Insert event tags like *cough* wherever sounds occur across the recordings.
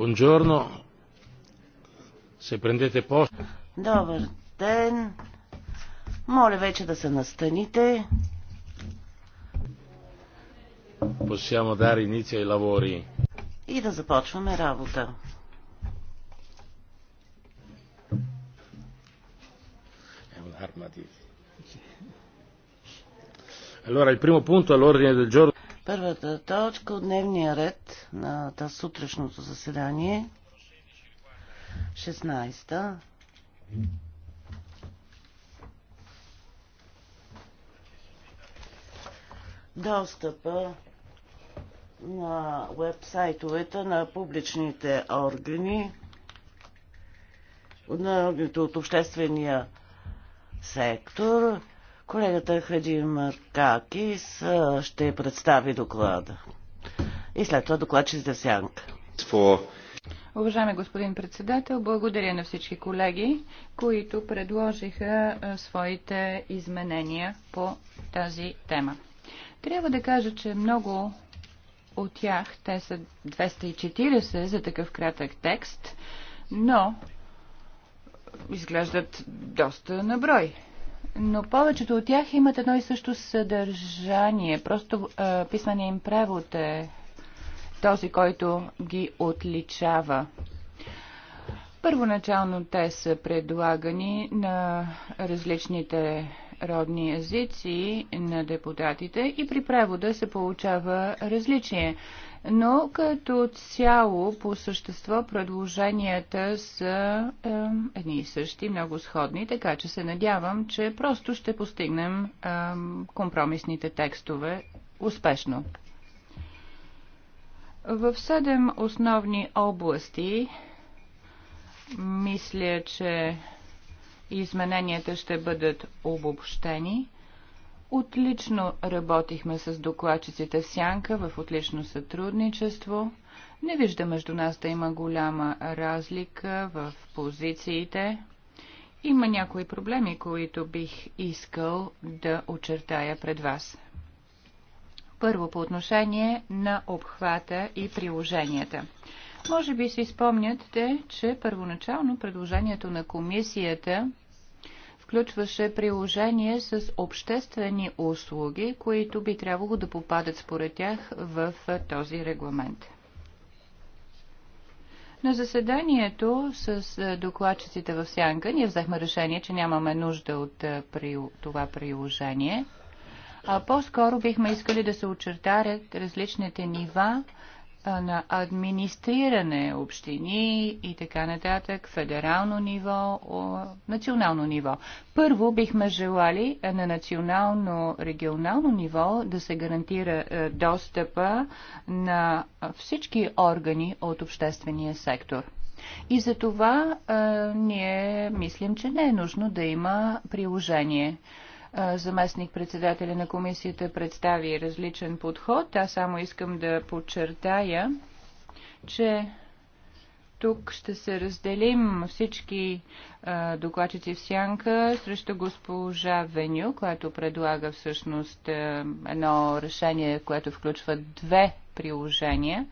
Buongiorno. Se prendete posto. Добър ден. Моля вече да се настаните. Possiamo dare inizio ai lavori. И да започваме работа. È un'arma di... Allora, il primo punto all'ordine del giorno първата точка от дневния ред на тази сутрешното заседание. 16-та. Достъпа на вебсайтовете на публичните органи, на органите от обществения сектор, Колегата Хаджи Маркакис ще представи доклада. И след това за Сянка. Уважаеми господин председател, благодаря на всички колеги, които предложиха своите изменения по тази тема. Трябва да кажа, че много от тях, те са 240 за такъв кратък текст, но изглеждат доста наброй. брой но повечето от тях имат едно и също съдържание. Просто а, писания им превод е този, който ги отличава. Първоначално те са предлагани на различните родни езици на депутатите и при превода се получава различие но като цяло по същество предложенията са е, едни и същи, много сходни, така че се надявам, че просто ще постигнем е, компромисните текстове успешно. В седем основни области мисля, че измененията ще бъдат обобщени Отлично работихме с докладчиците в Сянка в отлично сътрудничество. Не вижда между нас да има голяма разлика в позициите. Има някои проблеми, които бих искал да очертая пред вас. Първо по отношение на обхвата и приложенията. Може би си спомняте, че първоначално предложението на комисията включваше приложение с обществени услуги, които би трябвало да попадат според тях в този регламент. На заседанието с докладчиците в Сянка ние взехме решение, че нямаме нужда от това приложение, а по-скоро бихме искали да се очертарят различните нива на администриране, общини и така нататък, федерално ниво, национално ниво. Първо бихме желали на национално, регионално ниво да се гарантира достъпа на всички органи от обществения сектор. И за това ние мислим, че не е нужно да има приложение заместник председателя на комисията представи различен подход. Аз само искам да подчертая, че тук ще се разделим всички докладчици в сянка срещу госпожа Веню, която предлага всъщност едно решение, което включва две приложения.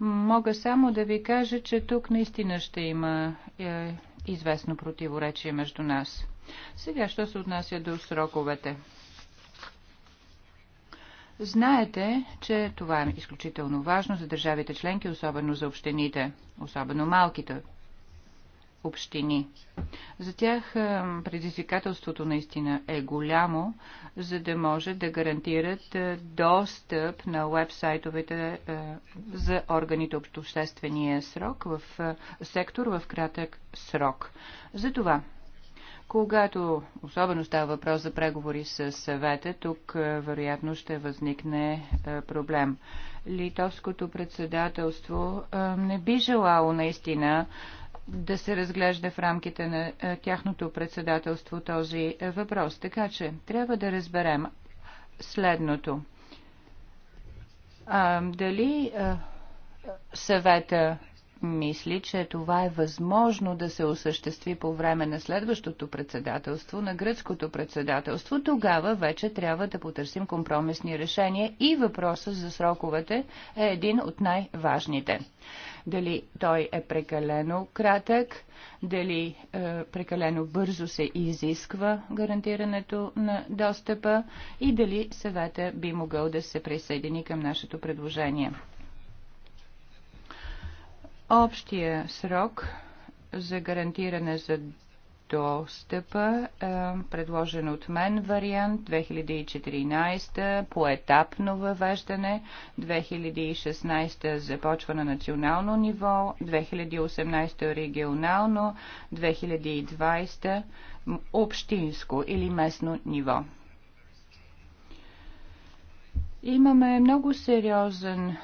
Мога само да ви кажа, че тук наистина ще има е, известно противоречие между нас. Сега, що се отнася до сроковете? Знаете, че това е изключително важно за държавите членки, особено за общините, особено малките общини. За тях е, предизвикателството наистина е голямо, за да може да гарантират е, достъп на вебсайтовете е, за органите обществения срок в сектор в кратък срок. За това. Когато особено става въпрос за преговори с съвета, тук е, вероятно ще възникне е, проблем. Литовското председателство е, не би желало наистина да се разглежда в рамките на тяхното председателство този въпрос. Така че трябва да разберем следното. А, дали а, съвета мисли, че това е възможно да се осъществи по време на следващото председателство, на гръцкото председателство, тогава вече трябва да потърсим компромисни решения и въпросът за сроковете е един от най-важните. Дали той е прекалено кратък, дали е, прекалено бързо се изисква гарантирането на достъпа и дали съвета би могъл да се присъедини към нашето предложение. Общия срок за гарантиране за достъпа, е, предложен от мен вариант 2014, поетапно въвеждане, 2016 започва на национално ниво, 2018 регионално, 2020 общинско или местно ниво. Имаме много сериозен е,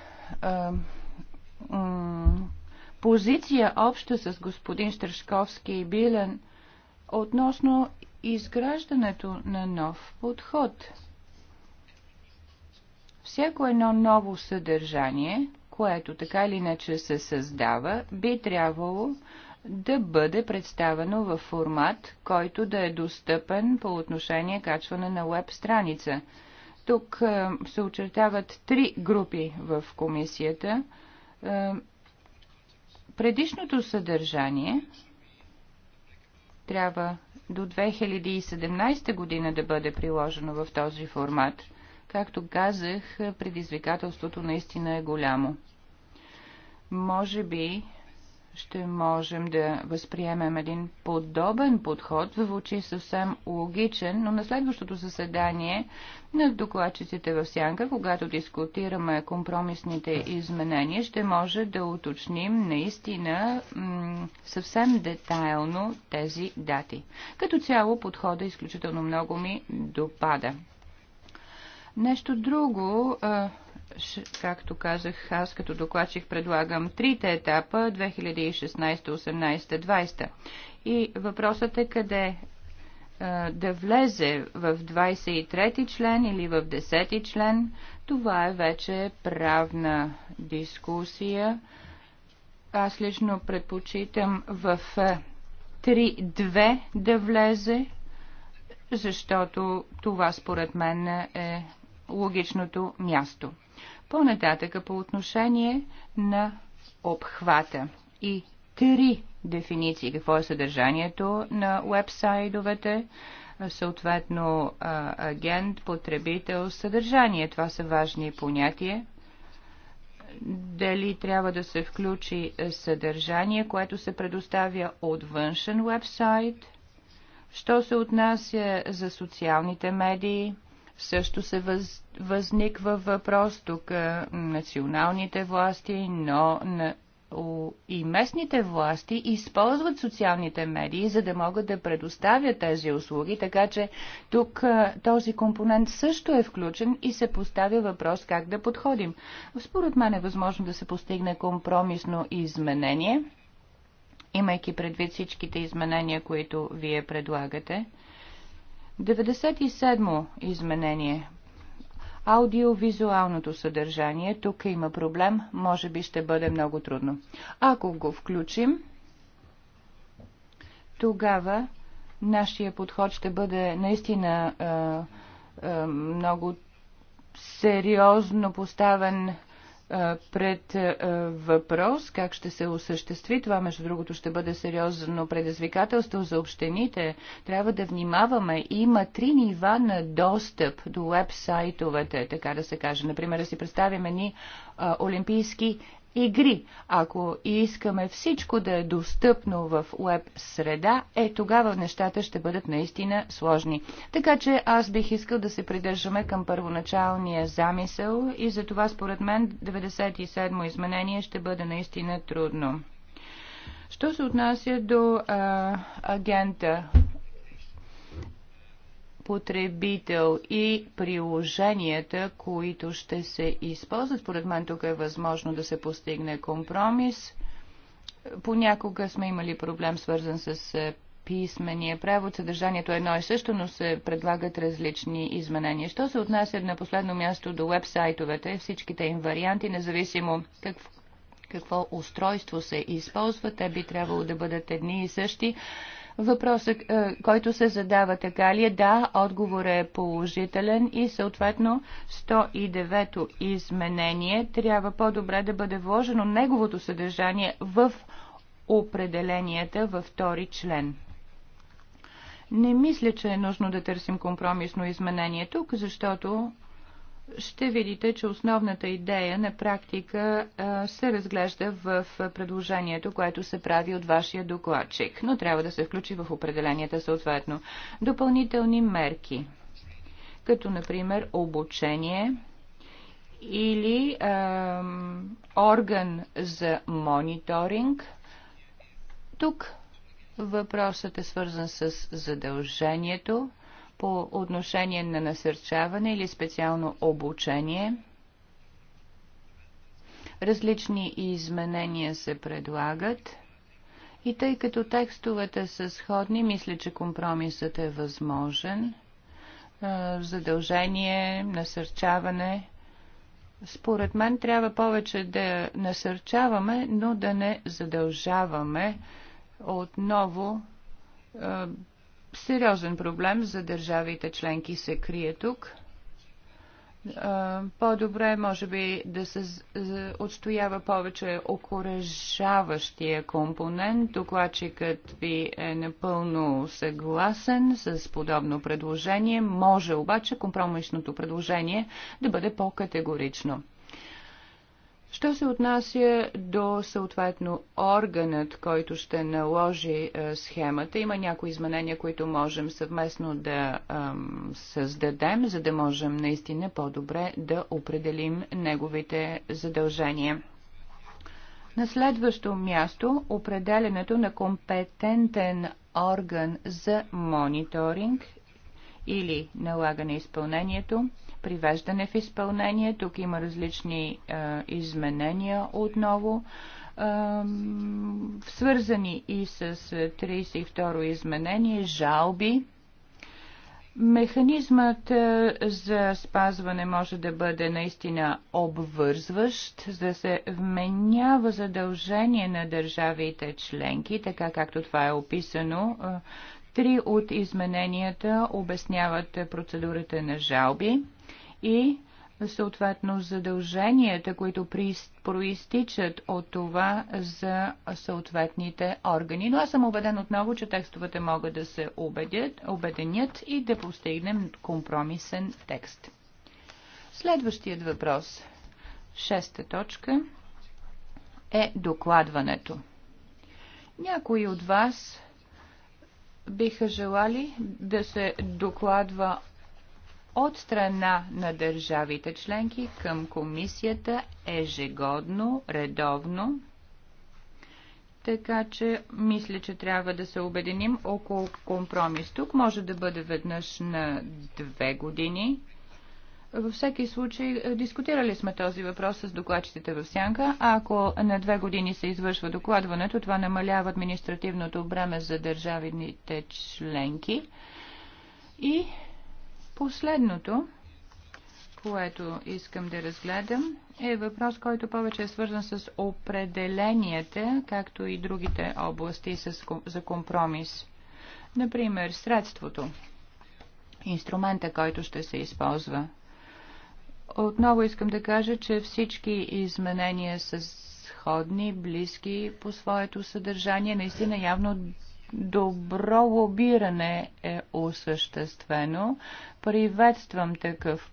позиция обща с господин Штършковски и Билен относно изграждането на нов подход. Всяко едно ново съдържание, което така или иначе се създава, би трябвало да бъде представено в формат, който да е достъпен по отношение качване на веб страница. Тук е, се очертават три групи в комисията е, Предишното съдържание трябва до 2017 година да бъде приложено в този формат. Както казах, предизвикателството наистина е голямо. Може би ще можем да възприемем един подобен подход. Звучи съвсем логичен, но на следващото заседание на докладчиците в Сянка, когато дискутираме компромисните изменения, ще може да уточним наистина съвсем детайлно тези дати. Като цяло подхода изключително много ми допада. Нещо друго, както казах, аз като докладчик предлагам трите етапа 2016, 18, 20. И въпросът е къде да влезе в 23 член или в 10 член, това е вече правна дискусия. Аз лично предпочитам в 3.2 да влезе, защото това според мен е логичното място. По-нататъка по отношение на обхвата и три дефиниции. Какво е съдържанието на вебсайдовете, съответно агент, потребител, съдържание. Това са важни понятия дали трябва да се включи съдържание, което се предоставя от външен вебсайт, що се отнася за социалните медии, също се въз, възниква въпрос тук националните власти, но на, у, и местните власти използват социалните медии, за да могат да предоставят тези услуги, така че тук този компонент също е включен и се поставя въпрос как да подходим. Според мен е възможно да се постигне компромисно изменение, имайки предвид всичките изменения, които вие предлагате. 97 о изменение. Аудиовизуалното съдържание. Тук има проблем. Може би ще бъде много трудно. Ако го включим, тогава нашия подход ще бъде наистина е, е, много сериозно поставен пред въпрос как ще се осъществи. Това, между другото, ще бъде сериозно предизвикателство за общините. Трябва да внимаваме. Има три нива на достъп до веб-сайтовете, така да се каже. Например, да си представим ни олимпийски игри. Ако искаме всичко да е достъпно в веб среда, е тогава нещата ще бъдат наистина сложни. Така че аз бих искал да се придържаме към първоначалния замисъл и за това според мен 97-о изменение ще бъде наистина трудно. Що се отнася до а, агента потребител и приложенията, които ще се използват. Поред мен тук е възможно да се постигне компромис. Понякога сме имали проблем свързан с е, писмения превод. Съдържанието е едно и също, но се предлагат различни изменения. Що се отнася на последно място до вебсайтовете, всичките им варианти, независимо какво, какво устройство се използва, те би трябвало да бъдат едни и същи Въпросът, е, който се задава така ли е? Да, отговорът е положителен и съответно 109-то изменение трябва по-добре да бъде вложено неговото съдържание в определенията във втори член. Не мисля, че е нужно да търсим компромисно изменение тук, защото ще видите, че основната идея на практика се разглежда в предложението, което се прави от вашия докладчик, но трябва да се включи в определенията съответно. Допълнителни мерки, като например обучение или ем, орган за мониторинг. Тук въпросът е свързан с задължението по отношение на насърчаване или специално обучение. Различни изменения се предлагат. И тъй като текстовете са сходни, мисля, че компромисът е възможен. Задължение, насърчаване. Според мен трябва повече да насърчаваме, но да не задължаваме отново сериозен проблем за държавите членки се крие тук. По-добре е, може би да се отстоява повече окоръжаващия компонент. Докладчикът ви е напълно съгласен с подобно предложение. Може обаче компромисното предложение да бъде по-категорично. Що се отнася до съответно органът, който ще наложи е, схемата, има някои изменения, които можем съвместно да е, създадем, за да можем наистина по-добре да определим неговите задължения. На следващо място определенето на компетентен орган за мониторинг или налагане изпълнението привеждане в изпълнение. Тук има различни е, изменения отново, е, свързани и с 32-ро изменение, жалби. Механизмът е, за спазване може да бъде наистина обвързващ, за да се вменява задължение на държавите членки, така както това е описано. Е, три от измененията обясняват процедурата на жалби и съответно задълженията, които проистичат от това за съответните органи. Но аз съм убеден отново, че текстовете могат да се убедят, обеденят и да постигнем компромисен текст. Следващият въпрос, шеста точка, е докладването. Някои от вас биха желали да се докладва от страна на държавите членки към комисията ежегодно, редовно. Така че мисля, че трябва да се обединим около компромис. Тук може да бъде веднъж на две години. Във всеки случай е, дискутирали сме този въпрос с докладчиците в Сянка. А ако на две години се извършва докладването, това намалява административното бреме за държавните членки и Последното, което искам да разгледам, е въпрос, който повече е свързан с определенията, както и другите области за компромис. Например, средството, инструмента, който ще се използва. Отново искам да кажа, че всички изменения са сходни, близки по своето съдържание. Наистина явно добро лобиране е осъществено. Приветствам такъв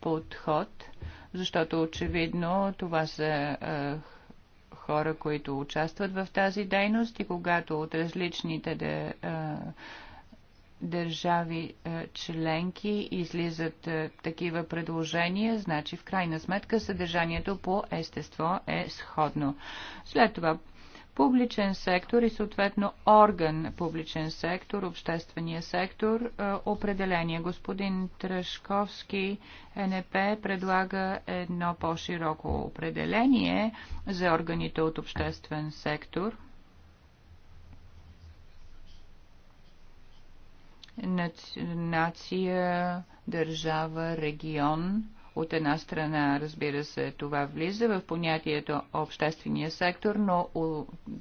подход, защото очевидно това са е, хора, които участват в тази дейност и когато от различните де, е, държави е, членки излизат е, такива предложения, значи в крайна сметка съдържанието по естество е сходно. След това публичен сектор и съответно орган публичен сектор, обществения сектор, е, определение. Господин Трашковски НП предлага едно по-широко определение за органите от обществен сектор. Нация, държава, регион – от една страна, разбира се, това влиза в понятието обществения сектор, но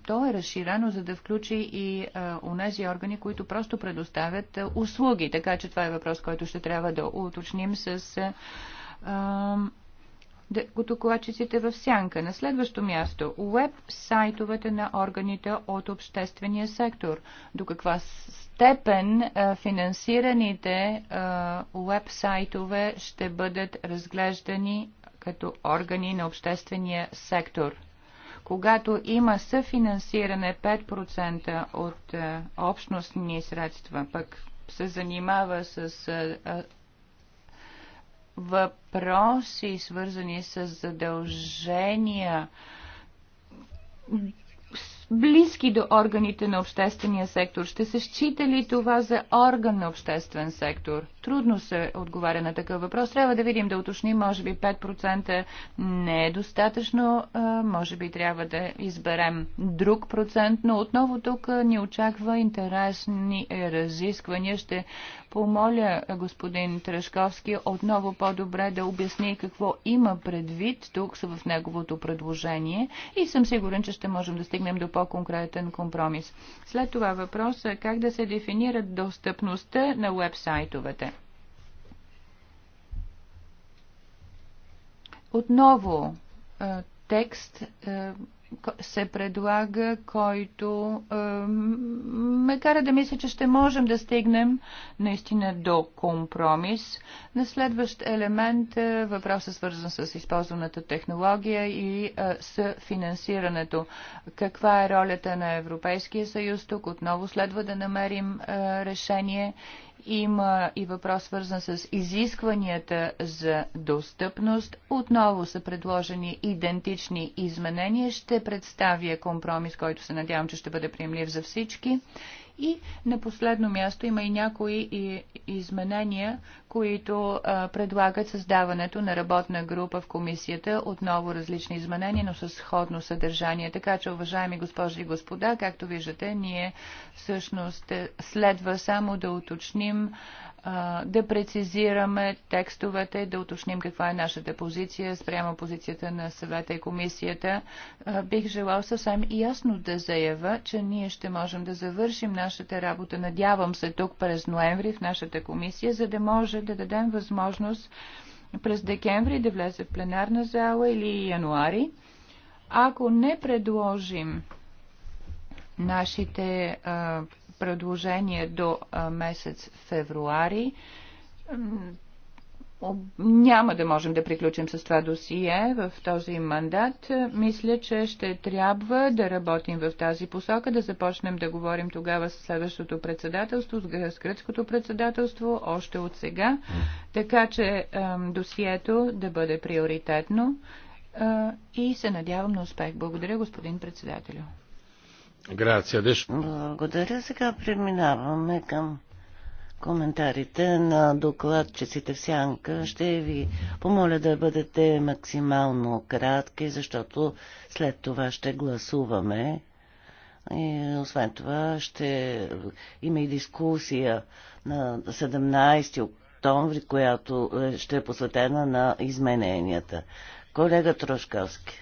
то е разширено, за да включи и онези органи, които просто предоставят услуги. Така че това е въпрос, който ще трябва да уточним с докладчиците в сянка. На следващо място, – сайтовете на органите от обществения сектор. До каква степен а, е, финансираните веб е, сайтове ще бъдат разглеждани като органи на обществения сектор? когато има съфинансиране 5% от е, общностни средства, пък се занимава с въпроси, свързани с задължения, близки до органите на обществения сектор. Ще се счита ли това за орган на обществен сектор? Трудно се отговаря на такъв въпрос. Трябва да видим, да уточним, може би 5% не е достатъчно, може би трябва да изберем друг процент, но отново тук ни очаква интересни е, разисквания. Ще помоля господин Трешковски отново по-добре да обясни какво има предвид тук в неговото предложение и съм сигурен, че ще можем да стигнем до по-конкретен компромис. След това въпрос е как да се дефинират достъпността на веб-сайтовете. Отново е, текст е, се предлага, който е, ме кара да мисля, че ще можем да стигнем наистина до компромис. На следващ елемент е въпросът свързан с използваната технология и с финансирането. Каква е ролята на Европейския съюз тук? Отново следва да намерим решение има и въпрос свързан с изискванията за достъпност. Отново са предложени идентични изменения. Ще представя компромис, който се надявам, че ще бъде приемлив за всички. И на последно място има и някои изменения, които предлагат създаването на работна група в комисията. Отново различни изменения, но с сходно съдържание. Така че, уважаеми госпожи и господа, както виждате, ние всъщност е, следва само да уточним да прецизираме текстовете, да уточним каква е нашата позиция спрямо позицията на съвета и комисията. Бих желал съвсем ясно да заявя, че ние ще можем да завършим нашата работа, надявам се, тук през ноември в нашата комисия, за да може да дадем възможност през декември да влезе в пленарна зала или януари. Ако не предложим нашите а, предложение до месец февруари. Няма да можем да приключим с това досие в този мандат. Мисля, че ще трябва да работим в тази посока, да започнем да говорим тогава с следващото председателство, с гръцкото председателство, още от сега, така че досието да бъде приоритетно и се надявам на успех. Благодаря, господин председателю. Благодаря. Сега преминаваме към коментарите на докладчиците в Сянка. Ще ви помоля да бъдете максимално кратки, защото след това ще гласуваме. И освен това ще има и дискусия на 17 октомври, която е- ще е посветена на измененията. Колега Трошковски.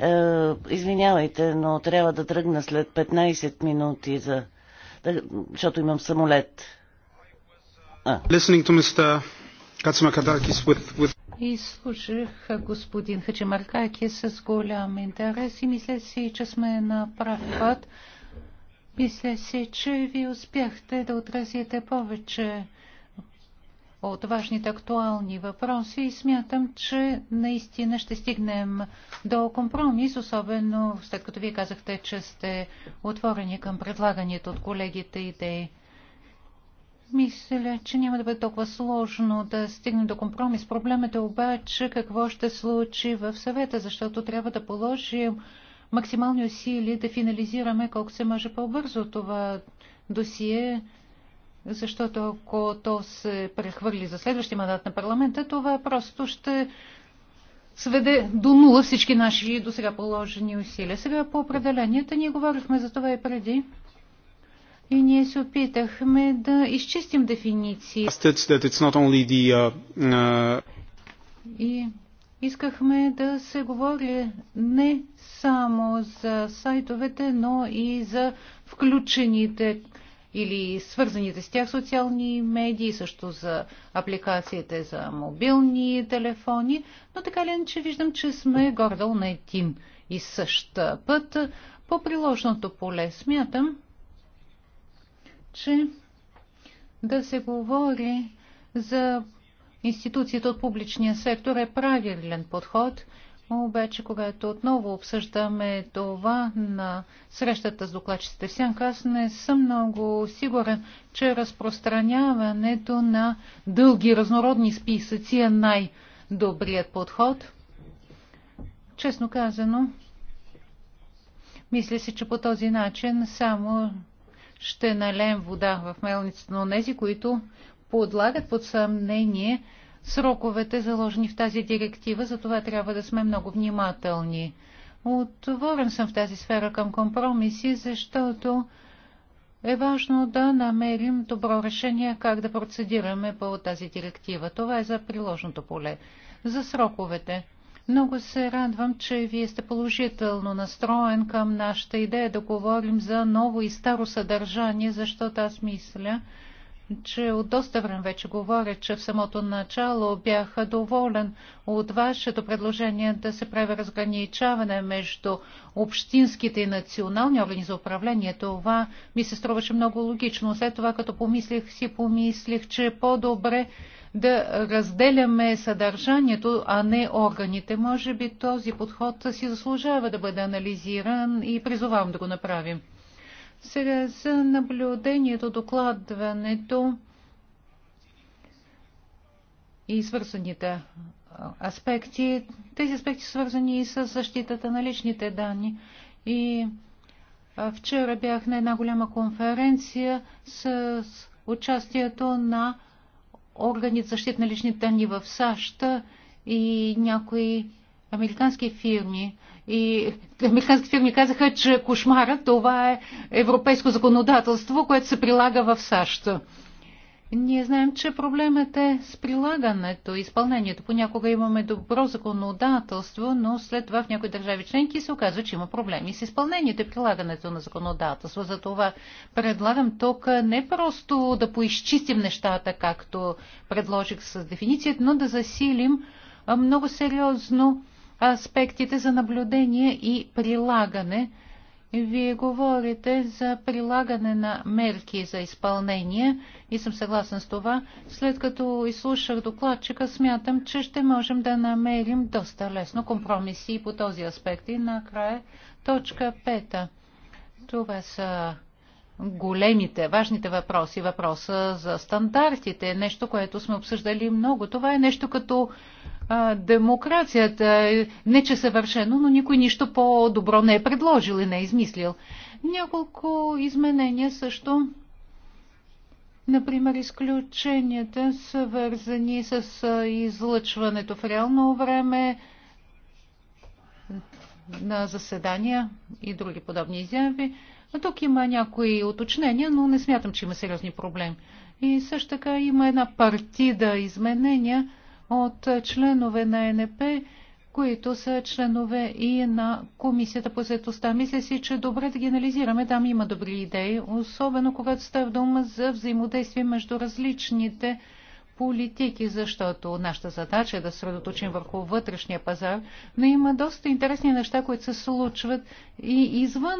Е, извинявайте, но трябва да тръгна след 15 минути, за... да, защото имам самолет. И слушах господин Хачимаркаки с голям интерес и мисля си, че сме на прав път. Мисля си, че ви успяхте да отразите повече от важните актуални въпроси и смятам, че наистина ще стигнем до компромис, особено след като вие казахте, че сте отворени към предлаганите от колегите идеи. Мисля, че няма да бъде толкова сложно да стигнем до компромис. Проблемът е обаче какво ще случи в съвета, защото трябва да положим максимални усилия да финализираме колко се може по-бързо това досие, защото ако то се прехвърли за следващия мандат на парламента, това просто ще сведе до нула всички наши до сега положени усилия. Сега по определенията ние говорихме за това и преди. И ние се опитахме да изчистим дефиниции. Uh, uh, и искахме да се говори не само за сайтовете, но и за включените или свързаните с тях социални медии, също за апликациите за мобилни телефони, но така ли че виждам, че сме гордо на един и същ път. По приложното поле смятам, че да се говори за институцията от публичния сектор е правилен подход – обаче, когато отново обсъждаме това на срещата с докладчиците в Сянка, аз не съм много сигурен, че разпространяването на дълги разнородни списъци е най-добрият подход. Честно казано, мисля си, че по този начин само ще налем вода в мелницата на тези, които подлагат под съмнение сроковете, заложени в тази директива, за това трябва да сме много внимателни. Отворен съм в тази сфера към компромиси, защото е важно да намерим добро решение как да процедираме по тази директива. Това е за приложното поле. За сроковете. Много се радвам, че вие сте положително настроен към нашата идея да говорим за ново и старо съдържание, защото аз мисля, че от доста време вече говоря, че в самото начало бях доволен от вашето предложение да се прави разграничаване между общинските и национални органи за управление. Това ми се струваше много логично. След това, като помислих си, помислих, че е по-добре да разделяме съдържанието, а не органите. Може би този подход си заслужава да бъде анализиран и призовавам да го направим. Сега за наблюдението, докладването и свързаните аспекти. Тези аспекти свързани и с защитата на личните данни. И вчера бях на една голяма конференция с участието на органи за защита на личните данни в САЩ и някои американски фирми. И американските фирми казаха, че кошмара това е европейско законодателство, което се прилага в САЩ. Ние знаем, че проблемът е с прилагането и изпълнението. Понякога имаме добро законодателство, но след това в някои държави членки се оказва, че има проблеми с изпълнението и прилагането на законодателство. Затова предлагам тук не просто да поизчистим нещата, както предложих с дефиницията, но да засилим много сериозно аспектите за наблюдение и прилагане. Вие говорите за прилагане на мерки за изпълнение и съм съгласен с това. След като изслушах докладчика, смятам, че ще можем да намерим доста лесно компромиси и по този аспект. И накрая точка пета. Това са големите, важните въпроси. Въпроса за стандартите, е нещо, което сме обсъждали много. Това е нещо като а, демокрацията. Е, не, че съвършено, но никой нищо по-добро не е предложил и не е измислил. Няколко изменения също. Например, изключенията са вързани с излъчването в реално време на заседания и други подобни изяви. А тук има някои уточнения, но не смятам, че има сериозни проблеми. И също така има една партида изменения, от членове на НП, които са членове и на Комисията по заедостта. Мисля си, че добре да ги Там има добри идеи, особено когато става дума за взаимодействие между различните политики, защото нашата задача е да средоточим върху вътрешния пазар, но има доста интересни неща, които се случват и извън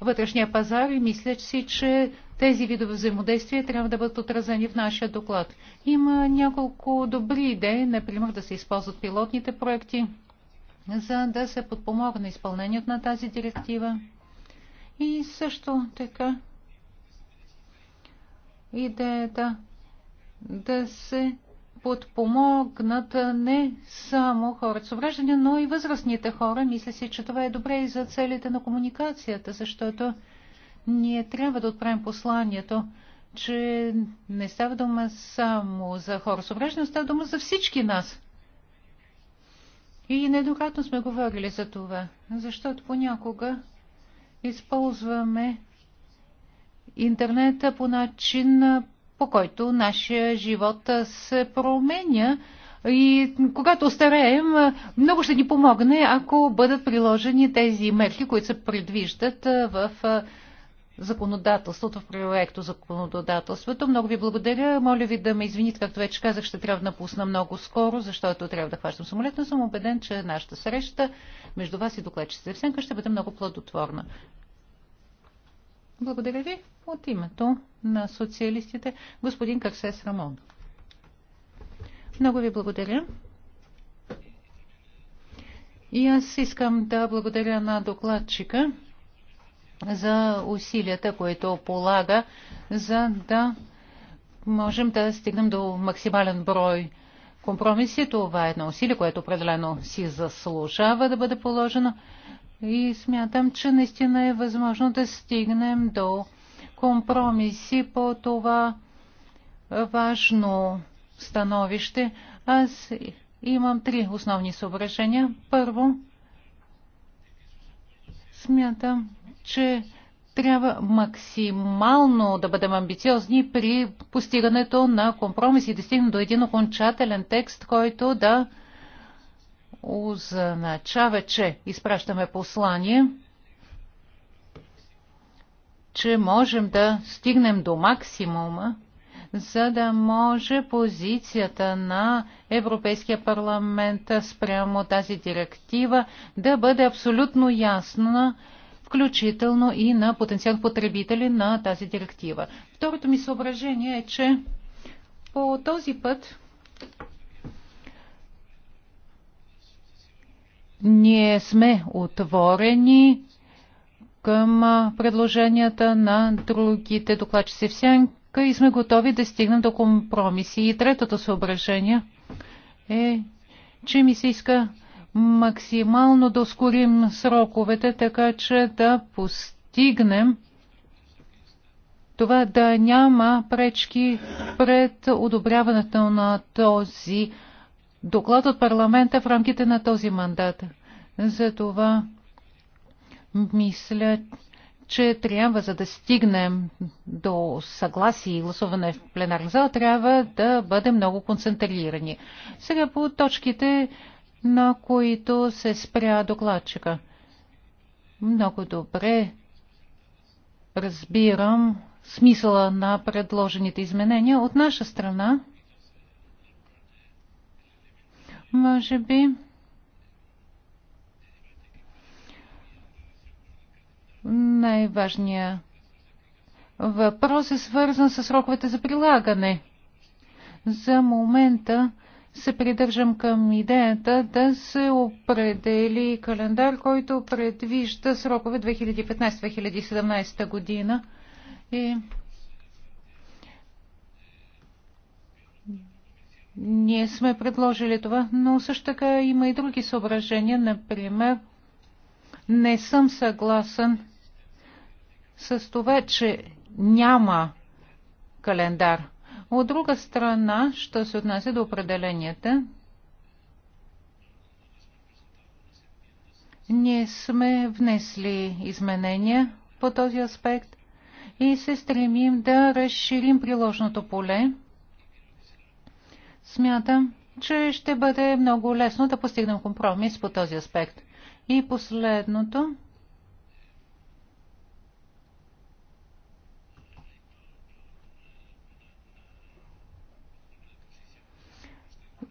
вътрешния пазар и мисля си, че тези видове взаимодействия трябва да бъдат отразени в нашия доклад. Има няколко добри идеи, например да се използват пилотните проекти, за да се подпомогне изпълнението на тази директива. И също така идеята да се подпомогнат не само хората с увреждане, но и възрастните хора. Мисля си, че това е добре и за целите на комуникацията, защото ние трябва да отправим посланието, че не става дума само за хора с увреждане, става дума за всички нас. И недократно сме говорили за това, защото понякога използваме интернета по начин, по който нашия живот се променя. И когато остареем, много ще ни помогне, ако бъдат приложени тези мерки, които се предвиждат в законодателството, в проекто законодателството. Много ви благодаря. Моля ви да ме извините, както вече казах, ще трябва да напусна много скоро, защото трябва да хващам самолет, но съм убеден, че нашата среща между вас и в сенка ще бъде много плодотворна. Благодаря ви от името на социалистите, господин Карсес Рамон. Много ви благодаря. И аз искам да благодаря на докладчика за усилията, които полага, за да можем да стигнем до максимален брой компромиси. Това е едно усилие, което определено си заслужава да бъде положено. И смятам, че наистина е възможно да стигнем до компромиси по това важно становище. Аз имам три основни съображения. Първо, смятам, че трябва максимално да бъдем амбициозни при постигането на компромис и да стигнем до един окончателен текст, който да означава, че изпращаме послание, че можем да стигнем до максимума, за да може позицията на Европейския парламент спрямо тази директива да бъде абсолютно ясна включително и на потенциални потребители на тази директива. Второто ми съображение е, че по този път ние сме отворени към предложенията на другите докладчици в сянка и сме готови да стигнем до компромиси. И третото съображение е, че ми се иска максимално да ускорим сроковете, така че да постигнем това да няма пречки пред одобряването на този доклад от парламента в рамките на този мандат. Затова мисля, че трябва, за да стигнем до съгласие и гласуване в пленарна зала, трябва да бъдем много концентрирани. Сега по точките на които се спря докладчика. Много добре разбирам смисъла на предложените изменения. От наша страна, може би, най-важният въпрос е свързан с сроковете за прилагане. За момента се придържам към идеята да се определи календар, който предвижда срокове 2015-2017 година. И ние сме предложили това, но също така има и други съображения. Например, не съм съгласен с това, че няма календар. От друга страна, що се отнася до определенията, ние сме внесли изменения по този аспект и се стремим да разширим приложното поле. Смятам, че ще бъде много лесно да постигнем компромис по този аспект. И последното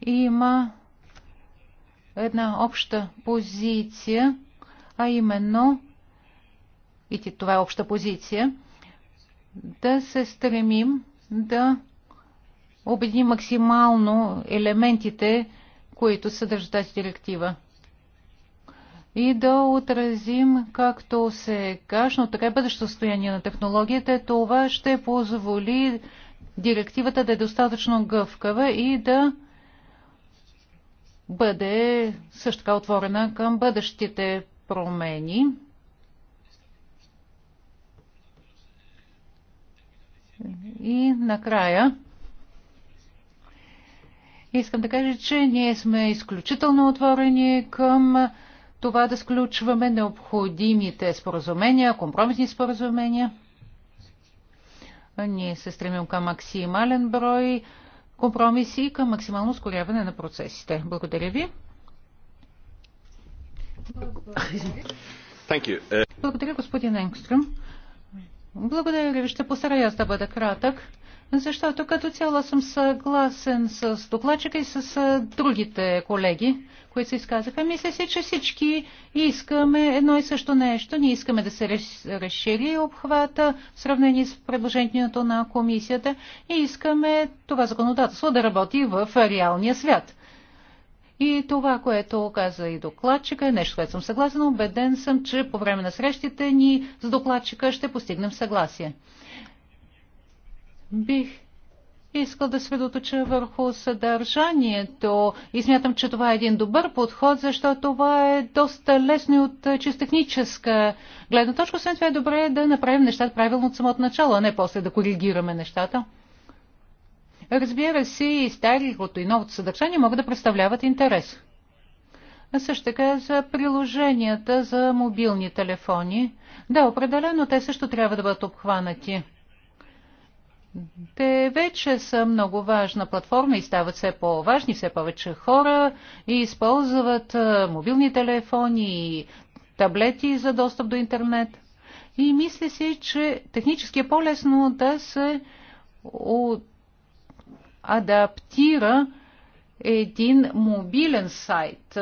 има една обща позиция, а именно, и това е обща позиция, да се стремим да обединим максимално елементите, които съдържат тази директива. И да отразим както но така и е бъдещо състояние на технологията. Това ще позволи директивата да е достатъчно гъвкава и да бъде също така отворена към бъдещите промени. И накрая искам да кажа, че ние сме изключително отворени към това да сключваме необходимите споразумения, компромисни споразумения. Ние се стремим към максимален брой компромиси към максимално ускоряване на процесите. Благодаря ви. Благодаря, господин Енгстрюм. Благодаря ви. Ще постарая да бъда кратък защото като цяло съм съгласен с докладчика и с другите колеги, които се изказаха. Мисля си, че всички искаме едно и също нещо. Ние искаме да се разшири обхвата в сравнение с предложението на комисията и искаме това законодателство да работи в реалния свят. И това, което каза и докладчика, е нещо, което съм съгласен. Убеден съм, че по време на срещите ни с докладчика ще постигнем съгласие. Бих искал да средоточа върху съдържанието и смятам, че това е един добър подход, защото това е доста лесно и от е, чисто техническа гледна точка. Освен това е добре да направим нещата правилно от самото начало, а не после да коригираме нещата. Разбира се, и старото и новото съдържание могат да представляват интерес. А също така за приложенията за мобилни телефони. Да, определено те също трябва да бъдат обхванати. Те вече са много важна платформа и стават все по-важни, все повече хора и използват мобилни телефони и таблети за достъп до интернет. И мисля си, че технически е по-лесно да се адаптира един мобилен сайт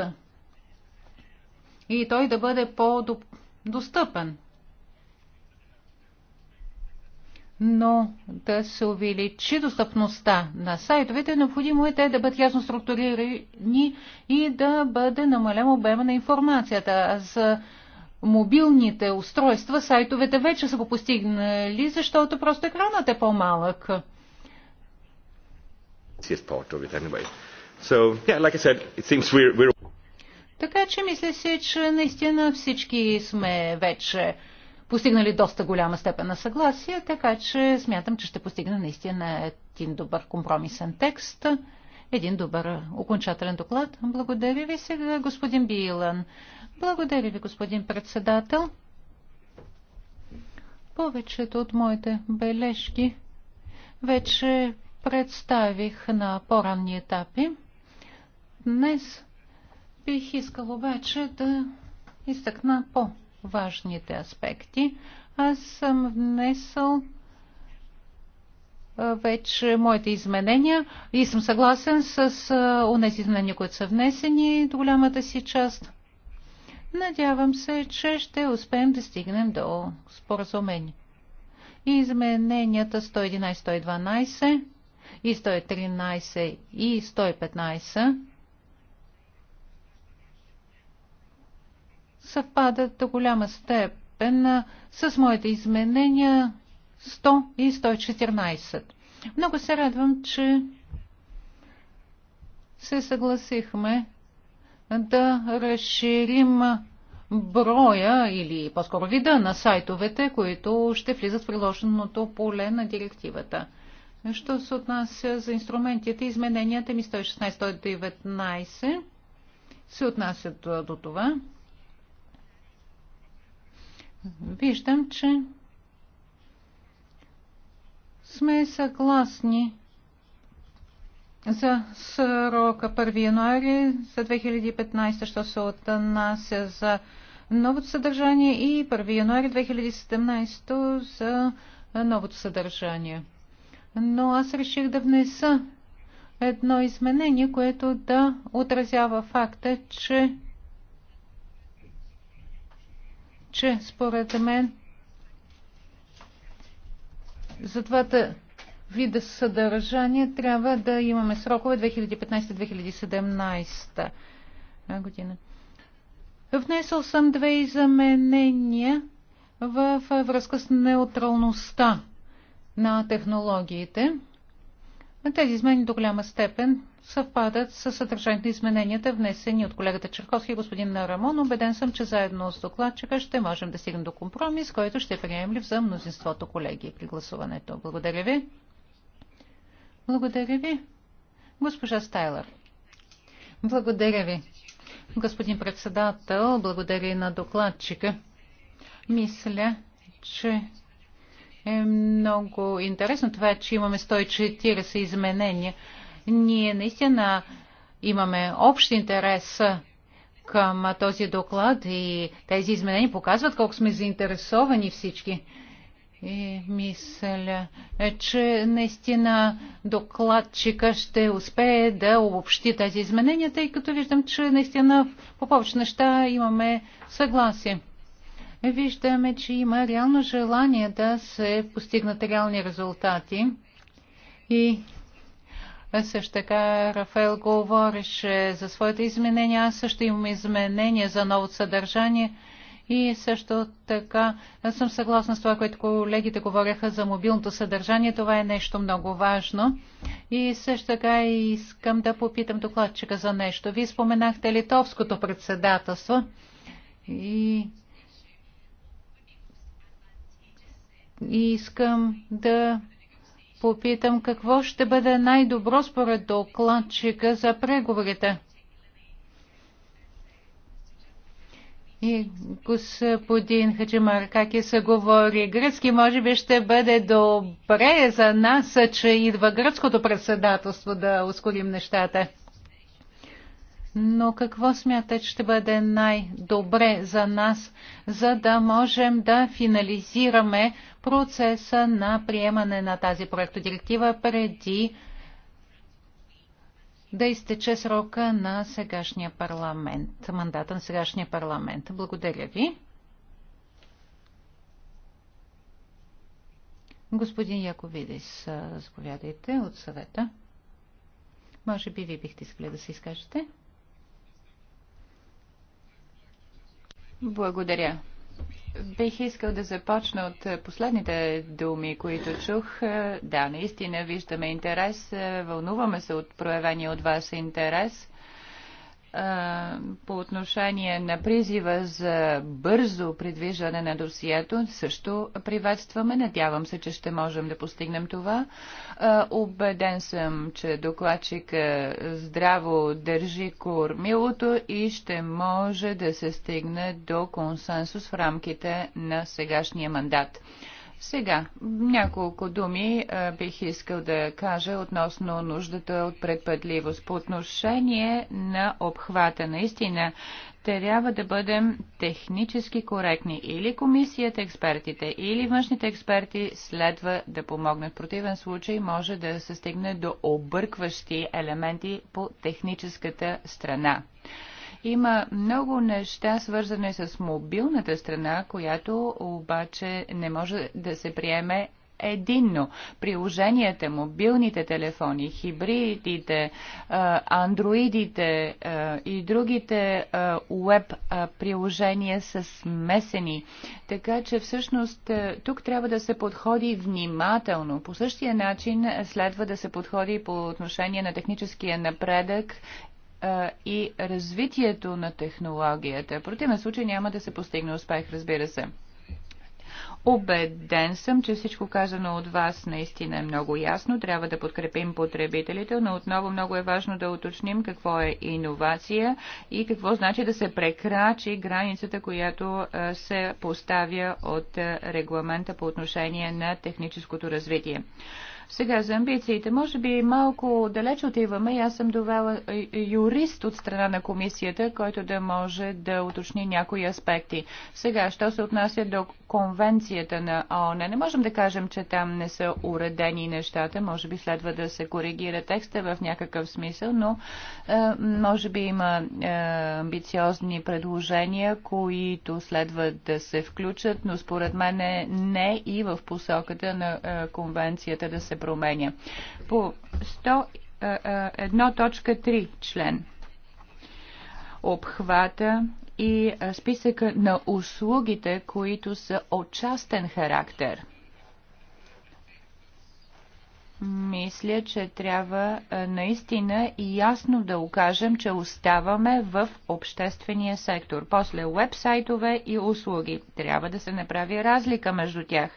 и той да бъде по-достъпен. но да се увеличи достъпността на сайтовете, необходимо е те да бъдат ясно структурирани и да бъде намален обема на информацията. А За мобилните устройства сайтовете вече са го постигнали, защото просто екранът е по-малък. Така че мисля се, че наистина всички сме вече постигнали доста голяма степен на съгласие, така че смятам, че ще постигна наистина един добър компромисен текст, един добър окончателен доклад. Благодаря ви сега, господин Билан. Благодаря ви, господин председател. Повечето от моите бележки вече представих на по-ранни етапи. Днес бих искал обаче да изтъкна по важните аспекти. Аз съм внесъл вече моите изменения и съм съгласен с тези изменения, които са внесени до голямата си част. Надявам се, че ще успеем да стигнем до споразумение. измененията 111, 112 и 113 и 115 съвпадат до голяма степен с моите изменения 100 и 114. Много се радвам, че се съгласихме да разширим броя или по-скоро вида на сайтовете, които ще влизат в приложеното поле на директивата. Що се отнася за инструментите, измененията ми 116-119 се отнасят до това виждам, че сме съгласни за срока 1 януари за 2015, що се отнася за новото съдържание и 1 януари 2017 за новото съдържание. Но аз реших да внеса едно изменение, което да отразява факта, че че според мен за двата вида съдържание трябва да имаме срокове 2015-2017 година. Внесъл съм две изменения в връзка с неутралността на технологиите. Тези измени до голяма степен съвпадат с съдържанието на измененията, внесени от колегата Черковски и господин Рамон. Обеден съм, че заедно с докладчика ще можем да стигнем до компромис, който ще е приемлив за мнозинството колеги при гласуването. Благодаря ви. Благодаря ви. Госпожа Стайлър. Благодаря ви. Господин председател, благодаря и на докладчика. Мисля, че е много интересно това, че имаме 140 изменения. Ние наистина имаме общ интерес към този доклад и тези изменения показват колко сме заинтересовани всички. И мисля, че наистина докладчика ще успее да обобщи тези изменения, тъй като виждам, че наистина по повече неща имаме съгласие. Виждаме, че има реално желание да се постигнат реални резултати и също така Рафаел говореше за своите изменения. Аз също имам изменения за новото съдържание. И също така аз съм съгласна с това, което колегите говореха за мобилното съдържание. Това е нещо много важно. И също така искам да попитам докладчика за нещо. Вие споменахте литовското председателство. И и искам да попитам какво ще бъде най-добро според докладчика за преговорите. И господин Хаджимар се говори гръцки, може би ще бъде добре за нас, че идва гръцкото председателство да ускорим нещата. Но какво смятате, ще бъде най-добре за нас, за да можем да финализираме процеса на приемане на тази проектодиректива преди да изтече срока на сегашния парламент, мандата на сегашния парламент. Благодаря ви. Господин Яковидис, заповядайте от съвета. Може би ви бихте искали да се изкажете. Благодаря. Бих искал да започна от е, последните думи, които чух. Е, да, наистина виждаме интерес, е, вълнуваме се от проявения от вас интерес по отношение на призива за бързо придвижване на досието, също приветстваме. Надявам се, че ще можем да постигнем това. Обеден съм, че докладчик здраво държи кормилото и ще може да се стигне до консенсус в рамките на сегашния мандат. Сега, няколко думи а, бих искал да кажа относно нуждата от предпътливост. По отношение на обхвата, наистина, трябва да бъдем технически коректни. Или комисията, експертите, или външните експерти следва да помогнат. В противен случай може да се стигне до объркващи елементи по техническата страна. Има много неща, свързани с мобилната страна, която обаче не може да се приеме единно. Приложенията, мобилните телефони, хибридите, андроидите и другите веб приложения са смесени. Така че всъщност тук трябва да се подходи внимателно. По същия начин следва да се подходи по отношение на техническия напредък и развитието на технологията. В противен случай няма да се постигне успех, разбира се. Обеден съм, че всичко казано от вас наистина е много ясно. Трябва да подкрепим потребителите, но отново много е важно да уточним какво е иновация и какво значи да се прекрачи границата, която се поставя от регламента по отношение на техническото развитие. Сега за амбициите. Може би малко далеч отиваме. Аз съм довела е, е, юрист от страна на комисията, който да може да уточни някои аспекти. Сега, що се отнася до конвенцията на ООН, не можем да кажем, че там не са уредени нещата. Може би следва да се коригира текста в някакъв смисъл, но е, може би има е, амбициозни предложения, които следва да се включат, но според мен не и в посоката на е, конвенцията да се променя. По 101.3 член обхвата и списъка на услугите, които са от частен характер. Мисля, че трябва наистина и ясно да окажем, че оставаме в обществения сектор. После уебсайтове и услуги. Трябва да се направи разлика между тях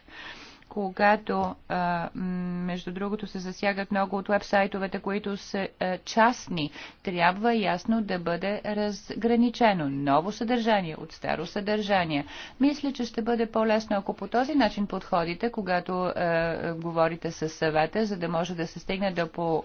когато, между другото, се засягат много от вебсайтовете, които са частни, трябва ясно да бъде разграничено ново съдържание от старо съдържание. Мисля, че ще бъде по-лесно, ако по този начин подходите, когато е, говорите с съвета, за да може да се стигне до по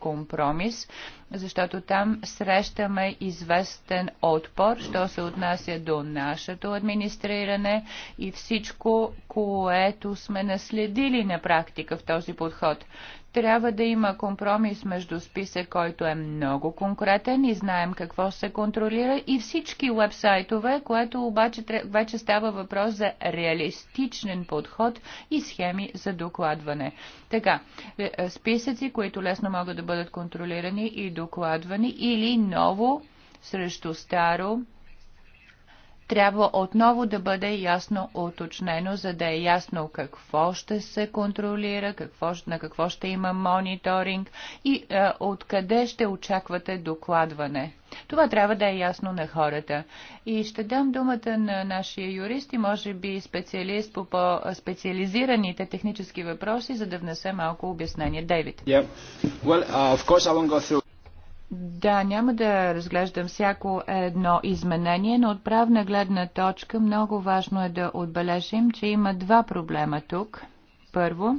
компромис, защото там срещаме известен отпор, що се отнася до нашето администриране и всичко, което сме сме наследили на практика в този подход. Трябва да има компромис между списък, който е много конкретен и знаем какво се контролира и всички вебсайтове, което обаче вече става въпрос за реалистичен подход и схеми за докладване. Така, е, е, списъци, които лесно могат да бъдат контролирани и докладвани или ново срещу старо трябва отново да бъде ясно уточнено, за да е ясно какво ще се контролира, какво, на какво ще има мониторинг и е, откъде ще очаквате докладване. Това трябва да е ясно на хората. И ще дам думата на нашия юрист и може би специалист по, по специализираните технически въпроси, за да внесе малко обяснение. Дейвид. Yeah. Well, uh, да, няма да разглеждам всяко едно изменение, но от правна гледна точка много важно е да отбележим, че има два проблема тук. Първо,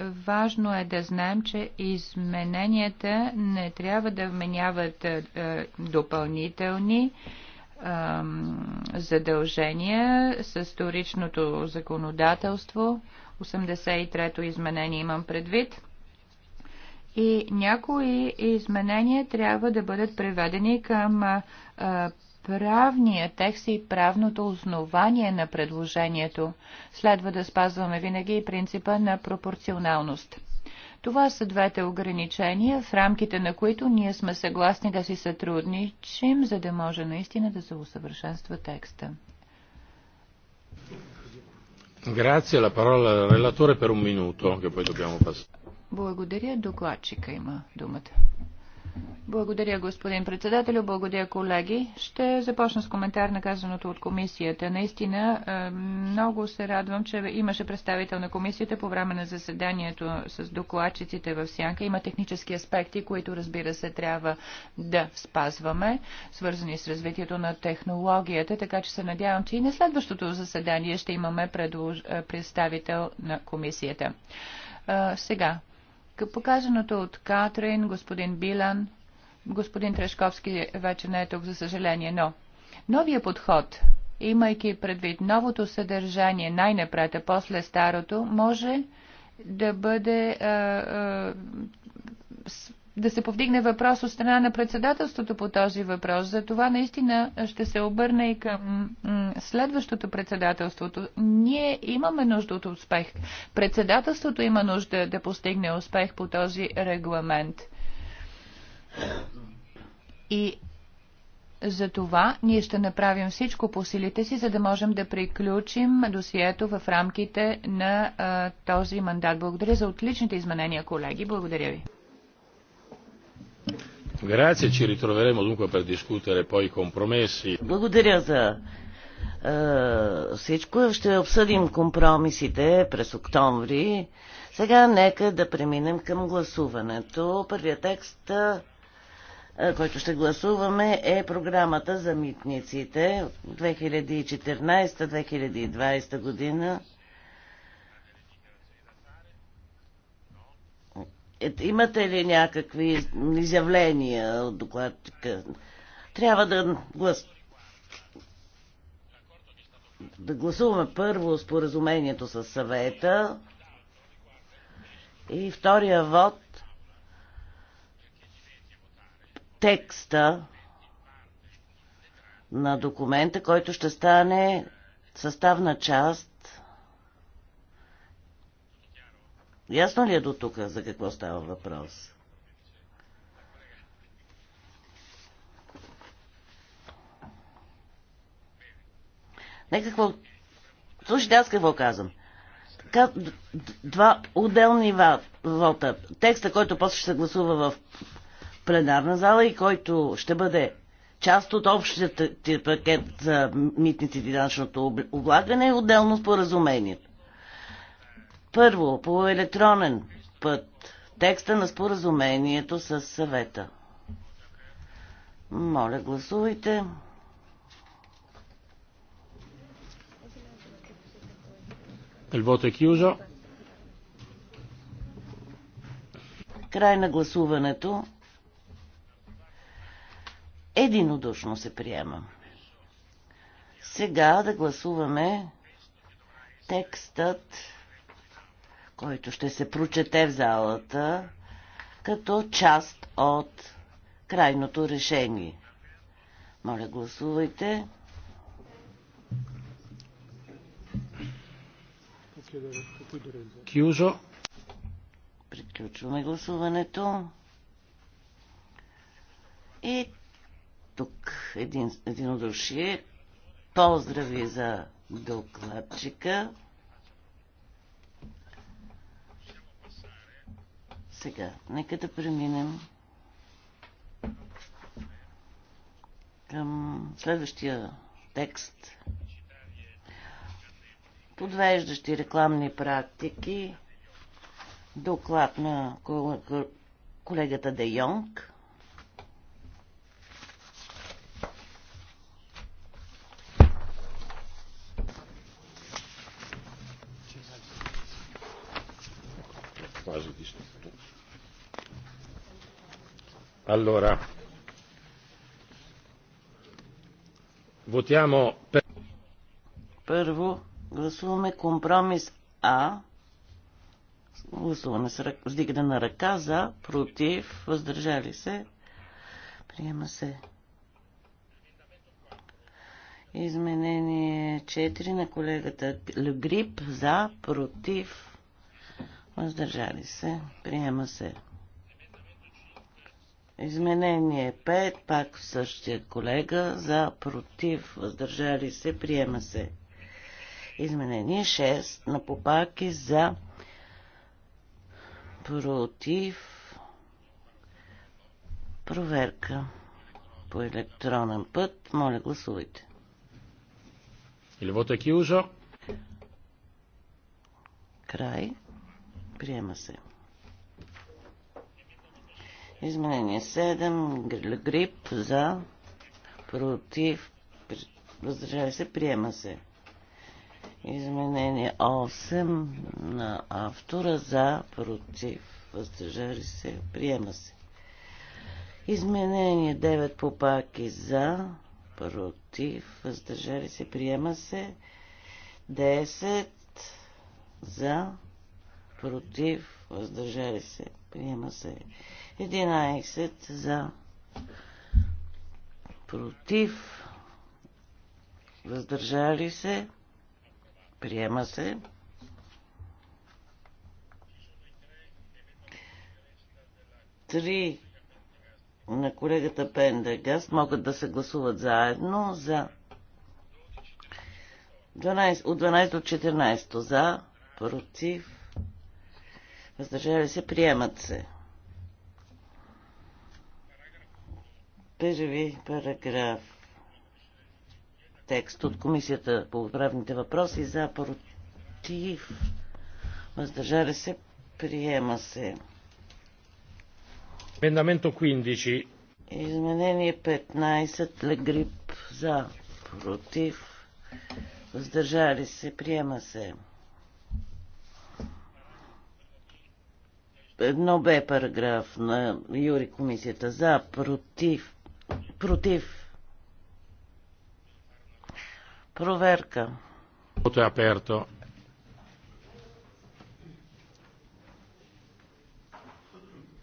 важно е да знаем, че измененията не трябва да вменяват е, допълнителни задължения с историчното законодателство. 83-то изменение имам предвид – и някои изменения трябва да бъдат приведени към правния текст и правното основание на предложението. Следва да спазваме винаги и принципа на пропорционалност. Това са двете ограничения, в рамките на които ние сме съгласни да си сътрудничим, за да може наистина да се усъвършенства текста. Grazie, la parola al relatore per un minuto, che poi dobbiamo passare. Благодаря. Докладчика има думата. Благодаря, господин председателю. Благодаря, колеги. Ще започна с коментар на казаното от комисията. Наистина, е, много се радвам, че имаше представител на комисията по време на заседанието с докладчиците в Сянка. Има технически аспекти, които, разбира се, трябва да спазваме, свързани с развитието на технологията, така че се надявам, че и на следващото заседание ще имаме е, представител на комисията. Е, сега, Показаното от Катрин, господин Билан, господин Трешковски вече не е тук, за съжаление, но новия подход, имайки предвид новото съдържание най-напред, а после старото, може да бъде а, да се повдигне въпрос от страна на председателството по този въпрос. За това наистина ще се обърна и към следващото председателството. Ние имаме нужда от успех. Председателството има нужда да постигне успех по този регламент. И за това ние ще направим всичко по силите си, за да можем да приключим досието в рамките на а, този мандат. Благодаря за отличните изменения, колеги. Благодаря ви ci ritroveremo dunque per discutere poi compromessi. Благодаря за е, всичко. Ще обсъдим компромисите през октомври. Сега нека да преминем към гласуването. Първият текст, е, който ще гласуваме, е програмата за митниците 2014-2020 година. Имате ли някакви изявления от докладчика? Трябва да, глас... да гласуваме първо споразумението с съвета и втория вод текста на документа, който ще стане съставна част Ясно ли е до тук за какво става въпрос? Нека какво... Слушайте, аз какво казвам. Така, два отделни вота. Текста, който после ще се гласува в пленарна зала и който ще бъде част от общия пакет за митниците и данъчното облагане е отделно споразумението. Първо, по електронен път текста на споразумението с съвета. Моля, гласувайте. Il voto è Край на гласуването. Единодушно се приема. Сега да гласуваме текстът който ще се прочете в залата като част от крайното решение. Моля, гласувайте. Кюжо. Приключваме гласуването. И тук един, единодушие. Поздрави за докладчика. Сега, нека да преминем към следващия текст. Подвеждащи рекламни практики. Доклад на колегата Де Йонг. Allora, votiamo Първо гласуваме компромис А. Гласуваме с вдигане на ръка за, против, въздържали се. Приема се. Изменение 4 на колегата Легрип за, против, въздържали се. Приема се. Изменение 5, пак същия колега, за, против, въздържали се, приема се. Изменение 6 на попаки за, против, проверка по електронен път. Моля, гласувайте. Или вот такива уже? Край. Приема се. Изменение 7. Грип за. Против. Въздържава се. Приема се. Изменение 8 на автора за. Против. Въздържали се. Приема се. Изменение 9 по паки за. Против. Въздържали се. Приема се. 10 за. Против. Въздържали се. Приема се. 11 за против въздържали се приема се три на колегата Пендегаст могат да се гласуват заедно за 12, от 12 до 14 за, против, въздържали се, приемат се. първи параграф. Текст от Комисията по правните въпроси за против. Въздържали се. Приема се. Мендаменто 15. Изменение 15. Легрип за против. Въздържали се. Приема се. едно бе параграф на Юри комисията за, против, Против. Проверка. Voto è aperto.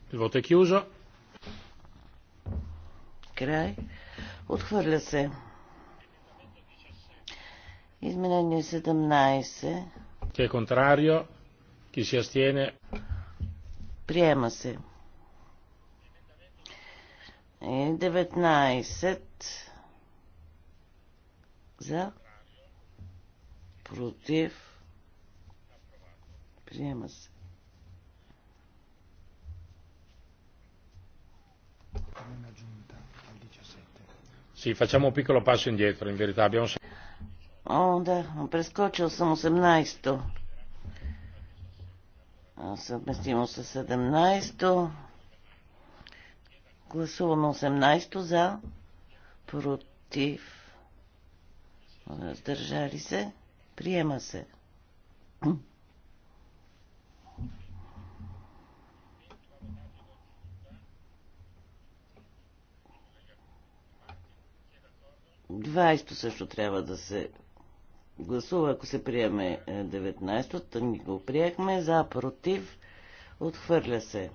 Il voto è chiuso. Край. Отхвърля се. Изменение 17. Chi è contrario? Chi si astiene? Приема се и 19 за против приема се. Sì, facciamo un piccolo passo indietro, in verità abbiamo... О, да, прескочил съм 18-то. Съвместимо с 17 Гласуваме 18 за, против, въздържали се, приема се. Двайсто също трябва да се гласува, ако се приеме 19-то, е, ни го приехме, за, против, отхвърля се.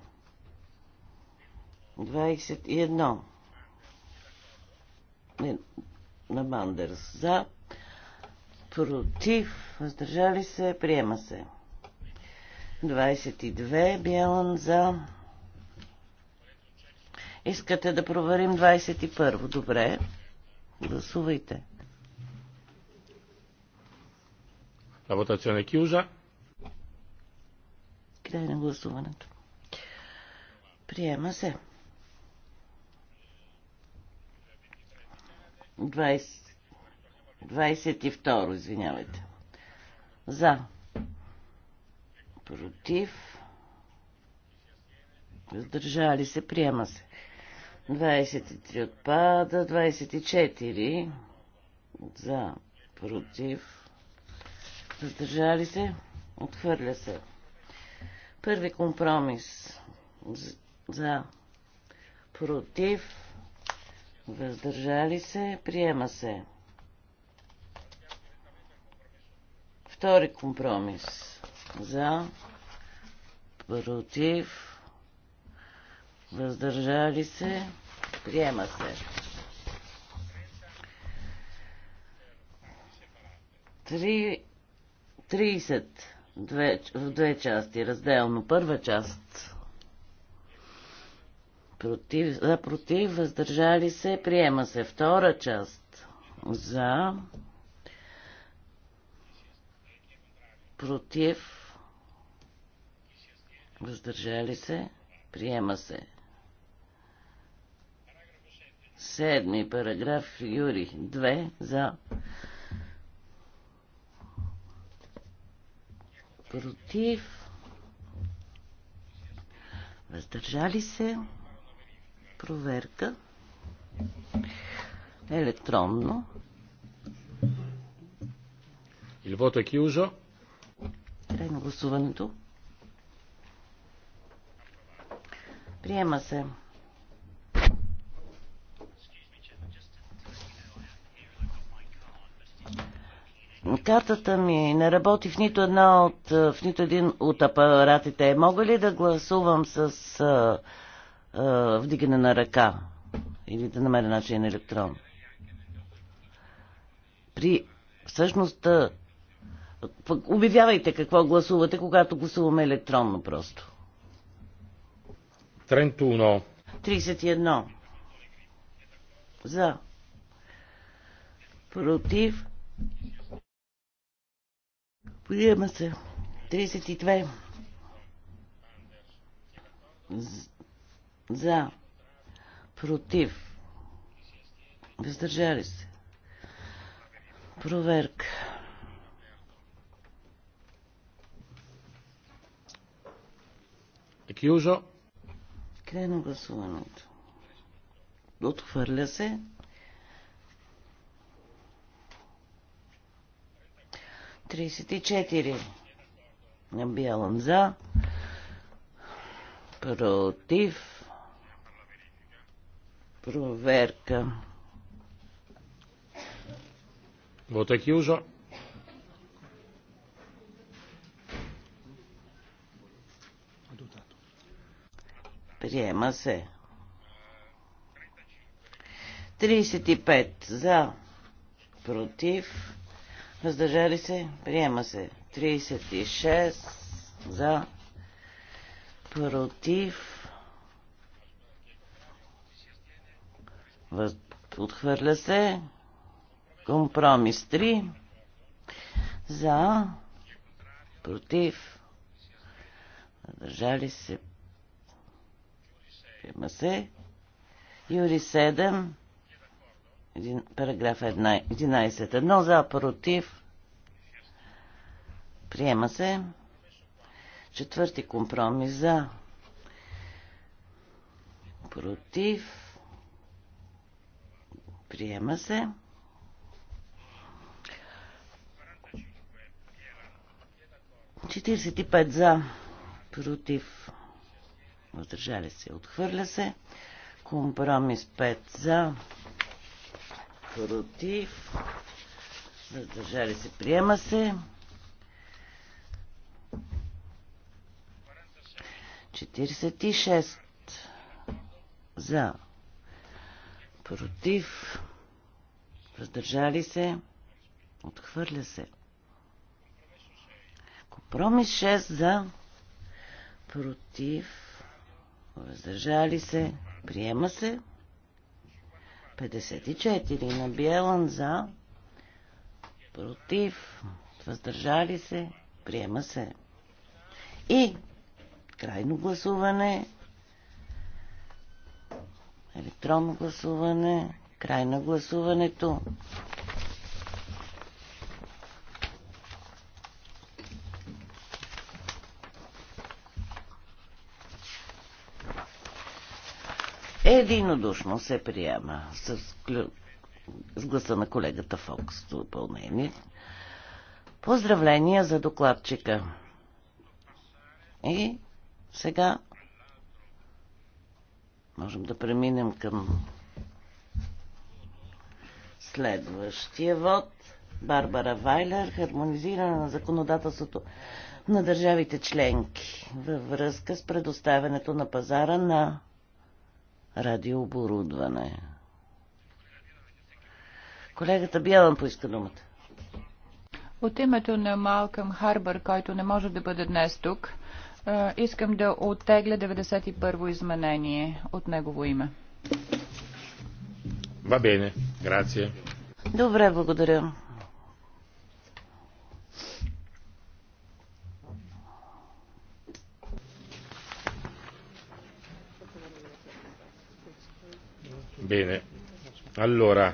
21 е, на Мандерс за, против, въздържали се, приема се. 22 Бялан за. Искате да проверим 21. Добре. Гласувайте. La на chiusa. Край на гласуването. Приема се. 22, извинявайте. За. Против. Въздържали се, приема се. 23 отпада, 24 за, против, въздържали се, отхвърля се. Първи компромис за, против, Въздържали се. Приема се. Втори компромис. За. Против. Въздържали се. Приема се. Три 30 две, в две части. Разделно. Първа част. Против, за, против, въздържали се, приема се. Втора част. За. Против. Въздържали се, приема се. Седми параграф Юри 2 за против въздържали се Проверка. Електронно. Il voto è chiuso. Край на гласуването. Приема се. Картата ми не работи в нито, една от, в нито един от апаратите. Мога ли да гласувам с вдигане на ръка или да намеря начин електрон. При всъщност обявявайте какво гласувате, когато гласуваме електронно просто. 31. 31. За. Против. Приема се. 32. За. Против. Въздържали се. Проверка. Кюжо. Край на гласуването. Отхвърля се. 34. Бялан за. Против. Проверка. Вот е уже. Приема се. 35 за, против, въздържали се, приема се. 36 за, против, Отхвърля се. Компромис 3. За. Против. Държали се. Приема се. Юри 7. Един, параграф 11. 1 за, против. Приема се. Четвърти компромис за. Против. Приема се. Четиридесет и пет за. Против. Въздържали се. Отхвърля се. Компромис 5 за. Против. Въздържали се. Приема се. 46 за против, въздържали се, отхвърля се. Компромис 6 за, против, въздържали се, приема се. 54 на Биелан за, против, въздържали се, приема се. И крайно гласуване Електронно гласуване. Край на гласуването. единодушно се приема с, с гласа на колегата Фокс допълнение. Поздравления за докладчика. И сега Можем да преминем към следващия вод. Барбара Вайлер, хармонизиране на законодателството на държавите членки във връзка с предоставянето на пазара на радиооборудване. Колегата Бялан поиска думата. От името на Малкъм Харбър, който не може да бъде днес тук, искам да оттегля 91-во изменение от негово име. Va бене, грация. Добре, благодаря. Bene. Allora,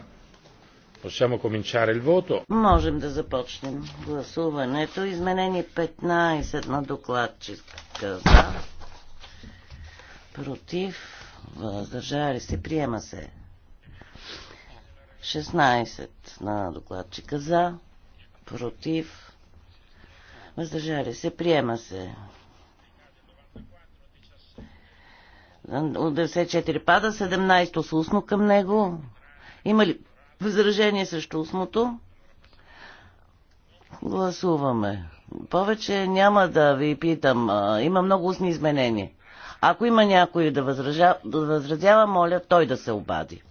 Possiamo cominciare il voto. Можем да започнем гласуването. Изменение 15 на докладчика за. Против. Въздържали се. Приема се. 16 на докладчика за. Против. Въздържали се. Приема се. 94 пада 17 сусно към него. Има ли Възражение срещу устното. Гласуваме. Повече няма да ви питам. Има много устни изменения. Ако има някой да, възража, да възразява, моля той да се обади.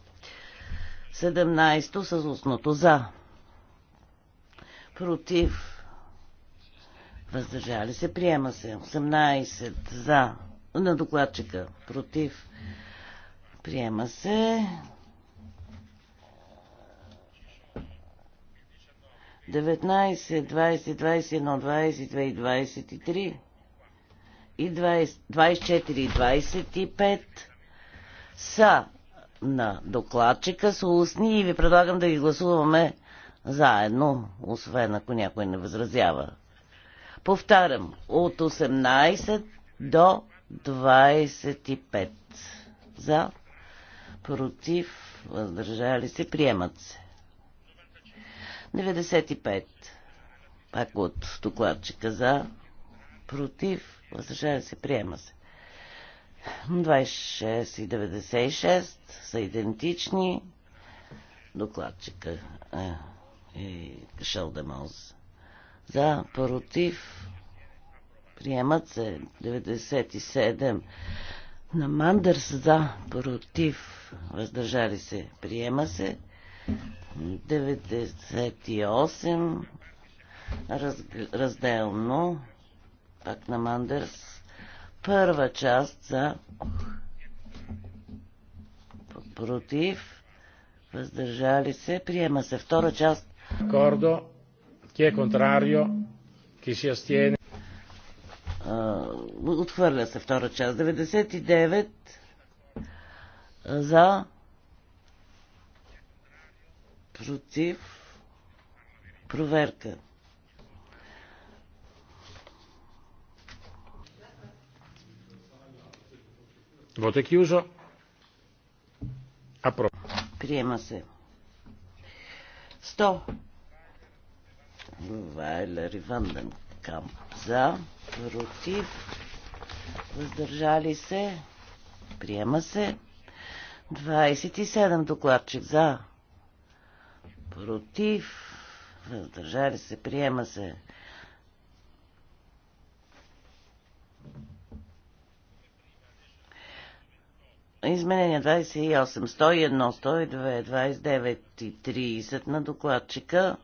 17 с устното за. Против. Въздържали се, приема се. 18 за. На докладчика. Против. Приема се. 19, 20, 21, 22 и 23 и 20, 24 и 25 са на докладчика с устни и ви предлагам да ги гласуваме заедно, освен ако някой не възразява. Повтарям, от 18 до 25 за, против, въздържали се, приемат се. 95. Пак от докладчика за. Против. въздържава се. Приема се. 26 и 96 са идентични. Докладчика е, е Демоз. За, против, приемат се 97 на Мандърс за, против, въздържали се, приема се 98 раз, разделно пак на Мандърс първа част за против въздържали се приема се втора част Кордо, chi е контрарио, ке си si astiene. Отхвърля се втора част. 99 за против, проверка. Вот е кюжо. Апро. Приема се. Сто. Вайлер Иванден Камп за, против, въздържали се, приема се. 27 докладчик за, против, въздържали се, приема се. Изменение 28, 101, 102, 29 и 30 на докладчика.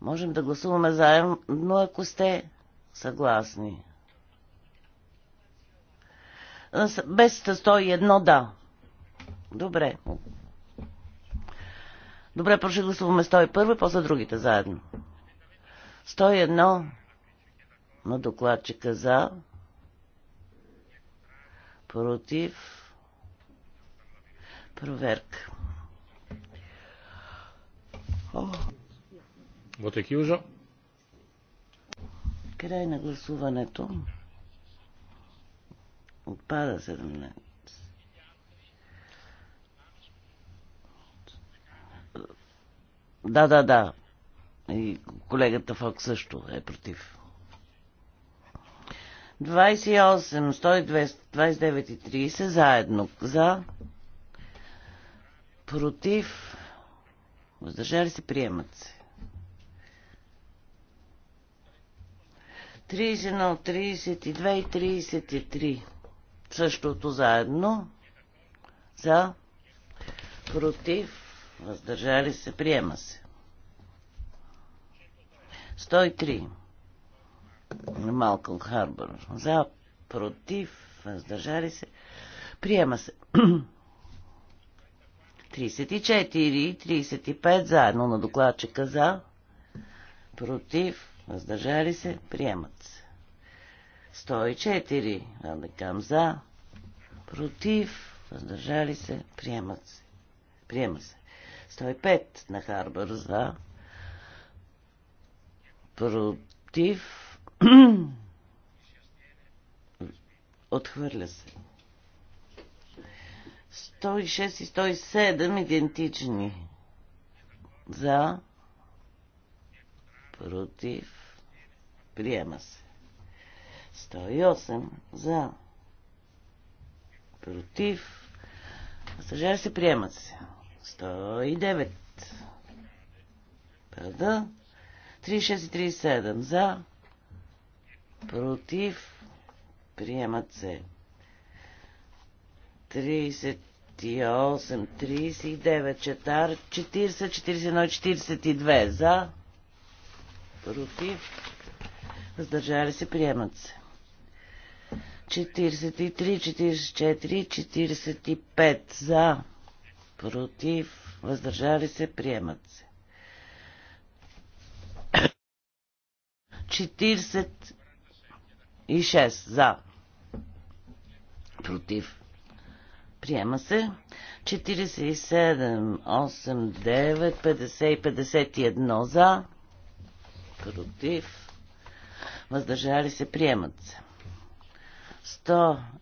Можем да гласуваме заедно, ако сте съгласни. Без 101 да. Добре. Добре, проще гласуваме 101, после другите заедно. 101 на докладчика за, против, проверка. Вот е Край на гласуването. Отпада 17. Да, да, да. И колегата Фок също е против. 28, 102, 29 и 30 заедно. За, против, въздържали се, приемат се. 31, 32 и 33. Същото заедно. За, против, въздържали се, приема се. 103. Малкъл Харбор. За, против, въздържали се, приема се. 34 *clears throat* и 35 заедно на докладчика за, против, въздържали се, приемат се. 104 радикам за, против, въздържали се, приемат се. Приема се. 105 на Харбър за. Против. *clears throat* Отхвърля се. 106 и 107 идентични. За. Против. Приема се. 108 за. Против. Съжаля се, приемат се. 109. Пада. 36 и 37 за. Против. Приемат се. 38, 39, четар, 40, 41, 42 за. Против. Въздържали се, приемат се. 43, 44, 45 за против, въздържали се, приемат се. 46 за, против, приема се. 47, 8, 9, 50 и 51 за, против, въздържали се, приемат се.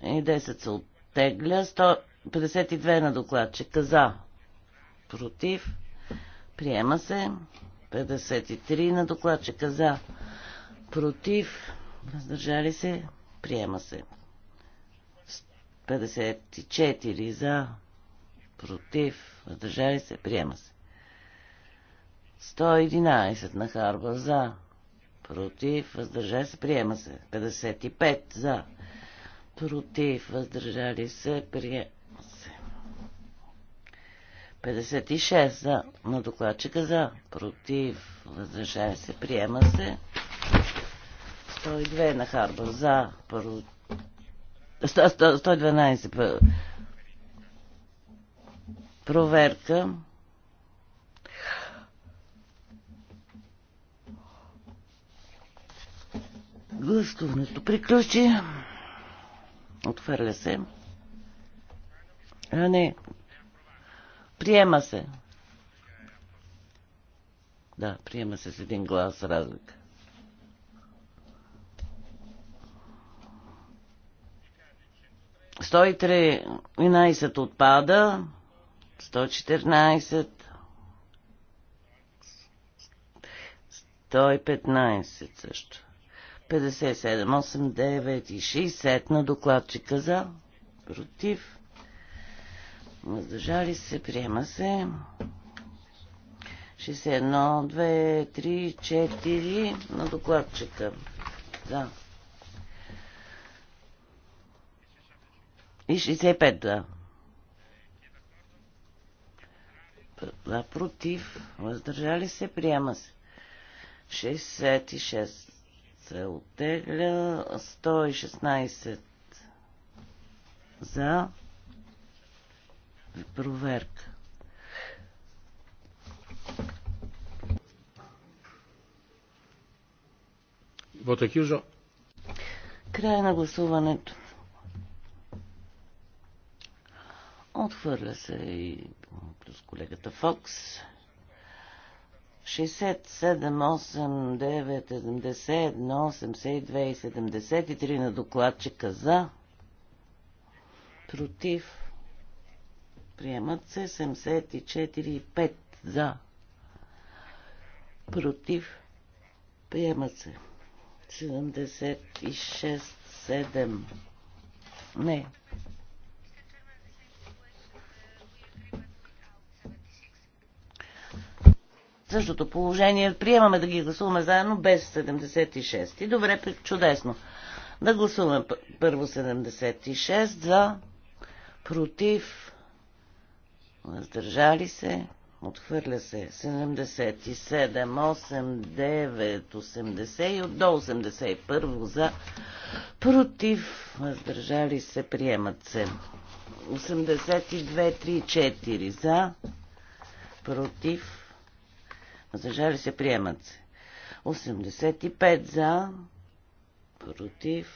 110 се оттегля, 100 52 на докладчика за. Против. Приема се. 53 на докладчика за. Против. Въздържали се. Приема се. 54 за. Против. Въздържали се. Приема се. 111 на Харба за. Против. Въздържали се. Приема се. 55 за. Против. Въздържали се. Приема 56 за, на докладчика за, против, въздържали се, приема се. 102 на харба за, про... 112 проверка. Гласуването приключи. Отвърля се. А не, Приема се. Да, приема се с един глас разлика. Сто и три, отпада. 114. 115 също. 57, 8, 9 и 60 на докладчика за. Против въздържали се, приема се. 61, 2, 3, 4 на докладчика. Да. И 65, да. Да, против, въздържали се, приема се. 66 се оттегля, 116 за, проверка. Вота е Кюжо. Край на гласуването. Отхвърля се и плюс колегата Фокс. 67, 8, 9, 70, 82 и 73 на докладчика за, против, Приемат се 745 за. Против. Приемат се 76, 7. Не. Същото положение приемаме да ги гласуваме заедно без 76. И добре, чудесно. Да гласуваме първо 76 за, против въздържали се, отхвърля се 77, 8, 9, 80 и от до 81 за против, въздържали се, приемат се 82, 3, 4 за против, въздържали се, приемат се 85 за против,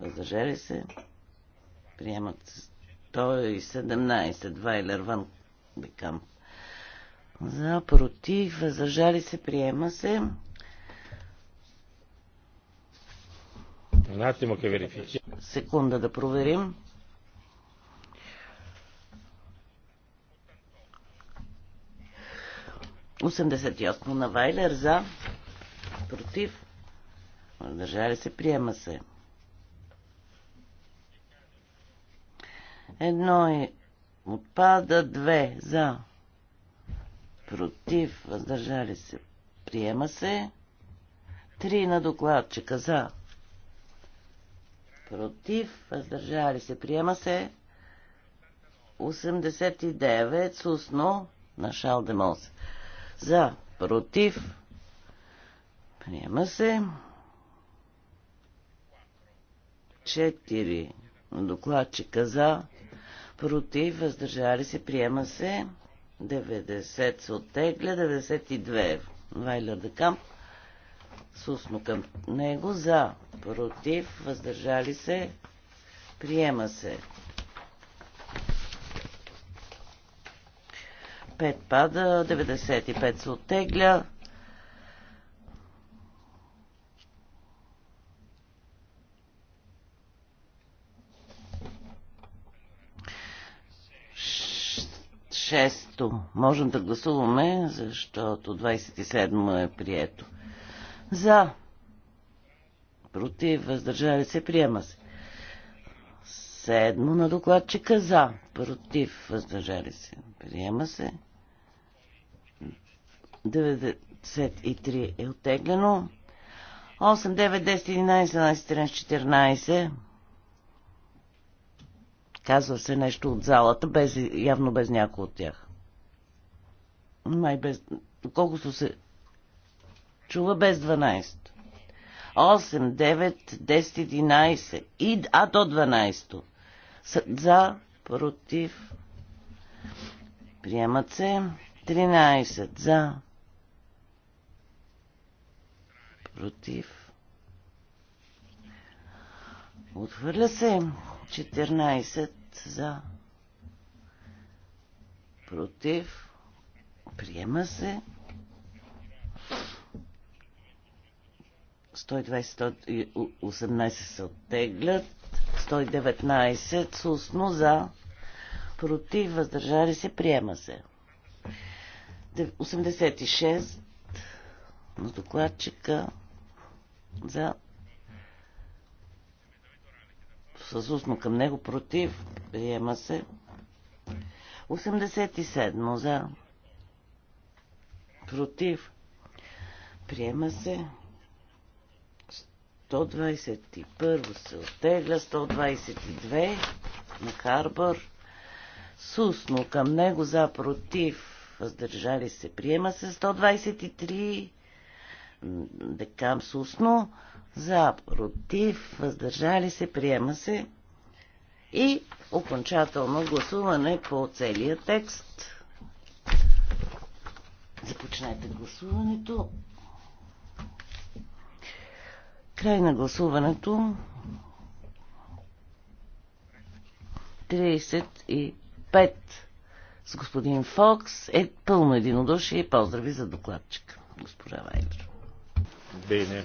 въздържали се, приемат се 117, е Вайлер Ван Бекам. За, против, въздържали се, приема се. Секунда да проверим. Осемдесет и осмо на Вайлер за, против, въздържали се, приема се. Едно и е Отпада 2 за. Против. Въздържали се. Приема се. Три на докладчика за. Против. Въздържали се. Приема се. 89 сусно на Шалдемос. За. Против. Приема се. 4 на докладчика за против, въздържали се, приема се. 90 се оттегля, 92 Вайлер Декамп сусно към него, за, против, въздържали се, приема се. Пет пада, 95 се оттегля, 26-то можем да гласуваме, защото 27-мо е прието. За. Против. Въздържали се. Приема се. Седмо на докладчика за. Против. Въздържали се. Приема се. 93 е оттеглено. 8, 9, 10, 11, 12, 13, 14. Казва се нещо от залата, без, явно без някой от тях. Май без... Колкото се чува без 12. 8, 9, 10, 11 и а до 12. За, против. Приемат се. 13 за. Против. Отхвърля се. 14 за против приема се 120-118 се оттеглят 119 сусно за против въздържали се приема се 86 на докладчика за с устно към него против. Приема се. 87 за. Против. Приема се. 121 се оттегля. 122 на Харбър. Сусно към него за против. Въздържали се. Приема се. 123 декам сусно за, против, въздържали се, приема се. И окончателно гласуване по целия текст. Започнете гласуването. Край на гласуването. 35 с господин Фокс е пълно единодушие. Поздрави за докладчика, госпожа Вайлер. Бене.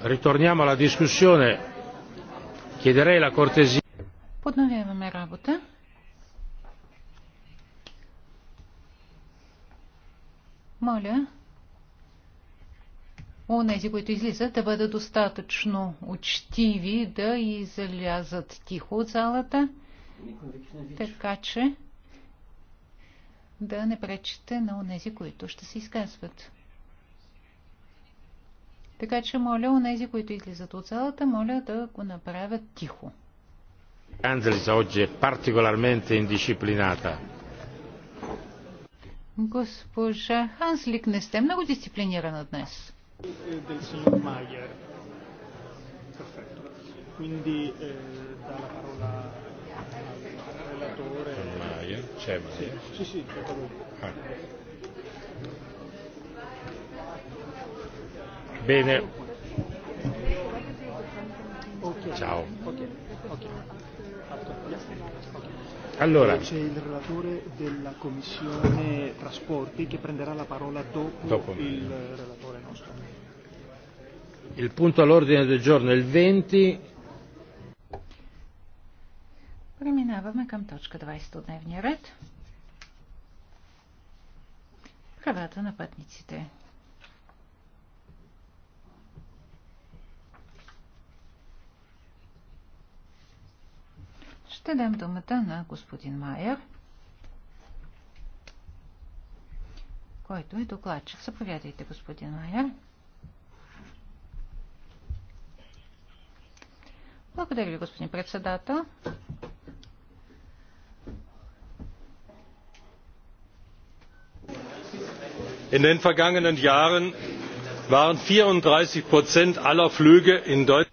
Ritorniamo alla discussione. Chiederei la cortesia. Подновяваме работа. Моля, онези, които излизат, да бъдат достатъчно учтиви, да излязат тихо от залата, така че да не пречите на онези, които ще се изказват. Така че моля онези, които излизат от залата, моля да го направят тихо. Анджелис Госпожа Ханслик, не сте много дисциплинирана днес. Bene. Ciao. Allora. C'è il relatore della Commissione Trasporti che prenderà la parola dopo, dopo il relatore nostro. Il punto all'ordine del giorno è il 20. Преминаваме към точка 20 от дневния ред. Правата на пътниците. Ще дам думата на господин Майер, който е докладчик. Заповядайте, господин Майер. Благодаря ви, господин председател. in den vergangenen jahren waren 34 Prozent aller flüge in Deutschland.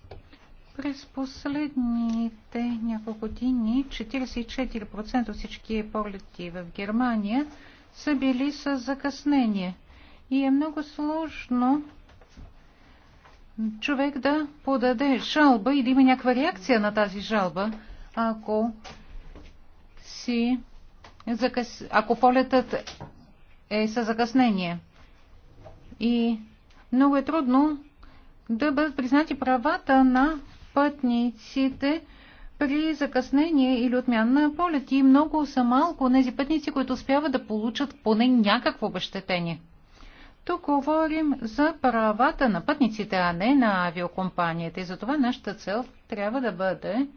През последните няколко години 44% от всички полети в Германия са били с закъснение. И е много сложно човек да подаде жалба и да има някаква реакция на тази жалба, ако си закъс... ако полетът е със закъснение. И много е трудно да бъдат признати правата на пътниците при закъснение или отмяна на полети. Много са малко тези пътници, които успяват да получат поне някакво обещетение. Тук говорим за правата на пътниците, а не на авиокомпанията. И затова нашата цел трябва да бъде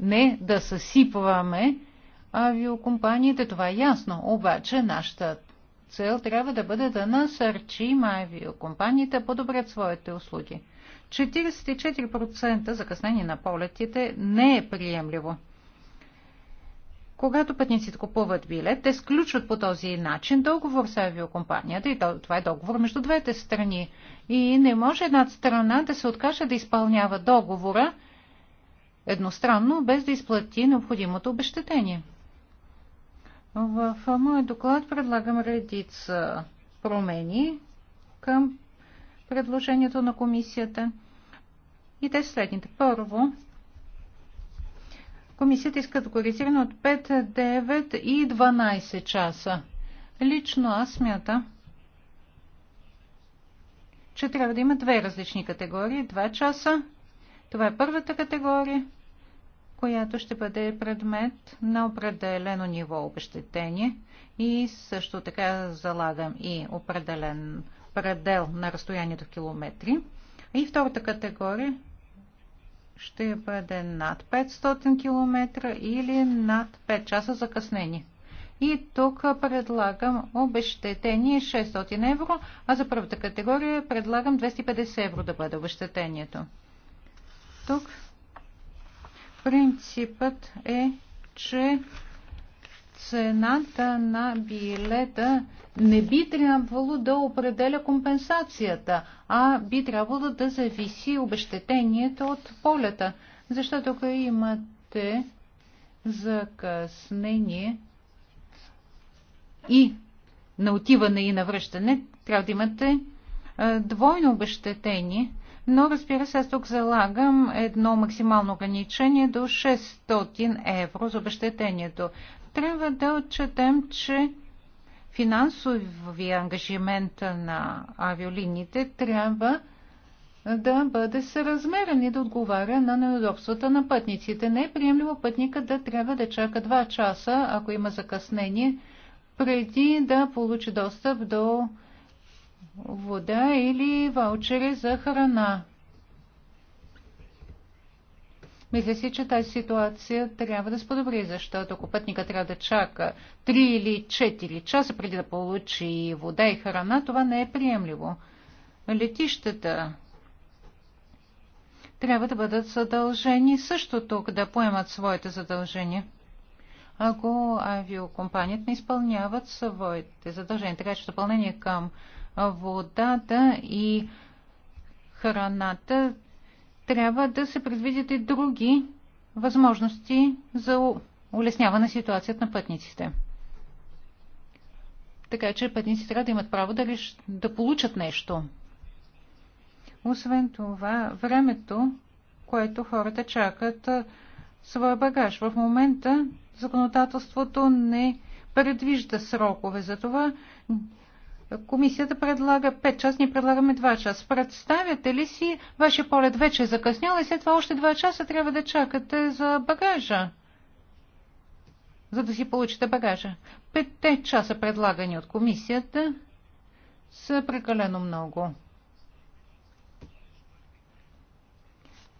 не да съсипваме авиокомпаниите, това е ясно. Обаче нашата цел трябва да бъде да насърчим авиокомпаниите да подобрят своите услуги. 44% закъснение на полетите не е приемливо. Когато пътниците купуват билет, те сключват по този начин договор с авиокомпанията и това е договор между двете страни. И не може една страна да се откаже да изпълнява договора едностранно, без да изплати необходимото обещетение. В моят доклад предлагам редица промени към предложението на комисията. И те следните. Първо, комисията иска категоризиране от 5, 9 и 12 часа. Лично аз смятам, че трябва да има две различни категории. 2 часа. Това е първата категория, която ще бъде предмет на определено ниво обещетение и също така залагам и определен предел на разстоянието в километри. И втората категория ще бъде над 500 км или над 5 часа закъснение. И тук предлагам обещетение 600 евро, а за първата категория предлагам 250 евро да бъде обещетението. Тук принципът е, че цената на билета не би трябвало да определя компенсацията, а би трябвало да зависи обещетението от полета. Защото ако имате закъснение и на отиване и на връщане, трябва да имате двойно обещетение. Но разбира се, аз тук залагам едно максимално ограничение до 600 евро за обещетението трябва да отчетем, че финансовия ангажимент на авиолините трябва да бъде съразмерен и да отговаря на неудобствата на пътниците. Не е приемливо пътника да трябва да чака 2 часа, ако има закъснение, преди да получи достъп до вода или ваучери за храна. Мисля си, че тази ситуация трябва да се подобри, защото ако пътника трябва да чака 3 или 4 часа преди да получи вода и храна, това не е приемливо. Летищата трябва да бъдат задължени също тук да поемат своите задължения ако авиокомпанията не изпълняват своите задължения. Така че в допълнение към водата и храната трябва да се предвидят и други възможности за улесняване ситуацията на пътниците. Така че пътниците трябва да имат право да, реш... да получат нещо. Освен това, времето, което хората чакат своя багаж. В момента законодателството не предвижда срокове за това. Комисията предлага 5 часа, ние предлагаме 2 часа. Представяте ли си, вашия полет вече е закъснял и след това още 2 часа трябва да чакате за багажа, за да си получите багажа. 5 часа, предлагани от комисията, са прекалено много.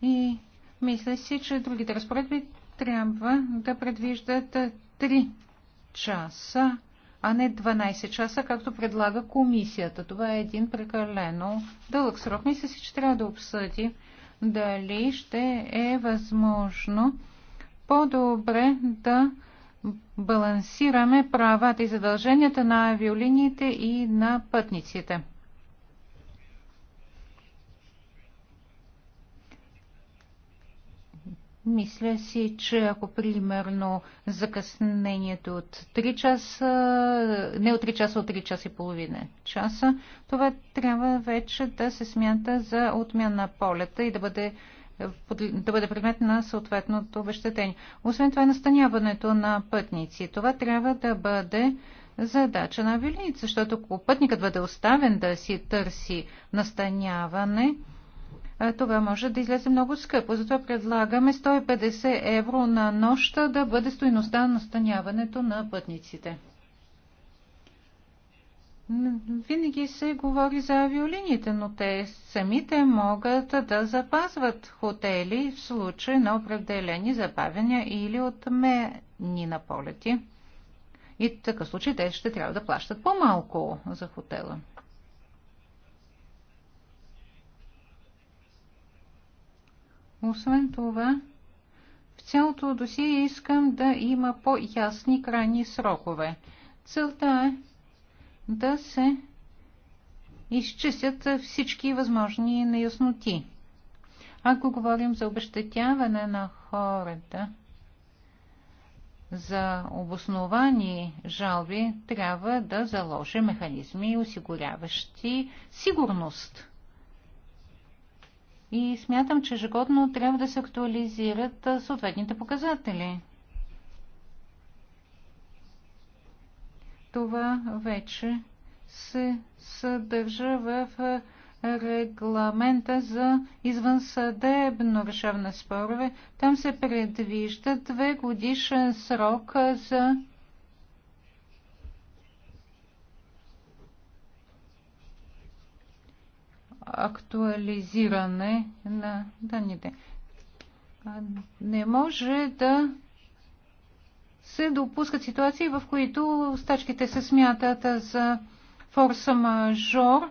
И мисля си, че другите разпоредби трябва да предвиждат 3 часа а не 12 часа, както предлага комисията. Това е един прекалено дълъг срок. Мисля си, че трябва да обсъди дали ще е възможно по-добре да балансираме правата и задълженията на авиолиниите и на пътниците. Мисля си, че ако примерно закъснението е от 3 часа, не от 3 часа, от 3 часа и половина часа, това трябва вече да се смята за отмяна на полета и да бъде да бъде предмет на съответното обещетение. Освен това, настаняването на пътници. Това трябва да бъде задача на авиолиница, защото ако пътникът бъде оставен да си търси настаняване, е, това може да излезе много скъпо. Затова предлагаме 150 евро на нощ да бъде стоиността на настаняването на пътниците. Винаги се говори за авиолиниите, но те самите могат да запазват хотели в случай на определени забавяния или отмени на полети. И в такъв случай те ще трябва да плащат по-малко за хотела. Освен това, в цялото досие искам да има по-ясни крайни срокове. Целта е да се изчистят всички възможни неясноти. Ако говорим за обещетяване на хората, за обосновани жалби трябва да заложи механизми, осигуряващи сигурност и смятам, че ежегодно трябва да се актуализират съответните показатели. Това вече се съдържа в регламента за извънсъдебно решаване на спорове. Там се предвижда две годишен срок за актуализиране на данните. Не може да се допускат ситуации, в които стачките се смятат за форса-мажор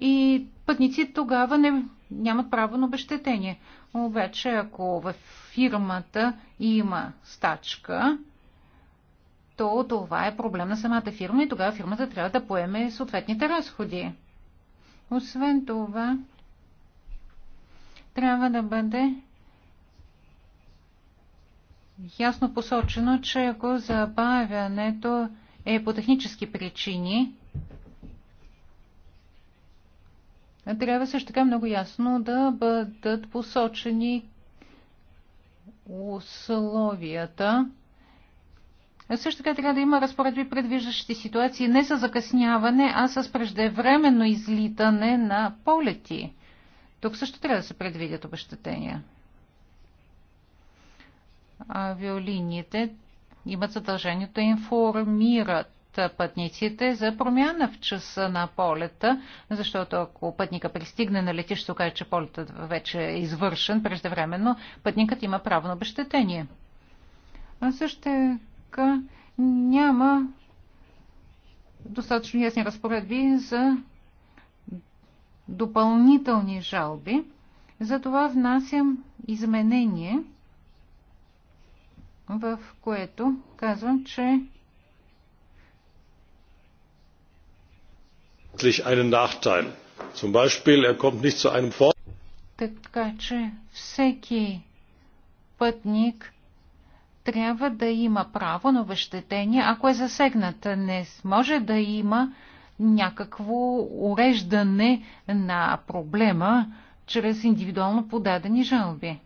и пътници тогава не, нямат право на обещетение. Обаче, ако в фирмата има стачка, то това е проблем на самата фирма и тогава фирмата трябва да поеме съответните разходи. Освен това, трябва да бъде ясно посочено, че ако забавянето е по технически причини, трябва също така много ясно да бъдат посочени условията, също така трябва да има разпоредби предвиждащи ситуации не с закъсняване, а с преждевременно излитане на полети. Тук също трябва да се предвидят обещетения. Авиолиниите имат задължението да информират пътниците за промяна в часа на полета, защото ако пътника пристигне на летището, каже, че полетът вече е извършен преждевременно, пътникът има право на обещетение. А също сметка няма достатъчно ясни разпоредби за допълнителни жалби. Затова внасям изменение, в което казвам, че einen Nachteil. Zum Beispiel, er kommt nicht zu einem Така че всеки пътник трябва да има право на обещетение, ако е засегната. Не може да има някакво уреждане на проблема чрез индивидуално подадени жалби.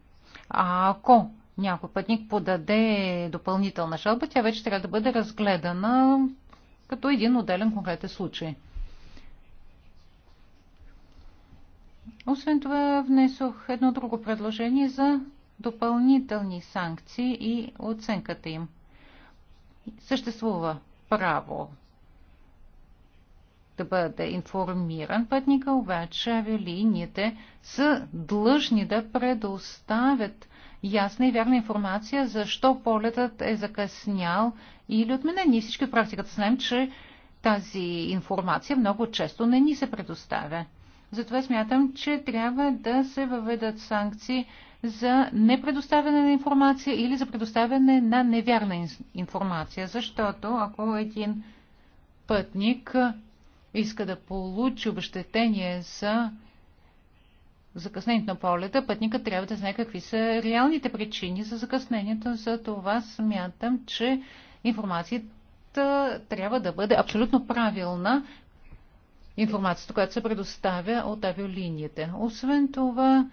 А ако някой пътник подаде допълнителна жалба, тя вече трябва да бъде разгледана като един отделен конкретен случай. Освен това, внесох едно друго предложение за допълнителни санкции и оценката им. Съществува право да бъде информиран пътника, обаче авиалиниите са длъжни да предоставят ясна и вярна информация, защо полетът е закъснял или отменен. Ние всички от практиката знаем, че тази информация много често не ни се предоставя. Затова смятам, че трябва да се въведат санкции за непредоставяне на информация или за предоставяне на невярна информация. Защото ако един пътник иска да получи обещетение за закъснението на полета, пътникът трябва да знае какви са реалните причини за закъснението. За това смятам, че информацията трябва да бъде абсолютно правилна, информацията, която се предоставя от авиолиниите. Освен това,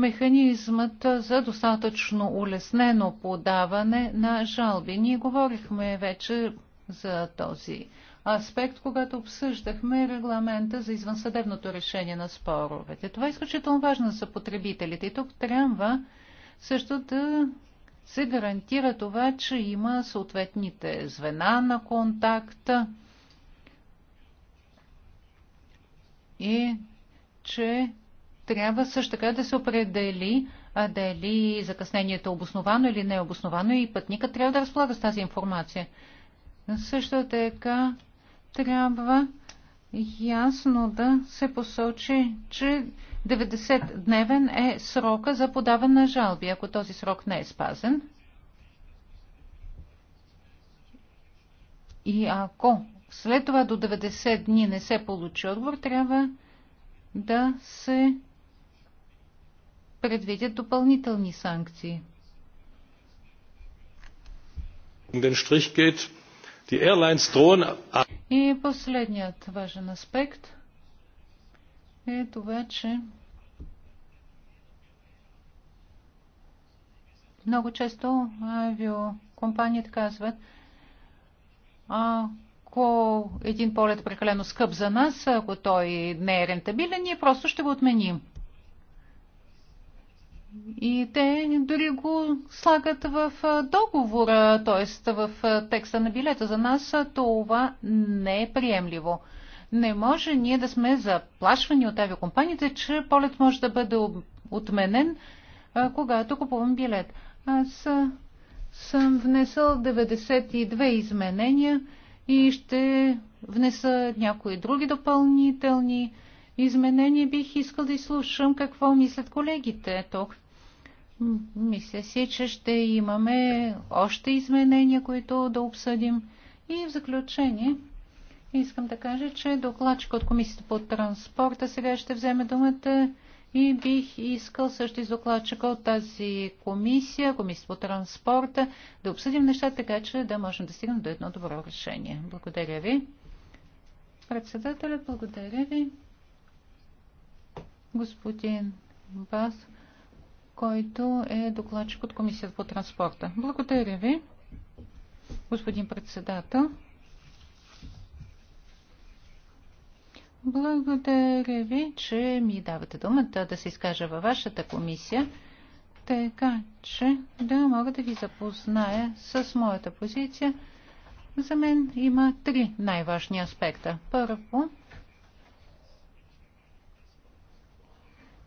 механизмът за достатъчно улеснено подаване на жалби. Ние говорихме вече за този аспект, когато обсъждахме регламента за извънсъдебното решение на споровете. Това е изключително важно за потребителите и тук трябва също да се гарантира това, че има съответните звена на контакта и че трябва също така да се определи а дали закъснението е обосновано или не е обосновано и пътника трябва да разполага с тази информация. Също така трябва ясно да се посочи, че 90-дневен е срока за подаване на жалби, ако този срок не е спазен. И ако след това до 90 дни не се получи отговор, трябва да се предвидят допълнителни санкции. Um И последният важен аспект е това, че много често авиокомпаниите казват, ако един полет е прекалено скъп за нас, ако той не е рентабилен, ние просто ще го отменим. И те дори го слагат в договора, т.е. в текста на билета. За нас това не е приемливо. Не може ние да сме заплашвани от авиокомпаниите, че полет може да бъде отменен, когато купувам билет. Аз съм внесъл 92 изменения и ще внеса някои други допълнителни изменения. Бих искал да изслушам какво мислят колегите тук. Мисля си, че ще имаме още изменения, които да обсъдим. И в заключение искам да кажа, че докладчик от Комисията по транспорта сега ще вземе думата и бих искал също и докладчика от тази комисия, Комисията по транспорта, да обсъдим неща, така, че да можем да стигнем до едно добро решение. Благодаря ви. Председателя, благодаря ви господин Бас, който е докладчик от Комисията по транспорта. Благодаря ви, господин председател. Благодаря ви, че ми давате думата да се изкажа във вашата комисия, така че да мога да ви запозная с моята позиция. За мен има три най-важни аспекта. Първо,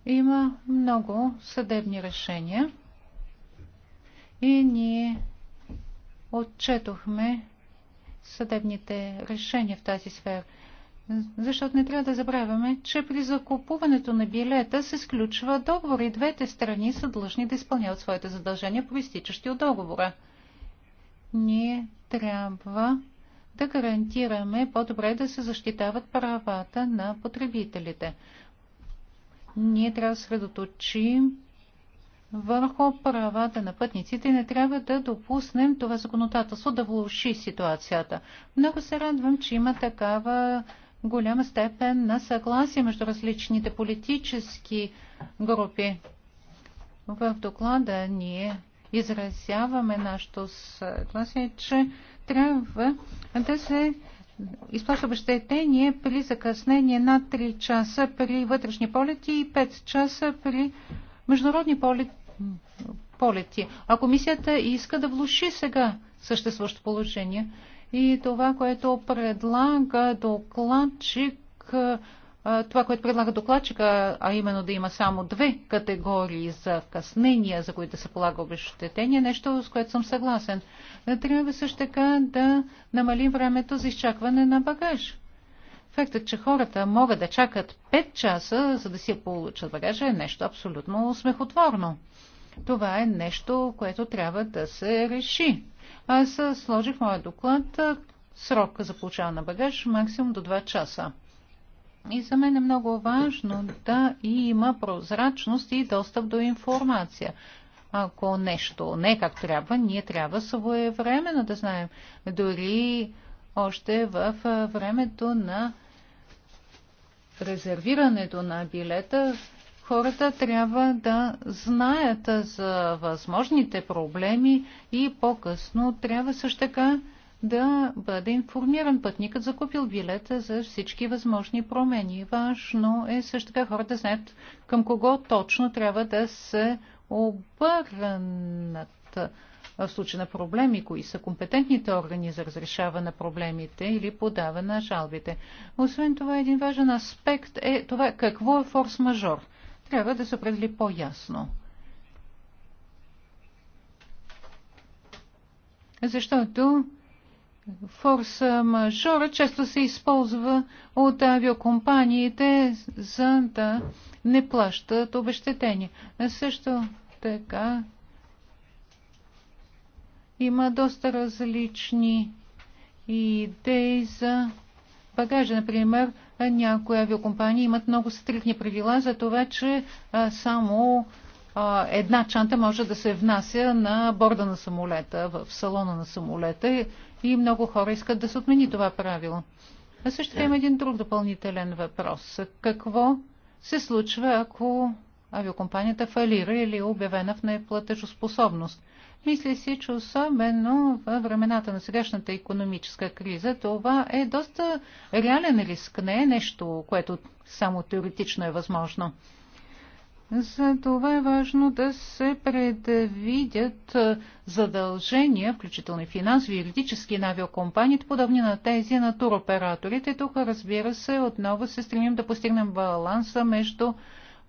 Има много съдебни решения и ние отчетохме съдебните решения в тази сфера. Защото не трябва да забравяме, че при закупуването на билета се сключва договор и двете страни са длъжни да изпълняват своите задължения, проистичащи от договора. Ние трябва да гарантираме по-добре да се защитават правата на потребителите ние трябва да средоточим върху правата на пътниците и не трябва да допуснем това законодателство да влуши ситуацията. Много се радвам, че има такава голяма степен на съгласие между различните политически групи. В доклада ние изразяваме нашето съгласие, че трябва да се изплаща обещетение при закъснение на 3 часа при вътрешни полети и 5 часа при международни полети. А комисията иска да влуши сега съществуващо положение. И това, което предлага докладчик, това, което предлага докладчика, а именно да има само две категории за вкъснения, за които се полага обещетение, нещо, с което съм съгласен. Трябва също така да намалим времето за изчакване на багаж. Фактът, че хората могат да чакат 5 часа, за да си получат багажа, е нещо абсолютно смехотворно. Това е нещо, което трябва да се реши. Аз сложих моя доклад срок за получаване на багаж максимум до 2 часа. И за мен е много важно да има прозрачност и достъп до информация. Ако нещо не е как трябва, ние трябва своевременно да знаем. Дори още в времето на резервирането на билета, хората трябва да знаят за възможните проблеми и по-късно трябва също така да бъде информиран пътникът, закупил билета за всички възможни промени. Важно е също така хората да знаят към кого точно трябва да се обърнат в случай на проблеми, кои са компетентните органи за разрешаване на проблемите или подаване на жалбите. Освен това, един важен аспект е това какво е форс-мажор. Трябва да се определи по-ясно. Защото форса-мажора често се използва от авиокомпаниите, за да не плащат обещетения. Също така има доста различни идеи за багажа. Например, някои авиокомпании имат много стрикни правила за това, че само една чанта може да се внася на борда на самолета, в салона на самолета и много хора искат да се отмени това правило. А също има един друг допълнителен въпрос. Какво се случва, ако авиокомпанията фалира или е обявена в неплатежоспособност? Мисля си, че особено в времената на сегашната економическа криза, това е доста реален риск, не е нещо, което само теоретично е възможно. За това е важно да се предвидят задължения, включително и финансови и юридически на авиокомпаниите, подобни на тези на туроператорите. Тук, разбира се, отново се стремим да постигнем баланса между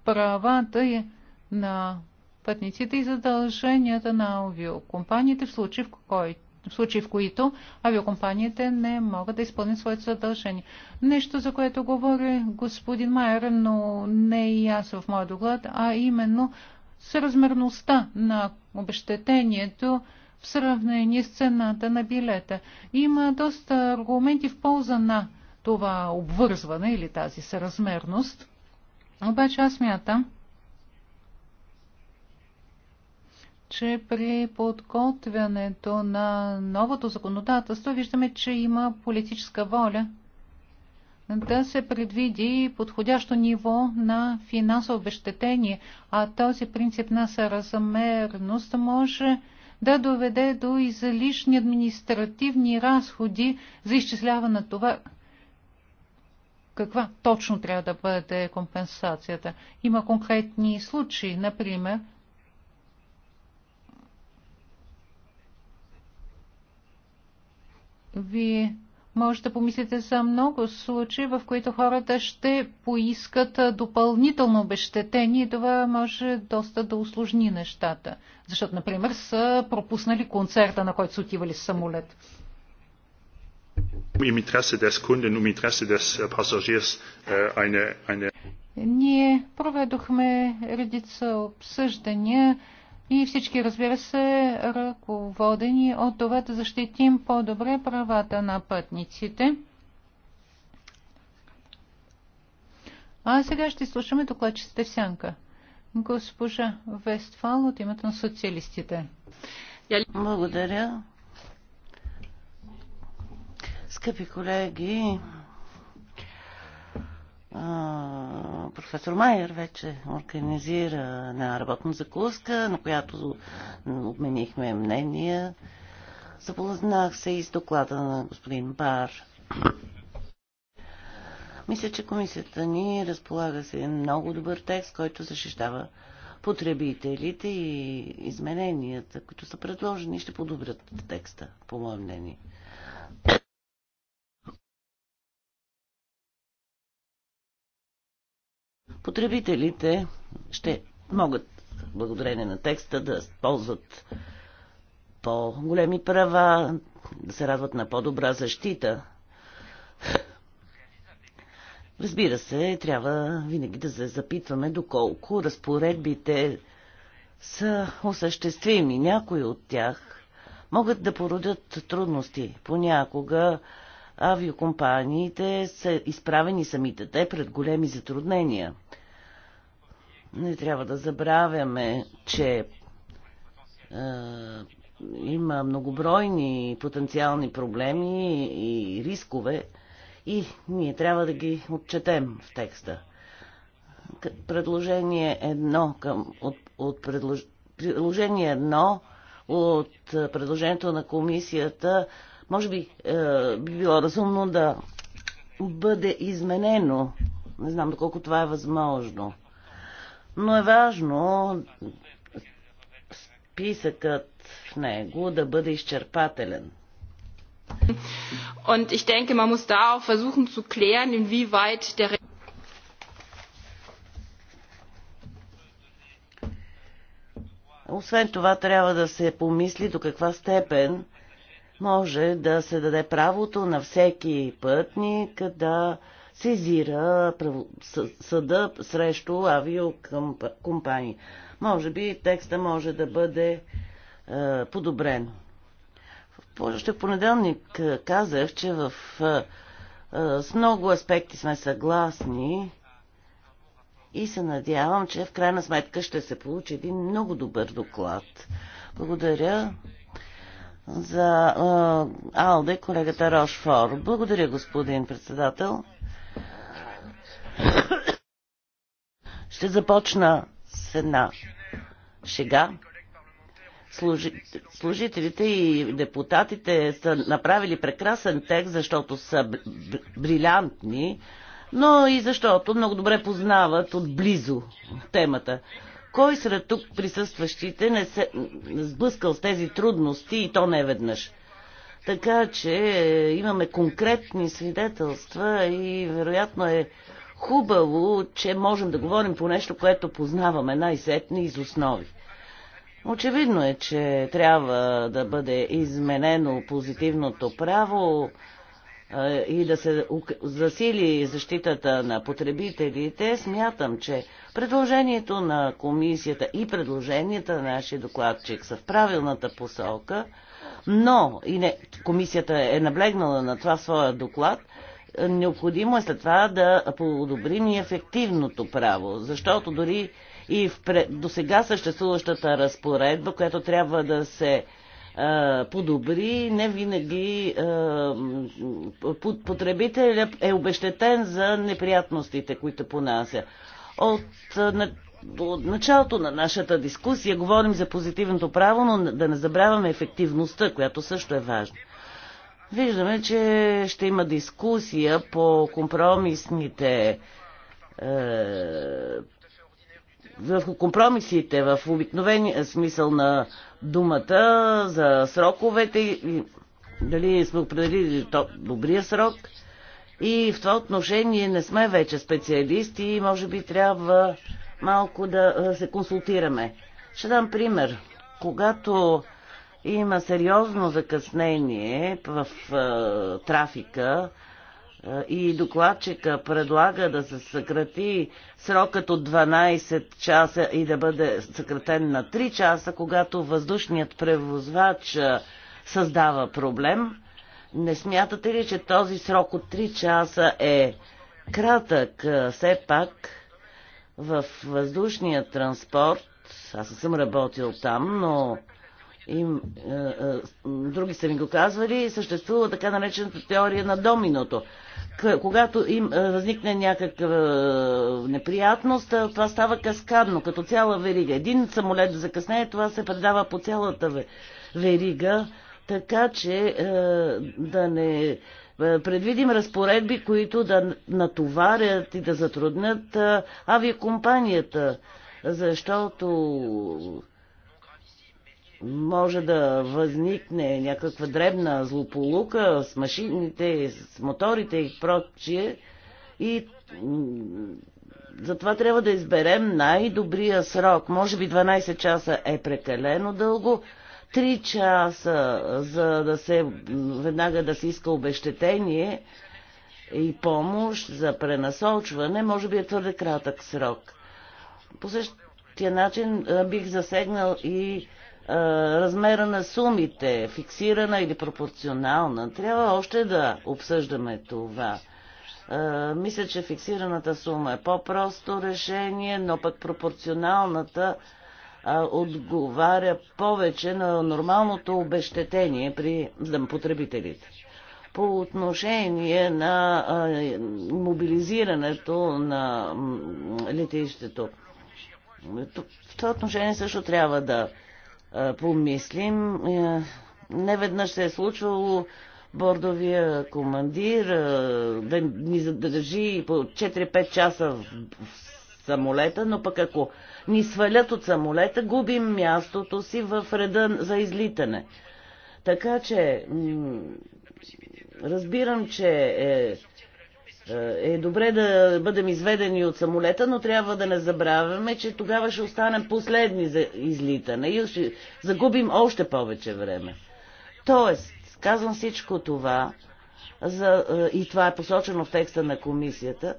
правата на пътниците и задълженията на авиокомпаниите в случай, в който в случаи, в които авиокомпаниите не могат да изпълнят своите задължения. Нещо, за което говори господин Майер, но не и аз в моя доклад, а именно съразмерността на обещетението в сравнение с цената на билета. Има доста аргументи в полза на това обвързване или тази съразмерност. Обаче аз мятам, че при подготвянето на новото законодателство виждаме, че има политическа воля да се предвиди подходящо ниво на финансово обещетение, а този принцип на съразмерност може да доведе до излишни административни разходи за изчисляване на това, каква точно трябва да бъде компенсацията. Има конкретни случаи, например – Вие може да помислите за много случаи, в които хората ще поискат допълнително обещетение и това може доста да усложни нещата. Защото, например, са пропуснали концерта, на който са отивали с самолет. Äh, äh, Ние проведохме редица обсъждания и всички, разбира се, ръководени от това да защитим по-добре правата на пътниците. А сега ще слушаме докладчицата Сянка. Госпожа Вестфал от името на социалистите. Благодаря. Скъпи колеги, професор Майер вече организира една работна закуска, на която обменихме мнения. Запознах се и с доклада на господин Бар. Мисля, че комисията ни разполага се много добър текст, който защищава потребителите и измененията, които са предложени, ще подобрят текста, по мое мнение. Потребителите ще могат, благодарение на текста, да ползват по-големи права, да се радват на по-добра защита. Разбира се, трябва винаги да се запитваме доколко разпоредбите са осъществими. Някои от тях могат да породят трудности. Понякога авиокомпаниите са изправени самите те пред големи затруднения. Не трябва да забравяме, че е, има многобройни потенциални проблеми и рискове и ние трябва да ги отчетем в текста. Предложение едно към, от, от предлож... предложение едно от предложението на комисията може би е, би било разумно да бъде изменено. Не знам доколко това е възможно но е важно списъкът в него да бъде изчерпателен. Und ich denke, man muss da auch versuchen zu klären, inwieweit der Освен това, трябва да се помисли до каква степен може да се даде правото на всеки пътник да сезира съда срещу авиокомпании. Може би текста може да бъде е, подобрен. Още в понеделник е, казах, че в, е, е, с много аспекти сме съгласни и се надявам, че в крайна сметка ще се получи един много добър доклад. Благодаря за е, Алде, колегата Рошфор. Благодаря, господин председател. Ще започна с една шега. Служителите и депутатите са направили прекрасен текст, защото са брилянтни, но и защото много добре познават отблизо темата. Кой сред тук присъстващите не се сблъскал с тези трудности и то не веднъж? Така че е, имаме конкретни свидетелства и вероятно е Хубаво, че можем да говорим по нещо, което познаваме най сетни из основи. Очевидно е, че трябва да бъде изменено позитивното право и да се засили защитата на потребителите, смятам, че предложението на комисията и предложенията на нашия докладчик са в правилната посока, но и не, комисията е наблегнала на това своя доклад – необходимо е след това да подобрим и ефективното право, защото дори и в до сега съществуващата разпоредба, която трябва да се а, подобри, не винаги а, потребителя е обещетен за неприятностите, които понася. От на, от началото на нашата дискусия говорим за позитивното право, но да не забравяме ефективността, която също е важна. Виждаме, че ще има дискусия по компромисните е, върху компромисите, в обикновения смисъл на думата, за сроковете и дали сме определили то, добрия срок. И в това отношение не сме вече специалисти и може би трябва малко да се консултираме. Ще дам пример. Когато има сериозно закъснение в трафика и докладчика предлага да се съкрати срокът от 12 часа и да бъде съкратен на 3 часа, когато въздушният превозвач създава проблем. Не смятате ли, че този срок от 3 часа е кратък? Все пак в въздушния транспорт, аз не съм работил там, но и е, е, други са ми го казвали, съществува така наречената теория на доминото. К, когато им е, възникне някаква е, неприятност, е, това става каскадно, като цяла верига. Един самолет да закъснее, това се предава по цялата верига, така че е, да не е, предвидим разпоредби, които да натоварят и да затруднят е, авиакомпанията, защото може да възникне някаква дребна злополука с машините, с моторите и прочие. И затова трябва да изберем най-добрия срок. Може би 12 часа е прекалено дълго, 3 часа, за да се веднага да се иска обещетение и помощ за пренасочване, може би е твърде кратък срок. По същия начин бих засегнал и размера на сумите, фиксирана или пропорционална. Трябва още да обсъждаме това. Мисля, че фиксираната сума е по-просто решение, но пък пропорционалната отговаря повече на нормалното обещетение при потребителите. По отношение на мобилизирането на летището. В това отношение също трябва да помислим. Не веднъж се е случвало бордовия командир да ни задържи по 4-5 часа в самолета, но пък ако ни свалят от самолета, губим мястото си в реда за излитане. Така че разбирам, че е е, е добре да бъдем изведени от самолета, но трябва да не забравяме, че тогава ще останем последни за излитане и нали, ще загубим още повече време. Тоест, казвам всичко това, за, е, и това е посочено в текста на комисията,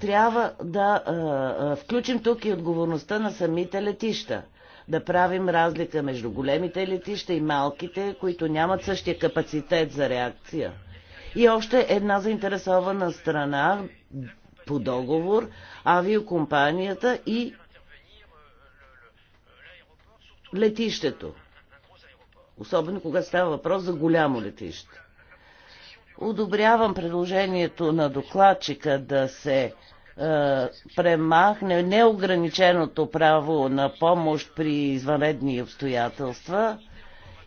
трябва да а, е, включим тук и отговорността на самите летища. Да правим разлика между големите летища и малките, които нямат същия капацитет за реакция. И още една заинтересована страна по договор, авиокомпанията и летището. Особено когато става въпрос за голямо летище. Одобрявам предложението на докладчика да се е, премахне неограниченото право на помощ при извънредни обстоятелства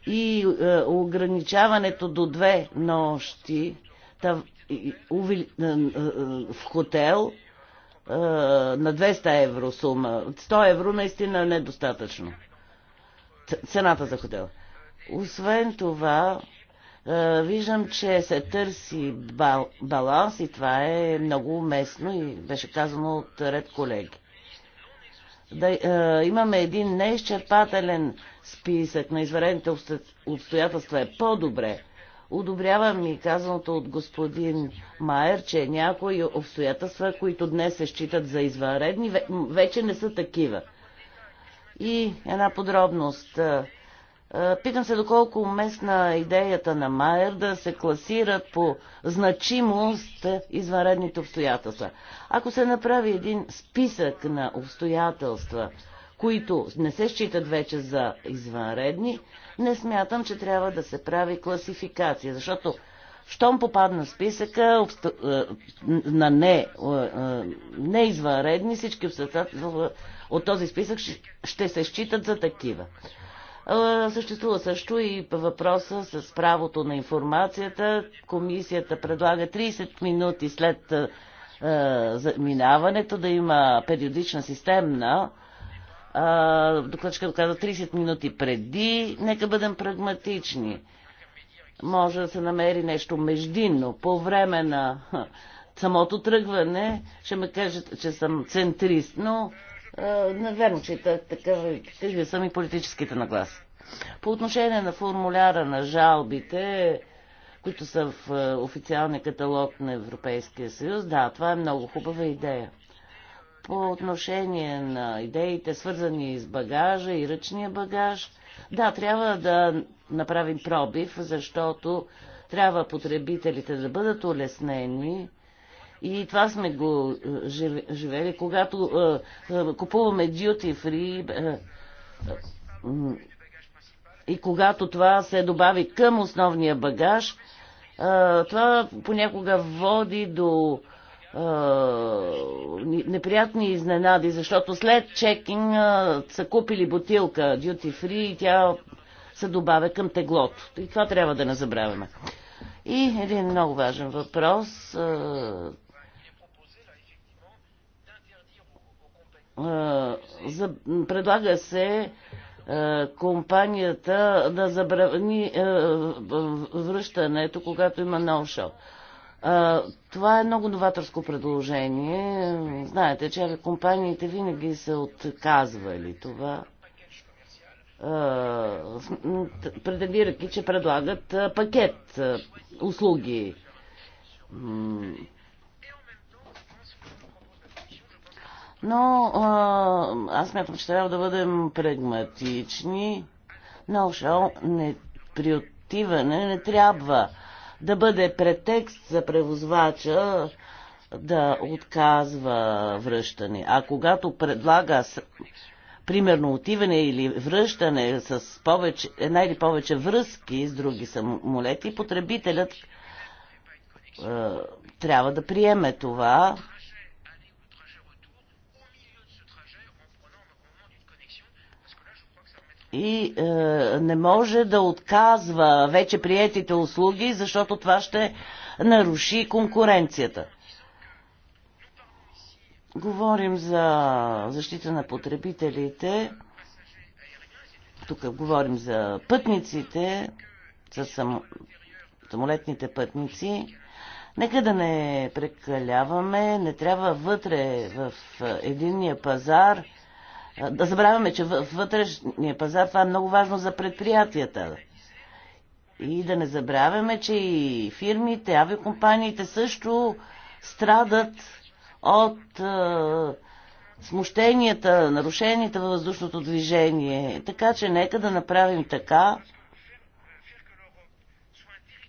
и е, ограничаването до две нощи та, и, увили, е, е, в хотел е, на 200 евро сума. 100 евро наистина е недостатъчно. Цената за хотел. Освен това, е, виждам, че се търси бал, баланс и това е много уместно и беше казано от ред колеги да е, имаме един неизчерпателен списък на изварените обстоятелства е по-добре. Одобрявам и казаното от господин Майер, че някои обстоятелства, които днес се считат за извънредни, вече не са такива. И една подробност. Е, е, питам се доколко уместна е идеята на Майер да се класират по значимост извънредните обстоятелства. Ако се направи един списък на обстоятелства, които не се считат вече за извънредни, не смятам, че трябва да се прави класификация, защото щом попадна списъка обсто... Е, на не, не извънредни, всички обстоятелства от този списък ще се считат за такива. Съществува също и въпроса с правото на информацията. Комисията предлага 30 минути след минаването да има периодична системна докладчиката каза 30 минути преди, нека бъдем прагматични. Може да се намери нещо междинно. По време на самото тръгване ще ме кажат, че съм центрист, но Наверно, че е такива са ми политическите нагласи. По отношение на формуляра на жалбите, които са в официалния каталог на Европейския съюз, да, това е много хубава идея. По отношение на идеите, свързани с багажа и ръчния багаж, да, трябва да направим пробив, защото трябва потребителите да бъдат улеснени и това сме го е, живели, когато е, е, купуваме duty free и когато това се добави към основния багаж, това понякога води до неприятни изненади, защото след чекинг са купили бутилка duty free и тя се добавя към теглото. И това трябва да не забравяме. И един много важен въпрос, Е, за, предлага се е, компанията да забрани е, връщането, когато има ноушъл. Това е много новаторско предложение. Знаете, че компаниите винаги са отказвали това, предавирайки, че предлагат пакет услуги. Но а, аз смятам, че трябва да бъдем прагматични. No не, при отиване не трябва да бъде претекст за превозвача да отказва връщане. А когато предлага примерно отиване или връщане с повече, една или повече връзки с други самолети, потребителят трябва да приеме това и е, не може да отказва вече приетите услуги, защото това ще наруши конкуренцията. Говорим за защита на потребителите. Тук говорим за пътниците, за сам... самолетните пътници. Нека да не прекаляваме, не трябва вътре в единния пазар да забравяме, че вътрешния пазар това е много важно за предприятията. И да не забравяме, че и фирмите, авиокомпаниите също страдат от е, смущенията, нарушенията във въздушното движение. Така че нека да направим така,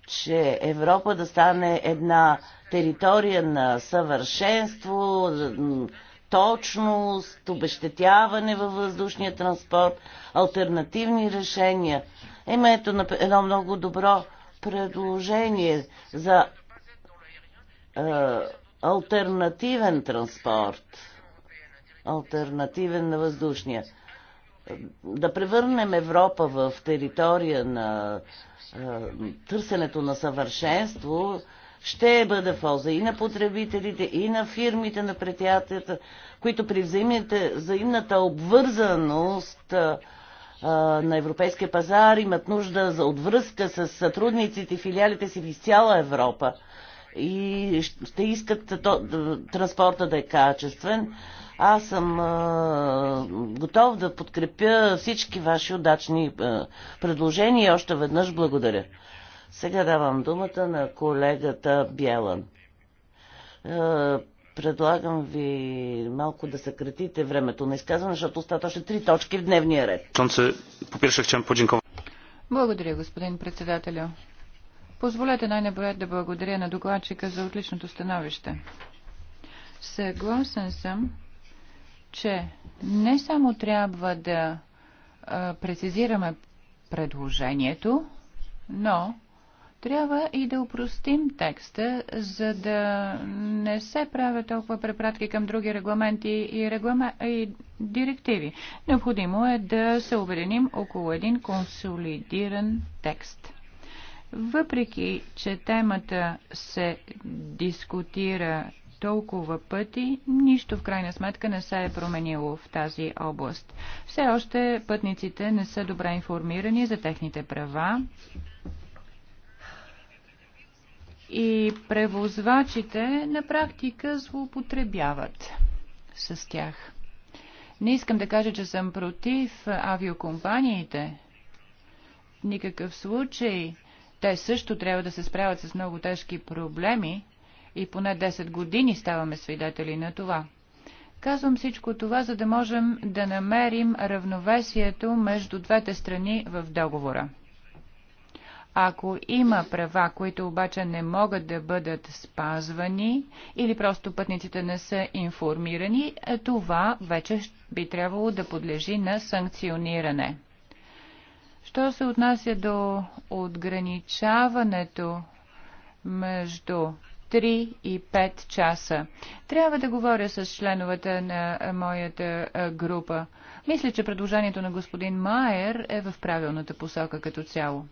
че Европа да стане една територия на съвършенство, точност, обещетяване във въздушния транспорт, альтернативни решения. Има ето едно много добро предложение за е, альтернативен транспорт. Альтернативен на въздушния. Да превърнем Европа в територия на е, търсенето на съвършенство, ще бъде полза и на потребителите, и на фирмите, на предприятията, които при взаимните, взаимната обвързаност на европейския пазар имат нужда за отвръзка с сътрудниците и филиалите си в цяла Европа и ще искат то, транспорта да е качествен. Аз съм а, готов да подкрепя всички ваши удачни а, предложения и още веднъж благодаря. Сега давам думата на колегата Бялан. Е, предлагам ви малко да съкратите времето на изказване, защото остават още три точки в дневния ред. Благодаря, господин председателю. Позволете най наброят да благодаря на докладчика за отличното становище. Съгласен съм, че не само трябва да а, прецизираме предложението, но трябва и да упростим текста, за да не се правят толкова препратки към други регламенти и, реглама... и директиви. Необходимо е да се обединим около един консолидиран текст. Въпреки, че темата се дискутира толкова пъти, нищо в крайна сметка не се е променило в тази област. Все още пътниците не са добре информирани за техните права и превозвачите на практика злоупотребяват с тях. Не искам да кажа, че съм против авиокомпаниите. В никакъв случай. Те също трябва да се справят с много тежки проблеми и поне 10 години ставаме свидетели на това. Казвам всичко това, за да можем да намерим равновесието между двете страни в договора. Ако има права, които обаче не могат да бъдат спазвани или просто пътниците не са информирани, е, това вече би трябвало да подлежи на санкциониране. Що се отнася до отграничаването между 3 и 5 часа. Трябва да говоря с членовете на моята е, група. Мисля, че предложението на господин Майер е в правилната посока като цяло.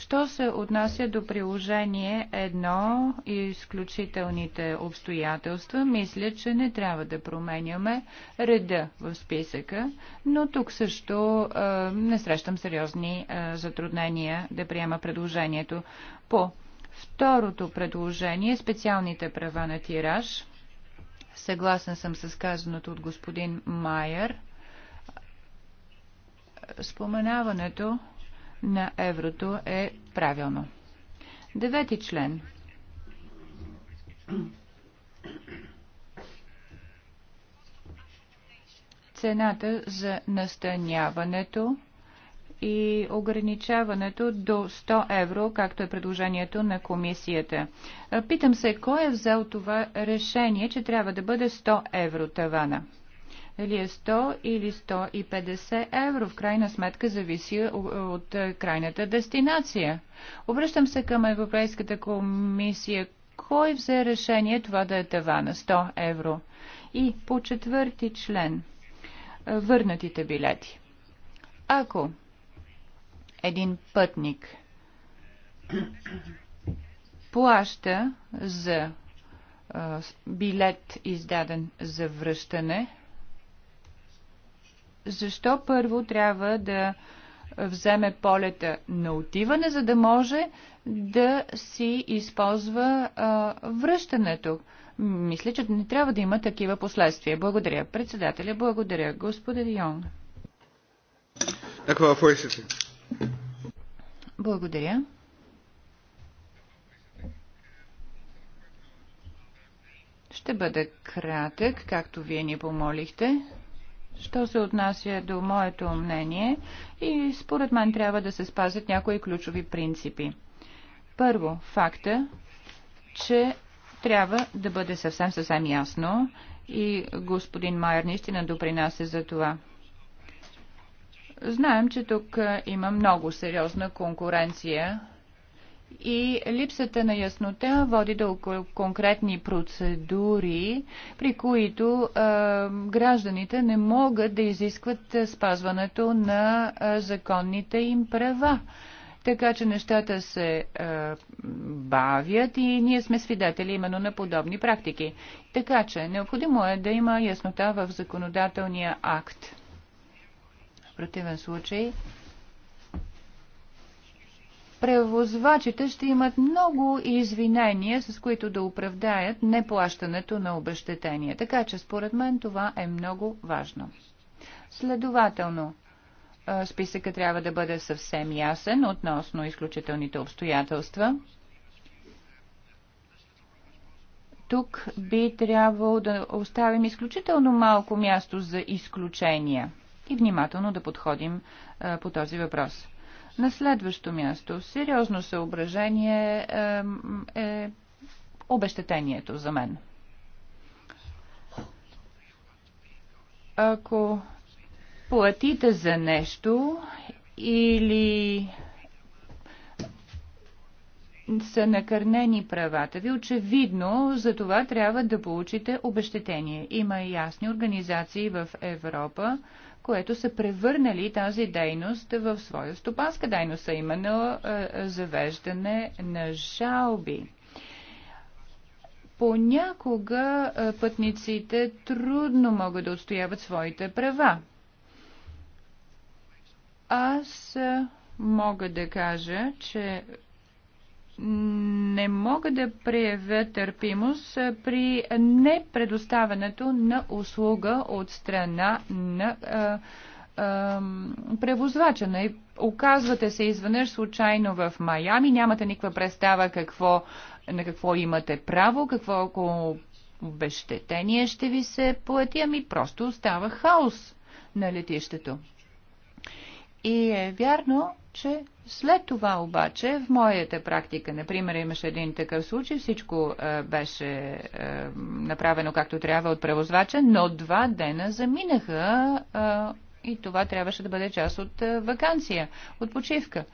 Що се отнася до приложение едно и изключителните обстоятелства, мисля, че не трябва да променяме реда в списъка, но тук също е, не срещам сериозни е, затруднения да приема предложението. По второто предложение, специалните права на тираж, съгласен съм с казаното от господин Майер, споменаването на еврото е правилно. Девети член. Цената за настаняването и ограничаването до 100 евро, както е предложението на комисията. Питам се, кой е взел това решение, че трябва да бъде 100 евро тавана? дали е 100 или 150 евро. В крайна сметка зависи от е, крайната дестинация. Обръщам се към Европейската комисия. Кой взе решение това да е тавана 100 евро? И по четвърти член е, върнатите билети. Ако един пътник плаща за е, билет издаден за връщане, защо първо трябва да вземе полета на отиване, за да може да си използва а, връщането. Мисля, че не трябва да има такива последствия. Благодаря. Председателя, благодаря. Господин Йон. Благодаря. Ще бъде кратък, както вие ни помолихте що се отнася до моето мнение и според мен трябва да се спазят някои ключови принципи. Първо, факта, че трябва да бъде съвсем съвсем ясно и господин Майер наистина допринася за това. Знаем, че тук има много сериозна конкуренция и липсата на яснота води до конкретни процедури, при които е, гражданите не могат да изискват спазването на е, законните им права. Така че нещата се е, бавят и ние сме свидетели именно на подобни практики. Така че необходимо е да има яснота в законодателния акт. В противен случай превозвачите ще имат много извинения, с които да оправдаят неплащането на обещетения. Така че според мен това е много важно. Следователно, списъка трябва да бъде съвсем ясен относно изключителните обстоятелства. Тук би трябвало да оставим изключително малко място за изключения и внимателно да подходим по този въпрос. На следващо място, сериозно съображение е, е обещетението за мен. Ако платите за нещо или са накърнени правата ви, очевидно за това трябва да получите обещетение. Има ясни организации в Европа, което са превърнали тази дейност в своя стопанска дейност, а именно е, е, завеждане на жалби. Понякога е, пътниците трудно могат да отстояват своите права. Аз мога да кажа, че не могат да проявят търпимост при непредоставянето на услуга от страна на превозвача. Не, нали, оказвате се изведнъж случайно в Майами, нямате никаква представа какво, на какво имате право, какво ако обещетение ще ви се плати, ами просто остава хаос на летището. И е вярно, че след това обаче в моята практика, например, имаше един такъв случай, всичко е, беше е, направено както трябва от превозвача, но два дена заминаха е, и това трябваше да бъде част от е, вакансия, от почивка.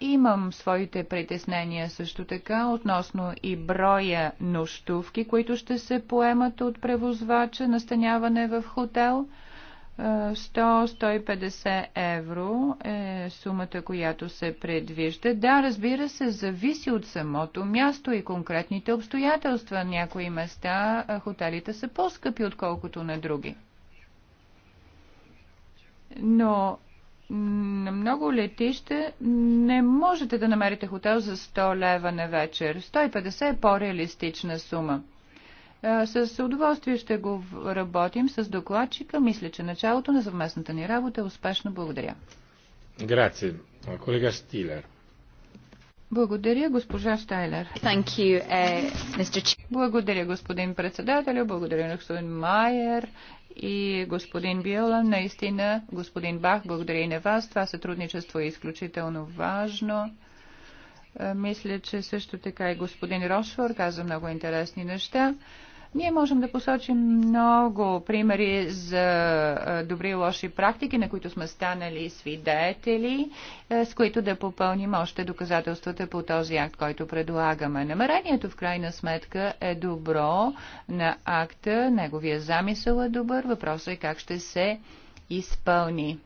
Имам своите притеснения също така относно и броя нощувки, които ще се поемат от превозвача, настаняване в хотел – 100-150 евро е сумата, която се предвижда. Да, разбира се, зависи от самото място и конкретните обстоятелства. Някои места хотелите са по-скъпи, отколкото на други. Но на много летище не можете да намерите хотел за 100 лева на вечер. 150 е по-реалистична сума. Е, с удоволствие ще го работим с докладчика. Мисля, че началото на съвместната ни работа е успешно. Благодаря. Грация. Колега Стилер. Благодаря, госпожа Штайлер. You, Mr. Е, благодаря, господин председател, благодаря господин Майер и господин Биола. Наистина, господин Бах, благодаря и на вас. Това сътрудничество е изключително важно. Е, мисля, че също така и господин Рошфор каза много интересни неща. Ние можем да посочим много примери за добри и лоши практики, на които сме станали свидетели, с които да попълним още доказателствата по този акт, който предлагаме. Намерението в крайна сметка е добро на акта, неговия замисъл е добър, въпросът е как ще се изпълни.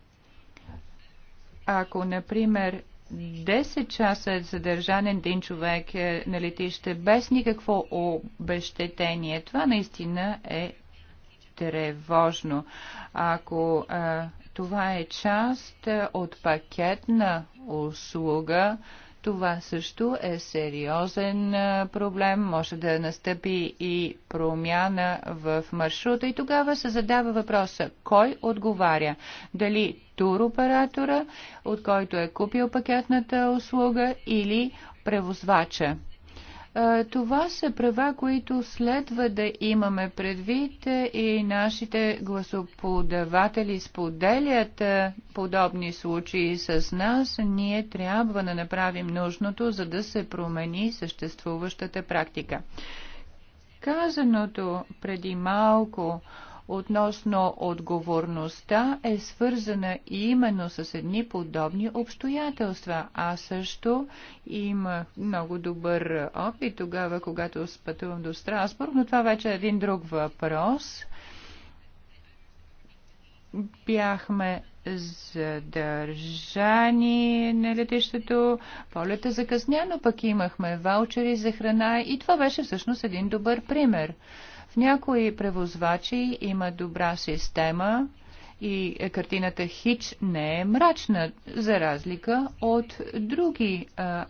Ако, например, 10 часа е задържан един човек е на летище без никакво обещетение. Това наистина е тревожно. Ако а, това е част от пакетна услуга, а, това също е сериозен проблем. Може да настъпи и промяна в маршрута. И тогава се задава въпроса, кой отговаря? Дали туроператора, от който е купил пакетната услуга или превозвача? Е, това са права, които следва да имаме предвид е, и нашите гласоподаватели споделят е, подобни случаи с нас. Ние трябва да направим нужното, за да се промени съществуващата практика. Казаното преди малко относно отговорността е свързана именно с едни подобни обстоятелства. Аз също имах много добър опит тогава, когато спътувам до Страсбург, но това вече е един друг въпрос. Бяхме задържани на летището. Полета закъсня, но пък имахме ваучери за храна и това беше всъщност един добър пример. В някои превозвачи има добра система и картината хич не е мрачна, за разлика от други а,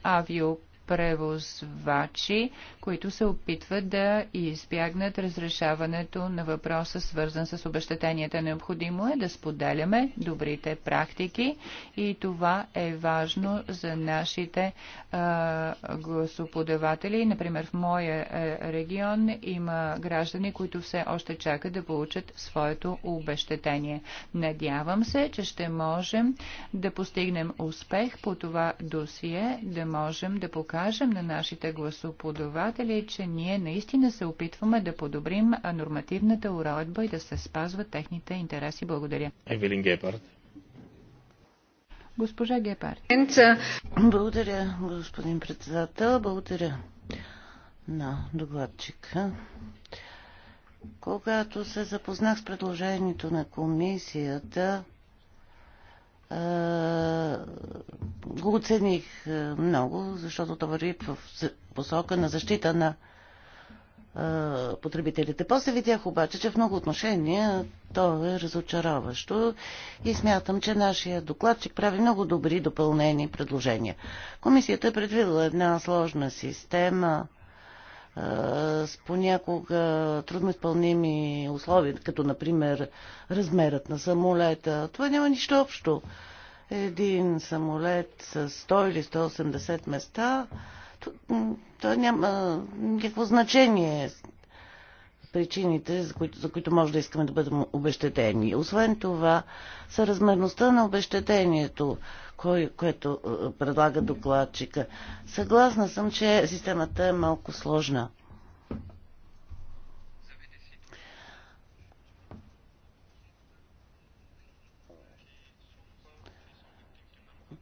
превозвачи, които се опитват да избягнат разрешаването на въпроса, свързан с обещетенията. Необходимо е да споделяме добрите практики и това е важно за нашите а, гласоподаватели. Например, в моя регион има граждани, които все още чакат да получат своето обещетение. Надявам се, че ще можем да постигнем успех по това досие, да можем да покажем покажем на нашите гласоподаватели, че ние наистина се опитваме да подобрим нормативната уредба и да се спазват техните интереси. Благодаря. Евелин Гепард. Госпожа Гепард. Благодаря, господин председател. Благодаря на докладчика. Когато се запознах с предложението на комисията, е, го оцених е, много, защото то върви в посока на защита на е, потребителите. После видях обаче, че в много отношения то е разочароващо и смятам, че нашия докладчик прави много добри допълнени предложения. Комисията е предвидила една сложна система с понякога трудно изпълними условия, като например размерът на самолета. Това няма нищо общо. Един самолет с 100 или 180 места, то няма никакво значение причините, за които, за които може да искаме да бъдем обещетени. Освен това, съразмерността на обещетението кой, което е, предлага докладчика. Съгласна съм, че системата е малко сложна.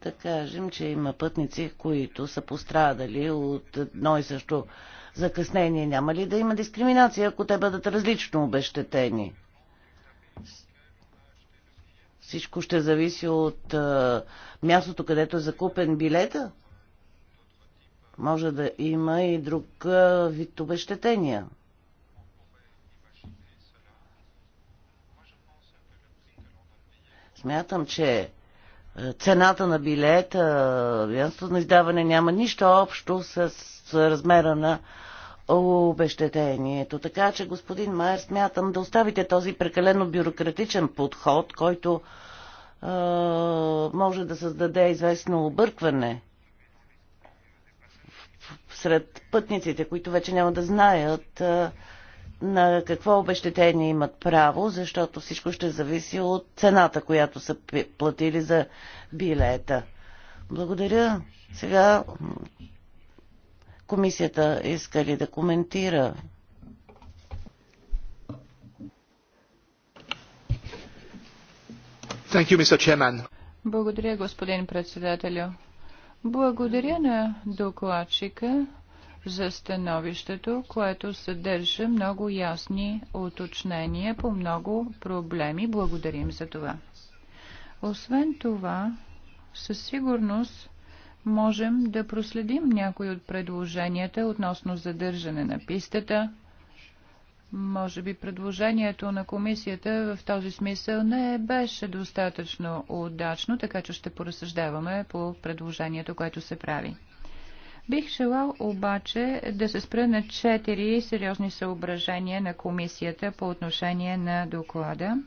да кажем, че има пътници, които са пострадали от едно и също закъснение. Няма ли да има дискриминация, ако те бъдат различно обещетени? Всичко ще зависи от а, мястото, където е закупен билета. Може да има и друг а, вид обещетения. Смятам, че цената на билета, мястото на издаване няма нищо общо с размера на обещетението. Така че, господин Майер, смятам да оставите този прекалено бюрократичен подход, който е, може да създаде известно объркване сред пътниците, които вече няма да знаят е, на какво обещетение имат право, защото всичко ще зависи от цената, която са платили за билета. Благодаря. Сега Комисията иска ли да коментира? Thank you, Mr. Chairman. Благодаря, господин председателю. Благодаря на докладчика за становището, което съдържа много ясни уточнения по много проблеми. Благодарим за това. Освен това, със сигурност можем да проследим някои от предложенията относно задържане на пистата. Може би предложението на комисията в този смисъл не беше достатъчно удачно, така че ще поразсъждаваме по предложението, което се прави. Бих желал обаче да се спра на четири сериозни съображения на комисията по отношение на доклада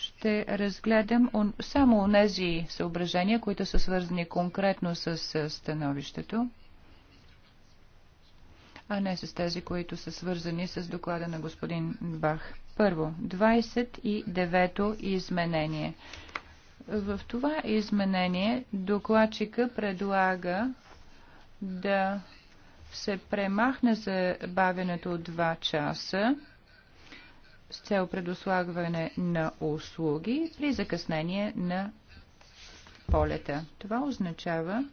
ще разгледам само онези съображения, които са свързани конкретно с становището, а не с тези, които са свързани с доклада на господин Бах. Първо, 29-то изменение. В това изменение докладчика предлага да се премахне забавянето от 2 часа с цел предослагване на услуги при закъснение на полета. Това означава,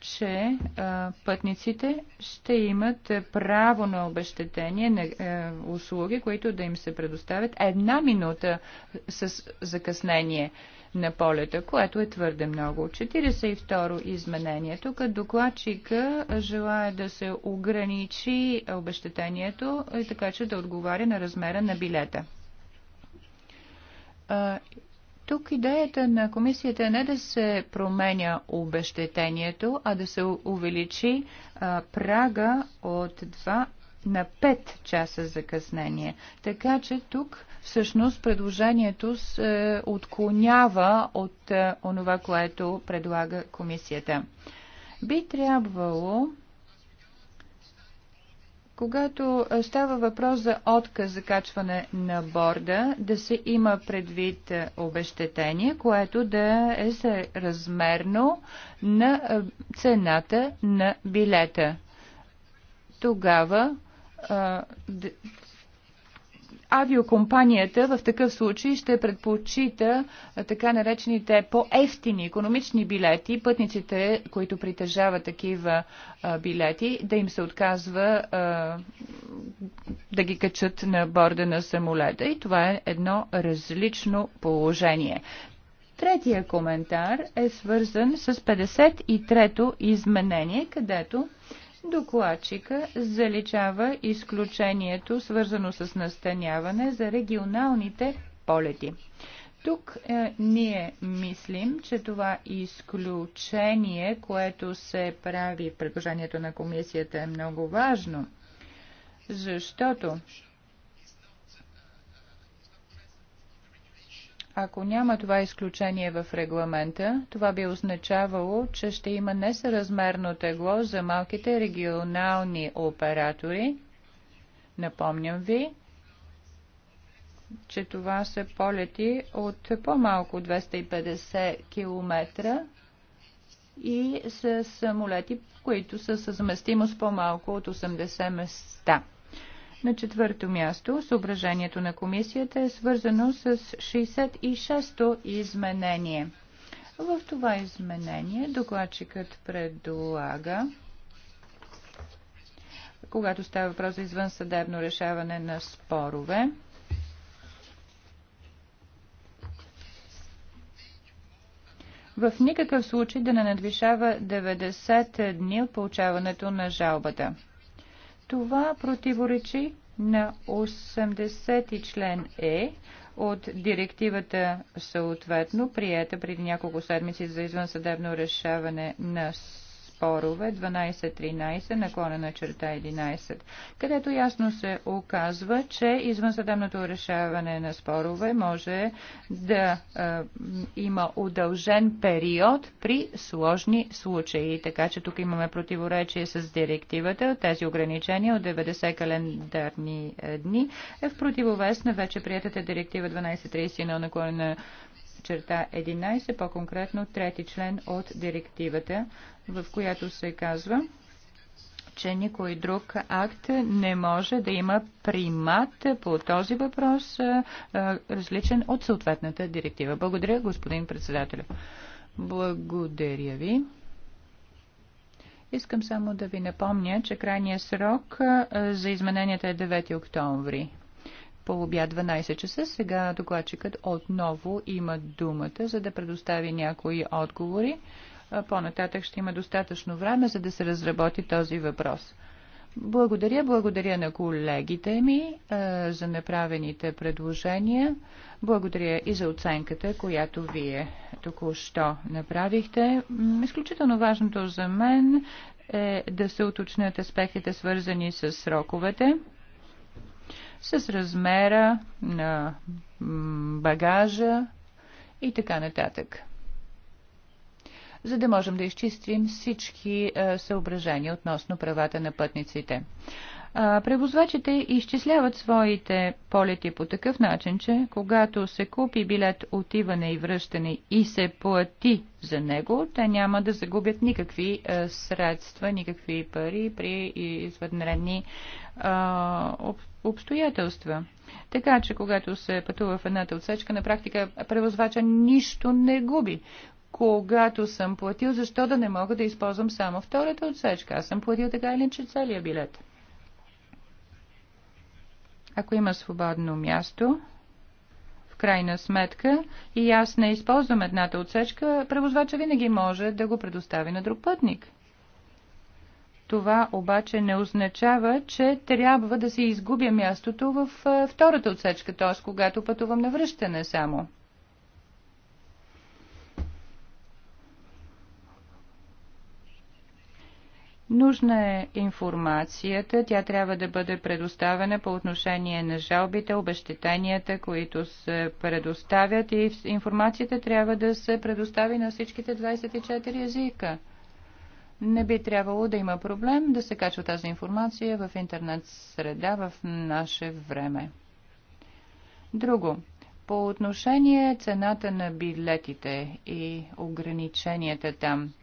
че а, пътниците ще имат право на обещетение на услуги, които да им се предоставят една минута с закъснение на полета, което е твърде много. 42 изменение. Тук докладчика желая да се ограничи обещетението, е, така че да отговаря на размера на билета. Тук идеята на комисията е не да се променя обещетението, а да се увеличи прага от 2 на 5 часа закъснение. Така че тук всъщност предложението се отклонява от е, онова, което предлага комисията. Би трябвало когато е, става въпрос за отказ за качване на борда, да се има предвид е, обещетение, което да е размерно на цената на билета. Тогава авиокомпанията в такъв случай ще предпочита така наречените по-ефтини економични билети, пътниците, които притежават такива билети, да им се отказва да ги качат на борда на самолета. И това е едно различно положение. Третия коментар е свързан с 53-то изменение, където Докладчика заличава изключението, свързано с настаняване за регионалните полети. Тук е, ние мислим, че това изключение, което се прави в предложението на комисията е много важно, защото Ако няма това изключение в регламента, това би означавало, че ще има несъразмерно тегло за малките регионални оператори. Напомням ви, че това са полети от по-малко 250 км и с самолети, които са съзместимост по-малко от 80 места. На четвърто място, съображението на комисията е свързано с 66-то изменение. В това изменение докладчикът предлага когато става въпрос за извънсъдебно решаване на спорове. В никакъв случай да не надвишава 90 дни от получаването на жалбата. Това противоречи на 80 член Е от директивата съответно, приета преди няколко седмици за извънсъдебно решаване на спорове 12-13 наклонена черта 11, където ясно се оказва, че извънсъдебното решаване на спорове може да а, има удължен период при сложни случаи. Така че тук имаме противоречие с директивата. Тези ограничения от 90 календарни дни е в противовес на вече приятата директива 1231 наклонена черта 11, по-конкретно трети член от директивата, в която се казва, че никой друг акт не може да има примат по този въпрос, различен от съответната директива. Благодаря, господин председател. Благодаря ви. Искам само да ви напомня, че крайният срок за измененията е 9 октомври по 12 часа. Сега докладчикът отново има думата, за да предостави някои отговори. По-нататък ще има достатъчно време, за да се разработи този въпрос. Благодаря, благодаря на колегите ми а, за направените предложения. Благодаря и за оценката, която вие току-що направихте. Изключително важното за мен е да се уточнят аспектите, свързани с сроковете с размера на багажа и така нататък за да можем да изчистим всички е, съображения относно правата на пътниците превозвачите изчисляват своите полети по такъв начин, че когато се купи билет отиване и връщане и се плати за него, те няма да загубят никакви средства, никакви пари при извънредни об, обстоятелства. Така че, когато се пътува в едната отсечка, на практика превозвача нищо не губи когато съм платил, защо да не мога да използвам само втората отсечка? Аз съм платил така или че целият билет. Ако има свободно място, в крайна сметка, и аз не използвам едната отсечка, превозвача винаги може да го предостави на друг пътник. Това обаче не означава, че трябва да се изгубя мястото в втората отсечка, т.е. когато пътувам на връщане само. Нужна е информацията, тя трябва да бъде предоставена по отношение на жалбите, обещетенията, които се предоставят и информацията трябва да се предостави на всичките 24 езика. Не би трябвало да има проблем да се качва тази информация в интернет среда в наше време. Друго. По отношение цената на билетите и ограниченията там –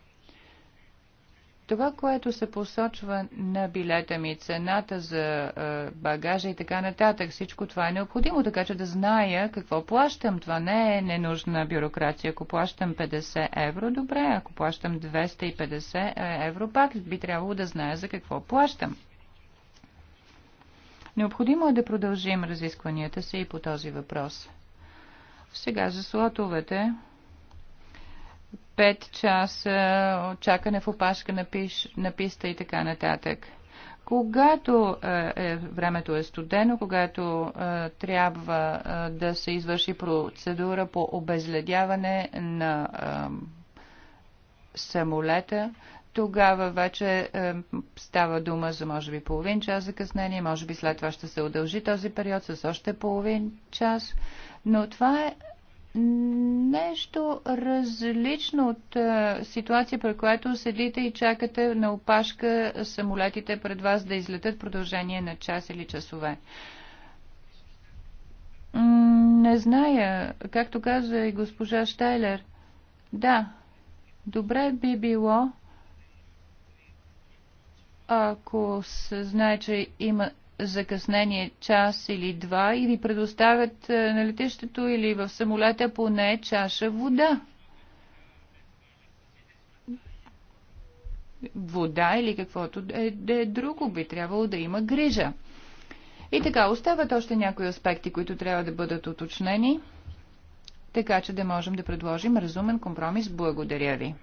това, което се посочва на билета ми, цената за е, багажа и така нататък, всичко това е необходимо, така че да зная какво плащам. Това не е ненужна бюрокрация. Ако плащам 50 евро, добре. Ако плащам 250 евро, пак би трябвало да зная за какво плащам. Необходимо е да продължим разискванията си и по този въпрос. Сега за слотовете. 5 часа чакане в опашка на, пиш, на писта и така нататък. Когато е, е, времето е студено, когато е, трябва е, да се извърши процедура по обезледяване на е, самолета, тогава вече е, става дума за може би половин час закъснение, може би след това ще се удължи този период с още половин час, но това е нещо различно от е, ситуация, при която седите и чакате на опашка самолетите пред вас да излетят продължение на час или часове. Не зная, както каза и госпожа Штайлер. Да, добре би било, ако се знае, че има закъснение час или два и ви предоставят е, на летището или в самолета поне чаша вода. Вода или каквото е, е друго би трябвало да има грижа. И така, остават още някои аспекти, които трябва да бъдат уточнени, така че да можем да предложим разумен компромис. Благодаря ви.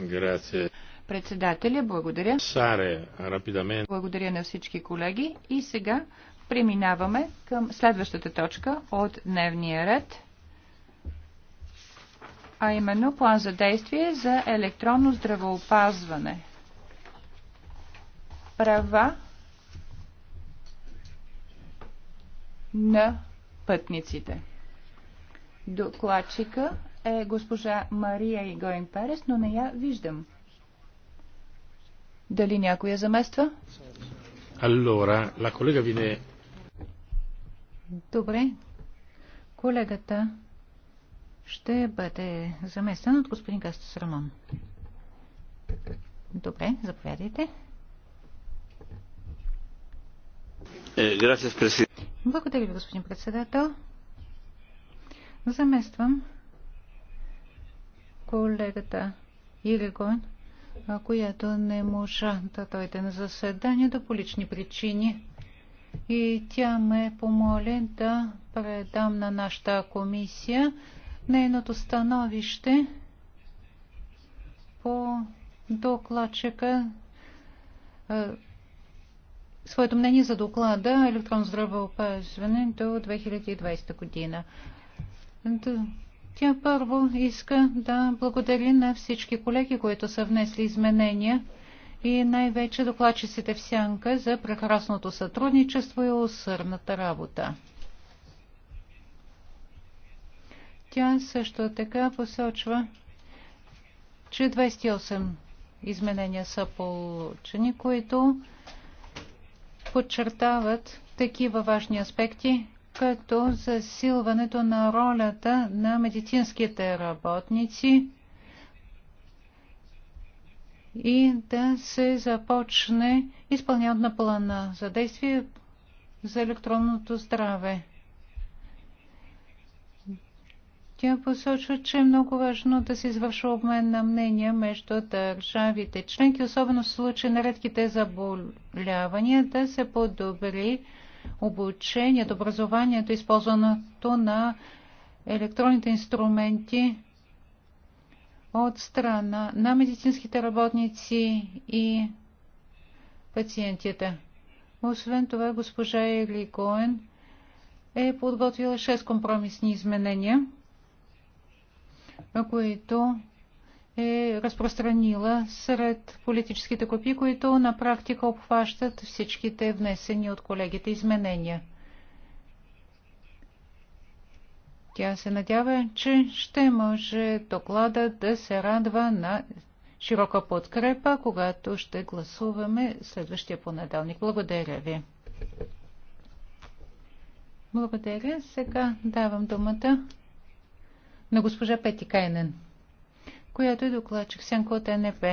Грация. Председателя, благодаря. Саре, рапидамен. Благодаря на всички колеги. И сега преминаваме към следващата точка от дневния ред, а именно план за действие за електронно здравоопазване. Права на пътниците. Докладчика е госпожа Мария Игоин Перес, но не я виждам. Дали някой я замества? Allora, la collega viene... Добре. Колегата ще бъде заместен от господин Кастас Рамон. Добре, заповядайте. Е, Благодаря ви, господин председател. Замествам колегата Иригон, която не можа да дойде на заседанието да по лични причини. И тя ме помоли да предам на нашата комисия нейното становище по докладчика своето мнение за доклада електронно здравеопазване до 2020 година. Тя първо иска да благодари на всички колеги, които са внесли изменения и най-вече докладчиците в сянка за прекрасното сътрудничество и усърната работа. Тя също така посочва, че 28 изменения са получени, които подчертават такива важни аспекти, като засилването на ролята на медицинските работници и да се започне изпълняването на плана за действие за електронното здраве. Тя посочва, че е много важно да се извършва обмен на мнения между държавите членки, особено в случай на редките заболявания, да се подобри обучението, образованието, използването на електронните инструменти от страна на медицинските работници и пациентите. Освен това, госпожа Ели Коен е подготвила 6 компромисни изменения, които е разпространила сред политическите копии, които на практика обхващат всичките внесени от колегите изменения. Тя се надява, че ще може доклада да се радва на широка подкрепа, когато ще гласуваме следващия понеделник. Благодаря ви. Благодаря. Сега давам думата на госпожа Пети Кайнен която е докладчик Сенко от НП.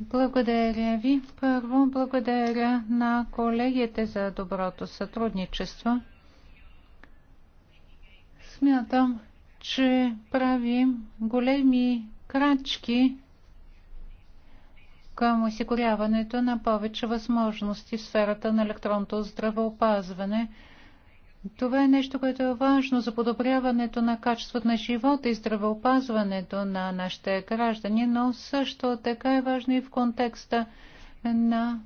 Благодаря ви. Първо, благодаря на колегите за доброто сътрудничество. Смятам, че правим големи крачки към осигуряването на повече възможности в сферата на електронното здравеопазване – това е нещо, което е важно за подобряването на качеството на живота и здравеопазването на нашите граждани, но също така е важно и в контекста на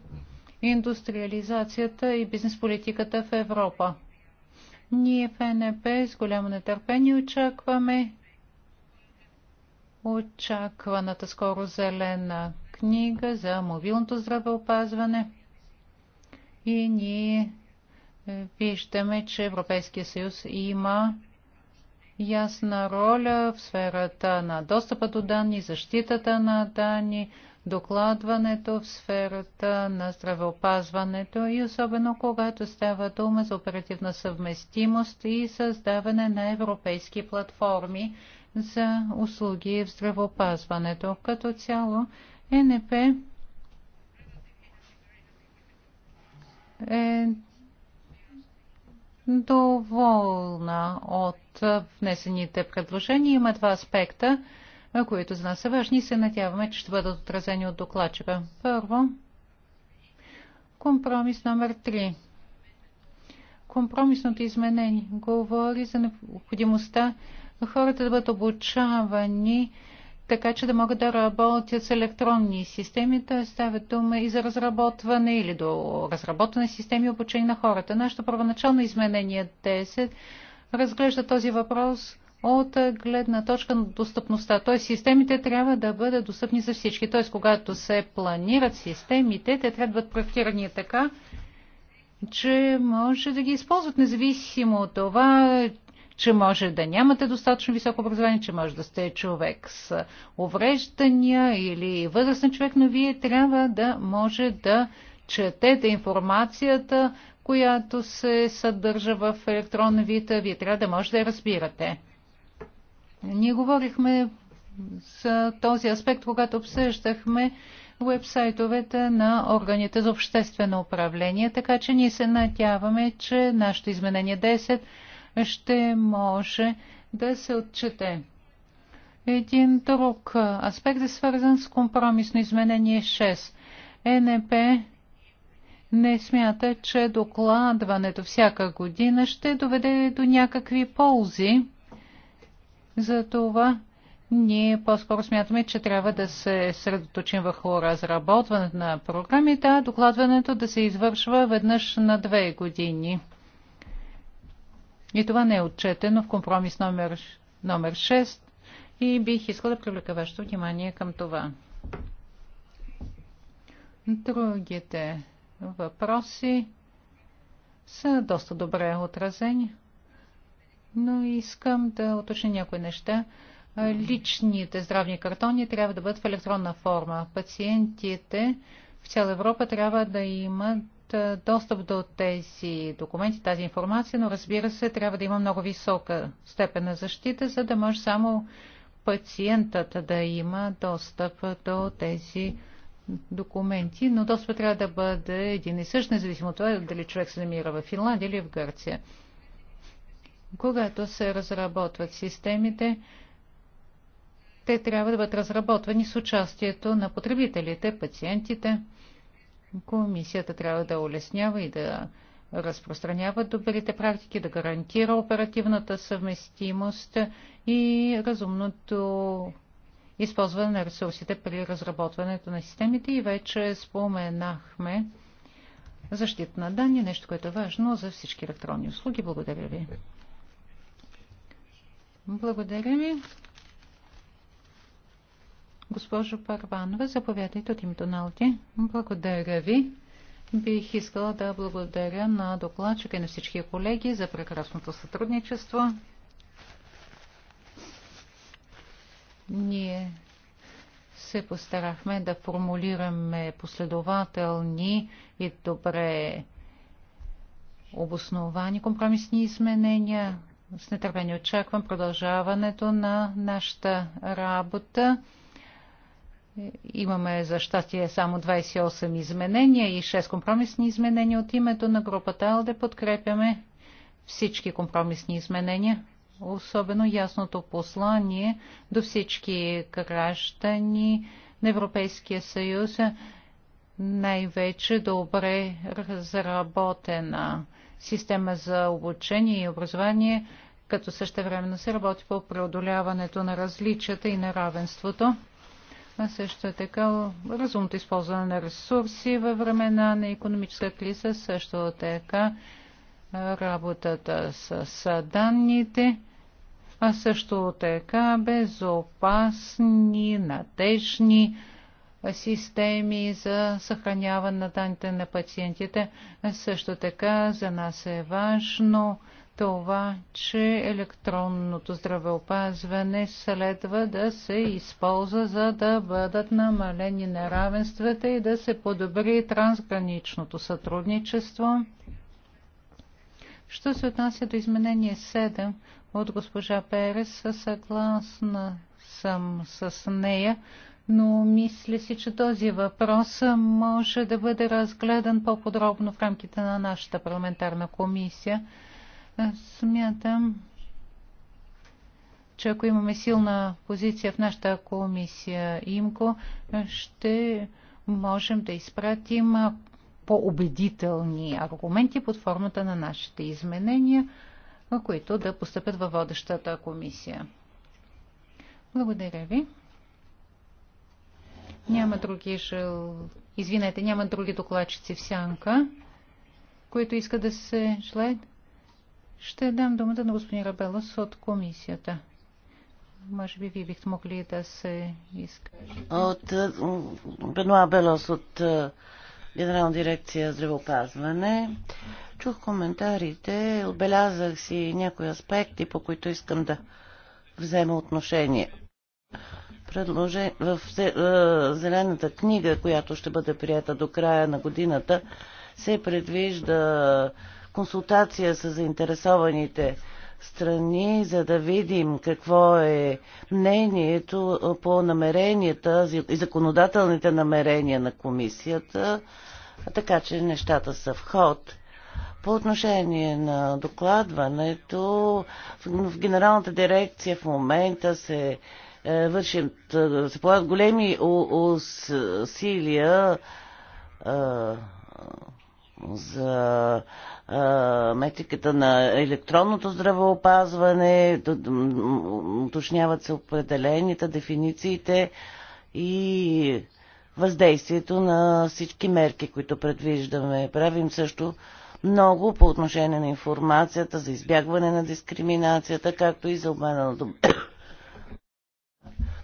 индустриализацията и бизнес политиката в Европа. Ние в НП с голямо нетърпение очакваме очакваната скоро зелена книга за мобилното здравеопазване и ние виждаме, че Европейския съюз има ясна роля в сферата на достъпа до данни, защитата на данни, докладването в сферата на здравеопазването и особено когато става дума за оперативна съвместимост и създаване на европейски платформи за услуги в здравеопазването. Като цяло ЕНП е доволна от внесените предложения. Има два аспекта, които за нас са важни и се надяваме, че ще бъдат отразени от докладчика. Първо, компромис номер 3. Компромисното изменение говори за необходимостта хората да бъдат обучавани така че да могат да работят с електронни системи, т.е. ставят дума и за разработване или до разработване системи и обучение на хората. Нашето първоначално изменение 10 разглежда този въпрос от гледна точка на достъпността. Т.е. системите трябва да бъдат достъпни за всички. Т.е. когато се планират системите, те трябва да бъдат проектирани така, че може да ги използват независимо от това, че може да нямате достатъчно високо образование, че може да сте човек с увреждания или възрастен човек, но вие трябва да може да четете информацията, която се съдържа в електронна вита, вие трябва да може да я разбирате. Ние говорихме за този аспект, когато обсъждахме вебсайтовете на органите за обществено управление, така че ние се надяваме, че нашето изменение 10 ще може да се отчете. Един друг аспект е свързан с компромисно изменение 6. ЕНП не смята, че докладването всяка година ще доведе до някакви ползи. Затова ние по-скоро смятаме, че трябва да се средоточим върху разработването на програмите, а докладването да се извършва веднъж на две години. И това не е отчетено в компромис номер, номер 6 и бих искала да привлека вашето внимание към това. Другите въпроси са доста добре отразени, но искам да уточня някои неща. Личните здравни картони трябва да бъдат в електронна форма. Пациентите в цяла Европа трябва да имат достъп до тези документи, тази информация, но разбира се, трябва да има много висока степен на защита, за да може само пациентът да има достъп до тези документи, но достъп трябва да бъде един и същ, независимо от това дали човек се намира в Финландия или в Гърция. Когато се разработват системите, те трябва да бъдат разработвани с участието на потребителите, пациентите. Комисията трябва да улеснява и да разпространява добрите практики, да гарантира оперативната съвместимост и разумното използване на ресурсите при разработването на системите и вече споменахме защита на данни, нещо, което е важно за всички електронни услуги. Благодаря ви. Благодаря ви. Госпожо Парванова, заповядайте от името на Алти. Благодаря ви. Бих искала да благодаря на докладчика и на всички колеги за прекрасното сътрудничество. Ние се постарахме да формулираме последователни и добре обосновани компромисни изменения. С нетърпение очаквам продължаването на нашата работа. Имаме за щастие само 28 изменения и 6 компромисни изменения от името на групата АЛДЕ. Подкрепяме всички компромисни изменения, особено ясното послание до всички граждани на Европейския съюз, най-вече добре разработена система за обучение и образование, като времено се работи по преодоляването на различията и неравенството а също така разумното използване на ресурси във времена на економическа криза, също така работата с, с данните, а също така безопасни, надежни системи за съхраняване на данните на пациентите. Също така за нас е важно това, че електронното здравеопазване следва да се използва, за да бъдат намалени неравенствата и да се подобри трансграничното сътрудничество. Що се отнася до изменение 7 от госпожа Перес, съгласна съм с нея, но мисля си, че този въпрос може да бъде разгледан по-подробно в рамките на нашата парламентарна комисия. Смятам, че ако имаме силна позиция в нашата комисия ИМКО, ще можем да изпратим по-убедителни аргументи под формата на нашите изменения, които да постъпят във водещата комисия. Благодаря ви. Няма други жел... Извинете, няма други докладчици в сянка, които искат да се желаят. Ще дам думата на господин Рабелос от комисията. Може би вие бихте могли да се изкажете. От е, Бенуа Белос от е, Генерална дирекция здравеопазване. Чух коментарите, отбелязах си някои аспекти, по които искам да взема отношение. Предложен... В е, зелената книга, която ще бъде прията до края на годината, се предвижда консултация с заинтересованите страни, за да видим какво е мнението по намеренията и законодателните намерения на комисията, така че нещата са в ход. По отношение на докладването, в Генералната дирекция в момента се е, вършим, е, се полагат големи усилия е, за а, метриката на електронното здравеопазване, уточняват се определените дефинициите и въздействието на всички мерки, които предвиждаме. Правим също много по отношение на информацията за избягване на дискриминацията, както и за обмена на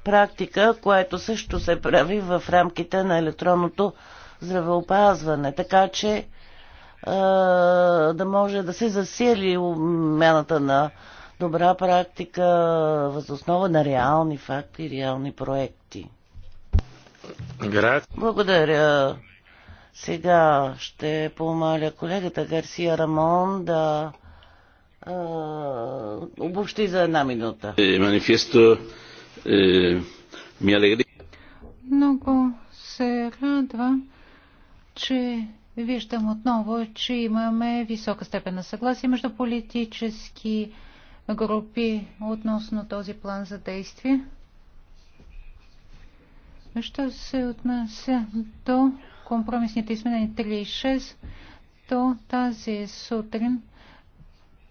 практика, което също се прави в рамките на електронното здравеопазване. Така че да може да се засили умената на добра практика възоснова на реални факти и реални проекти. Благодаря. Сега ще помоля колегата Гарсия Рамон да а, обобщи за една минута. Е, манифесто е, ми е Много се радва, че виждам отново, че имаме висока степен на съгласие между политически групи относно този план за действие. Що се отнася до компромисните изменения 3 и 6, то тази сутрин,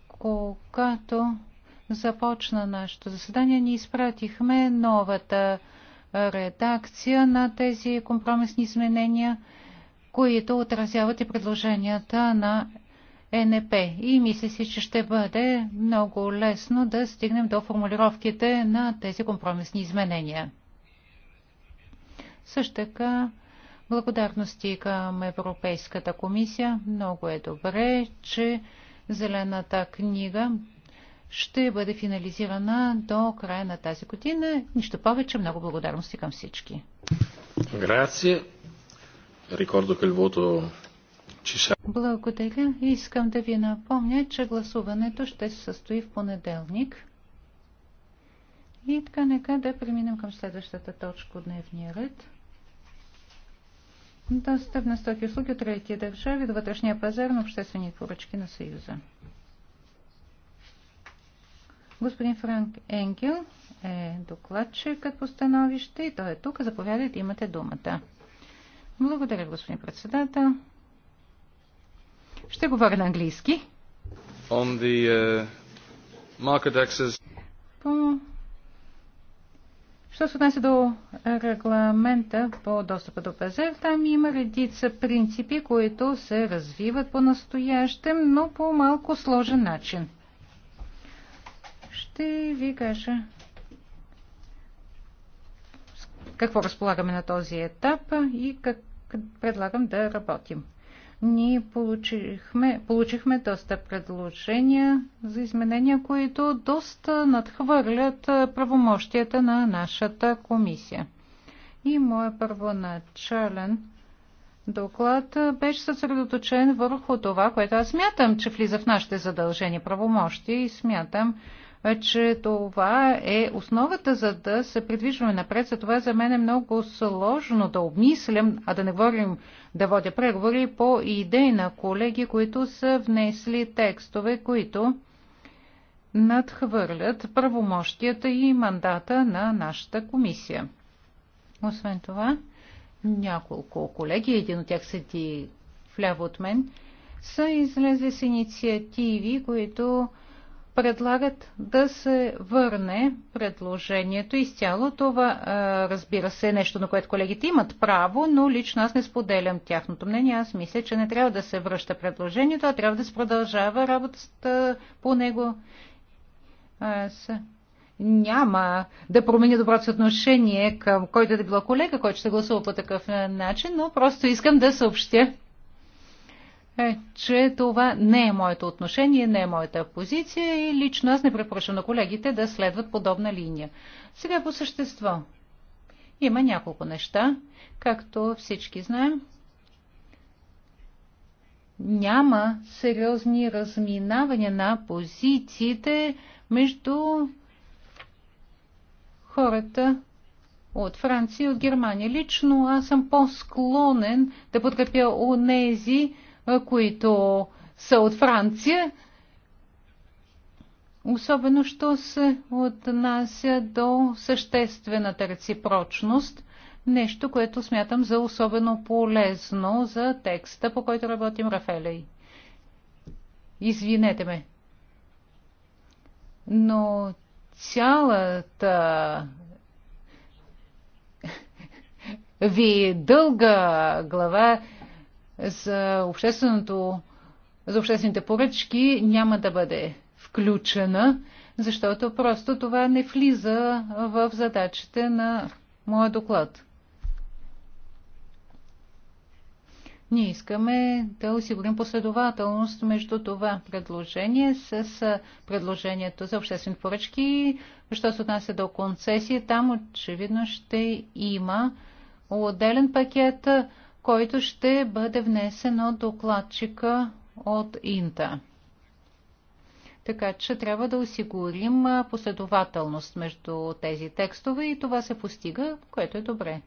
когато започна нашето заседание, ни изпратихме новата редакция на тези компромисни изменения – които отразяват и предложенията на ЕНП. И мисля си, че ще бъде много лесно да стигнем до формулировките на тези компромисни изменения. Също така, благодарности към Европейската комисия. Много е добре, че Зелената книга ще бъде финализирана до края на тази година. Нищо повече. Много благодарности към всички. Грация. Благодаря. Искам да ви напомня, че гласуването ще се състои в понеделник. И така, нека да преминем към следващата точка от дневния ред. Достъп на стоки услуги от третия държави до вътрешния пазар на обществени поръчки на Съюза. Господин Франк Енгел е докладчикът по становище и той е тук. Заповядайте, имате думата. Благодаря, господин председател. Ще говоря на английски. On the, uh, market access... По... Що се отнася до регламента по достъпа до пазар, там има редица принципи, които се развиват по-настоящем, но по малко сложен начин. Ще ви кажа какво разполагаме на този етап и как предлагам да работим. Ние получихме, получихме доста предложения за изменения, които доста надхвърлят правомощията на нашата комисия. И моят първоначален доклад беше съсредоточен върху това, което аз смятам, че влиза в нашите задължени правомощи и смятам, че това е основата за да се придвижваме напред. За това за мен е много сложно да обмислям, а да не говорим да водя преговори по идеи на колеги, които са внесли текстове, които надхвърлят правомощията и мандата на нашата комисия. Освен това, няколко колеги, един от тях седи вляво от мен, са излезли с инициативи, които предлагат да се върне предложението изцяло. Това, разбира се, е нещо, на което колегите имат право, но лично аз не споделям тяхното мнение. Аз мисля, че не трябва да се връща предложението, а трябва да се продължава работата по него. Аз няма да променя доброто съотношение към който е да било колега, който ще гласува по такъв начин, но просто искам да съобщя е, че това не е моето отношение, не е моята позиция и лично аз не препоръчвам на колегите да следват подобна линия. Сега по същество. Има няколко неща, както всички знаем. Няма сериозни разминавания на позициите между хората от Франция и от Германия. Лично аз съм по-склонен да подкрепя онези, които са от Франция, особено що се отнася до съществената реципрочност, нещо, което смятам за особено полезно за текста, по който работим Рафелей. Извинете ме. Но цялата ви дълга глава за, общественото, за обществените поръчки няма да бъде включена, защото просто това не влиза в задачите на моя доклад. Ние искаме да осигурим последователност между това предложение с предложението за обществени поръчки. Що се отнася до концесии, там очевидно ще има отделен пакет който ще бъде внесен от докладчика от Инта. Така че трябва да осигурим последователност между тези текстове и това се постига, което е добре.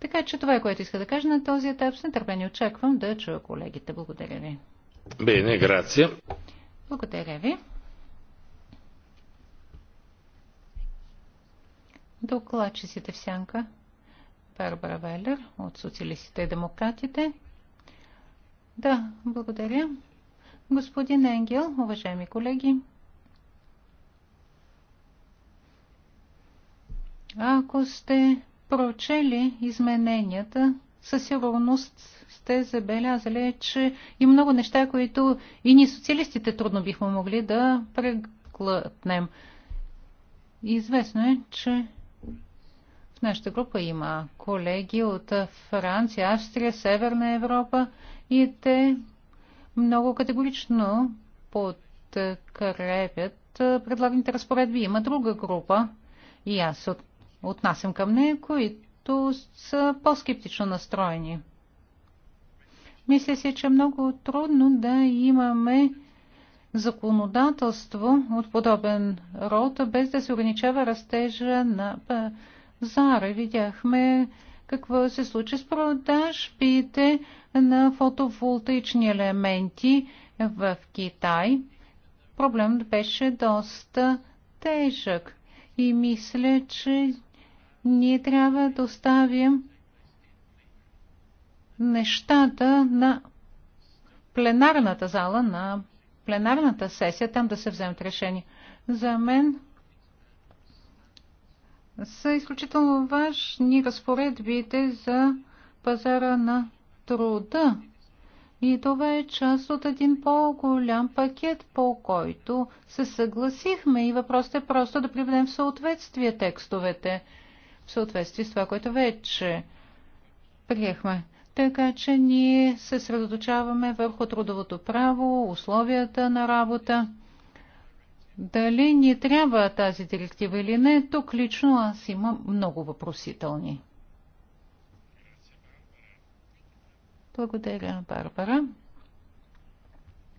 Така че това е което иска да кажа на този етап. С нетърпение очаквам да чуя колегите. Благодаря ви. Бене, грация. Благодаря ви. Докладчиците в сянка. Барбара Вайлер от Социалистите и Демократите. Да, благодаря. Господин Енгел, уважаеми колеги, ако сте прочели измененията, със сигурност сте забелязали, че и много неща, които и ние социалистите трудно бихме могли да преглътнем. Известно е, че в нашата група има колеги от Франция, Австрия, Северна Европа и те много категорично подкрепят предлаганите разпоредби. Има друга група и аз от, отнасям към нея, които са по-скептично настроени. Мисля си, че е много трудно да имаме законодателство от подобен род, без да се ограничава растежа на Зара. Видяхме какво се случи с продажбите на фотоволтаични елементи в Китай. Проблемът беше доста тежък и мисля, че ние трябва да оставим нещата на пленарната зала, на пленарната сесия, там да се вземат решения. За мен са изключително важни разпоредбите за пазара на труда. И това е част от един по-голям пакет, по който се съгласихме и въпросът е просто да приведем в съответствие текстовете, в съответствие с това, което вече приехме. Така че ние се средоточаваме върху трудовото право, условията на работа. Дали ни трябва тази директива или не, тук лично аз имам много въпросителни. Благодаря, Барбара.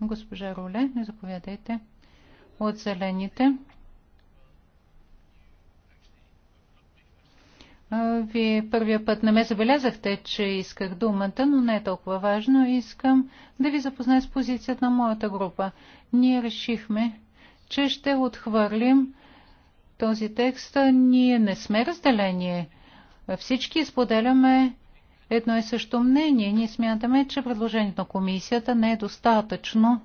Госпожа Руле, заповядайте. От зелените. Вие първия път не ме забелязахте, че исках думата, но не е толкова важно. Искам да ви запозная с позицията на моята група. Ние решихме че ще отхвърлим този текст. Ние не сме разделение. Всички споделяме едно и също мнение. Ние смятаме, че предложението на комисията не е достатъчно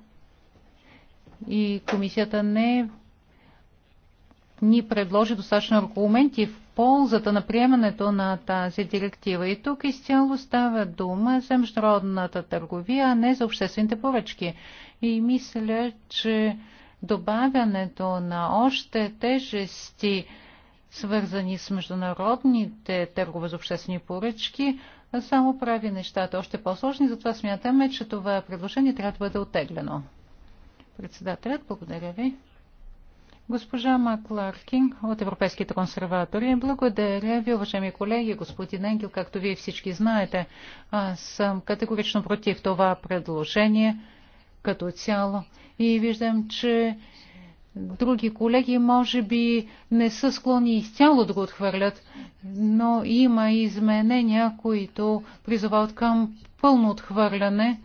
и комисията не ни предложи достатъчно аргументи в ползата на приемането на тази директива. И тук изцяло става дума за международната търговия, а не за обществените поръчки. И мисля, че добавянето на още тежести, свързани с международните търгове за обществени поръчки, само прави нещата още по-сложни, затова смятаме, че това предложение трябва да бъде оттеглено. Председателят, благодаря ви. Госпожа Макларкин от Европейските консерватори. Благодаря ви, уважаеми колеги, господин Енгел, както вие всички знаете. Аз съм категорично против това предложение като цяло. И виждам, че други колеги може би не са склонни изцяло да го отхвърлят, но има изменения, които призовават към пълно отхвърляне.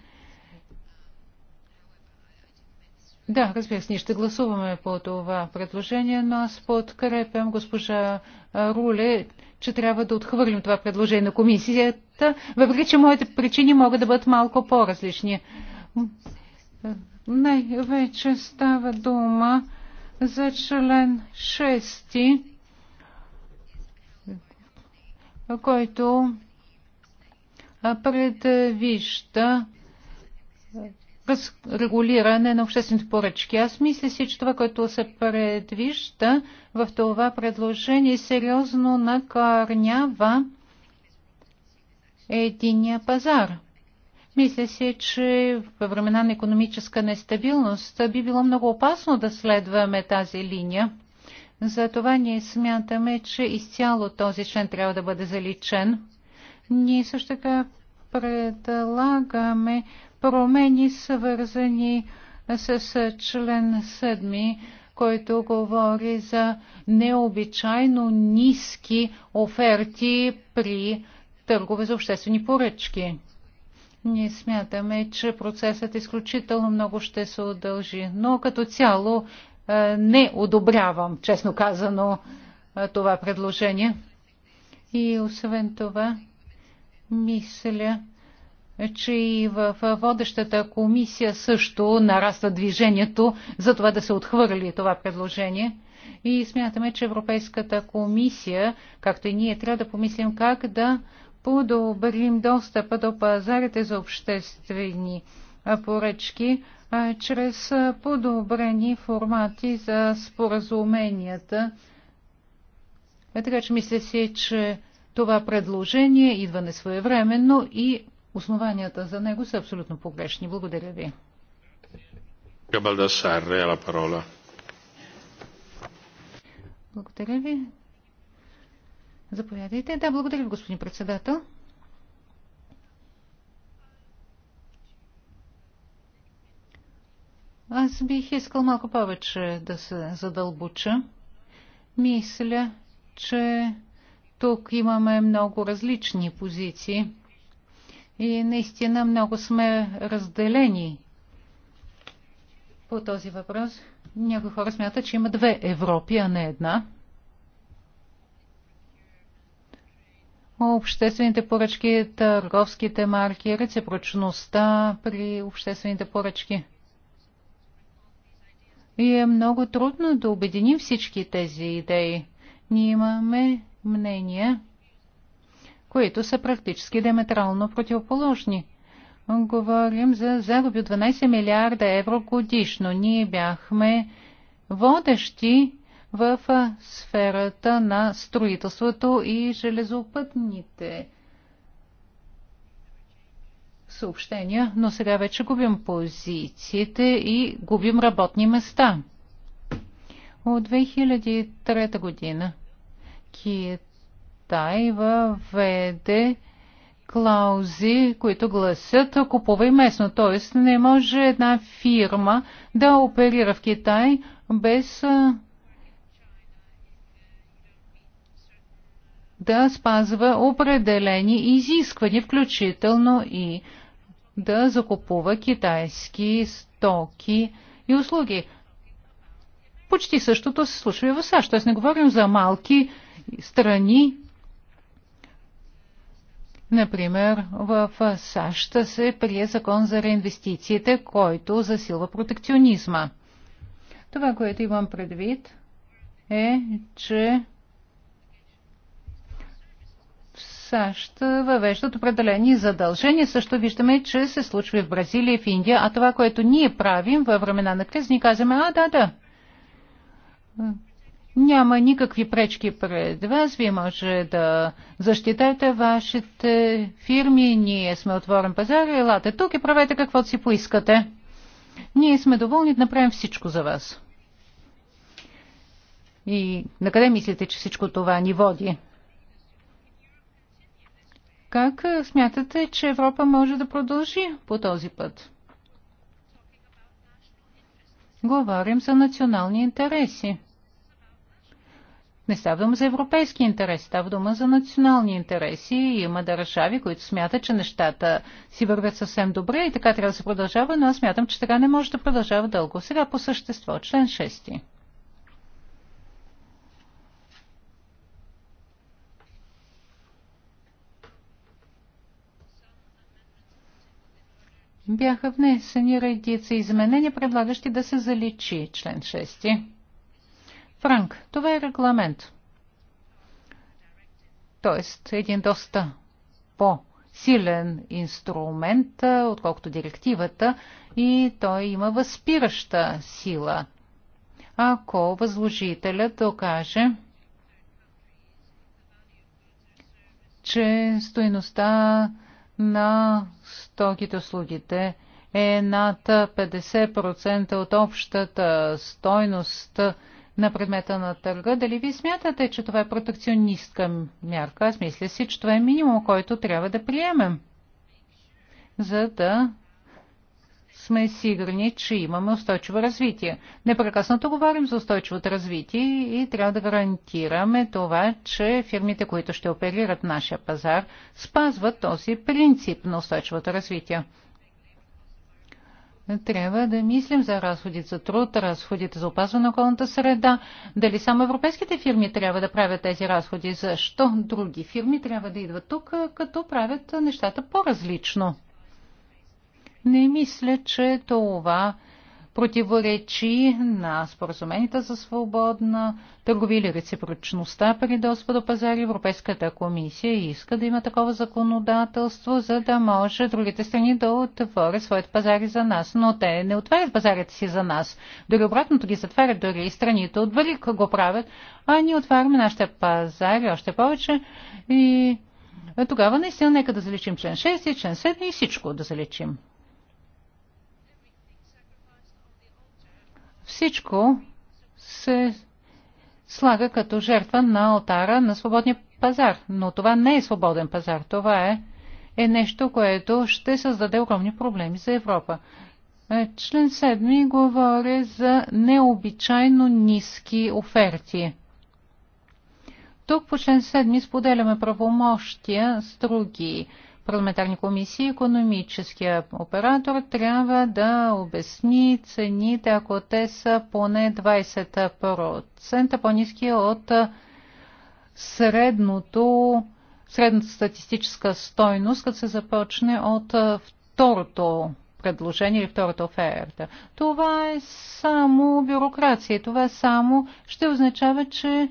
Да, разбира се, ние ще гласуваме по това предложение, но аз подкрепям госпожа Руле, че трябва да отхвърлим това предложение на комисията, въпреки че моите причини могат да бъдат малко по-различни най-вече става дума за член 6, който предвижда регулиране на обществените поръчки. Аз мисля си, че това, което се предвижда в това предложение, сериозно накърнява единия пазар. Мисля се, че във времена на економическа нестабилност би било много опасно да следваме тази линия. Затова ние смятаме, че изцяло този член трябва да бъде заличен. Ние също така предлагаме промени, свързани с член 7, който говори за необичайно ниски оферти при търгове за обществени поръчки. Ние смятаме, че процесът изключително много ще се удължи, но като цяло е, не одобрявам, честно казано, е, това предложение. И освен това, мисля, че и в водещата комисия също нараства движението за това да се отхвърли това предложение. И смятаме, че Европейската комисия, както и ние, трябва да помислим как да подобрим достъпа до пазарите за обществени поръчки чрез подобрени формати за споразуменията. Така че мисля си, че това предложение идва несвоевременно и основанията за него са абсолютно погрешни. Благодаря ви. Благодаря ви. Заповядайте. Да, благодаря ви, господин председател. Аз бих искал малко повече да се задълбоча. Мисля, че тук имаме много различни позиции и наистина много сме разделени по този въпрос. Някои хора смятат, че има две Европи, а не една. обществените поръчки, търговските марки, реципрочността при обществените поръчки. И е много трудно да обединим всички тези идеи. Ние имаме мнения, които са практически диаметрално противоположни. Говорим за загуби от 12 милиарда евро годишно. Ние бяхме водещи в сферата на строителството и железопътните съобщения, но сега вече губим позициите и губим работни места. От 2003 година Китай въведе клаузи, които гласят купувай местно. Т.е. не може една фирма да оперира в Китай без да спазва определени изисквания, включително и да закупува китайски стоки и услуги. Почти същото се случва и в САЩ. Тоест не говорим за малки страни. Например, в САЩ се прие закон за реинвестициите, който засилва протекционизма. Това, което имам предвид, е, че САЩ въвеждат определени задължения. Също виждаме, че се случва и в Бразилия, и в Индия. А това, което ние правим във времена на криза, ни казваме, а да, да, няма никакви пречки пред вас. Вие може да защитавате вашите фирми. Ние сме отворен пазар. Елате тук и правете каквото си поискате. Ние сме доволни да направим всичко за вас. И на къде мислите, че всичко това ни води? Как смятате, че Европа може да продължи по този път? Говорим за национални интереси. Не става дума за европейски интерес, става дума за национални интереси. Има държави, които смятат, че нещата си вървят съвсем добре и така трябва да се продължава, но аз смятам, че така не може да продължава дълго. Сега по същество, член 6. бяха внесени редица изменения, предлагащи да се заличи член 6. Франк, това е регламент. Тоест, един доста по-силен инструмент, отколкото директивата, и той има възпираща сила. Ако възложителят докаже, че стоеността на стоките услугите е над 50% от общата стойност на предмета на търга. Дали ви смятате, че това е протекционистка мярка? Аз мисля си, че това е минимум, който трябва да приемем, за да сме сигурни, че имаме устойчиво развитие. Непрекъснато говорим за устойчивото развитие и трябва да гарантираме това, че фирмите, които ще оперират нашия пазар, спазват този принцип на устойчивото развитие. Трябва да мислим за разходите за труд, разходите за опазване на околната среда. Дали само европейските фирми трябва да правят тези разходи? Защо други фирми трябва да идват тук, като правят нещата по-различно? Не мисля, че това противоречи на споразуменията за свободна търговия или реципрочността при достъп до пазари. Европейската комисия иска да има такова законодателство, за да може другите страни да отворят своите пазари за нас. Но те не отварят пазарите си за нас. Дори обратното ги затварят, дори и страните от Велик го правят, а ние отваряме нашите пазари още повече и тогава наистина нека да заличим член 6 и член 7 и всичко да заличим. Всичко се слага като жертва на алтара на свободния пазар. Но това не е свободен пазар. Това е, е нещо, което ще създаде огромни проблеми за Европа. Е, член 7 говори за необичайно ниски оферти. Тук по член 7 споделяме правомощия с други парламентарни комисии, економическия оператор трябва да обясни цените, ако те са поне 20% по-низки от средното, средната статистическа стойност, като се започне от второто предложение или втората оферта. Това е само бюрокрация. Това само ще означава, че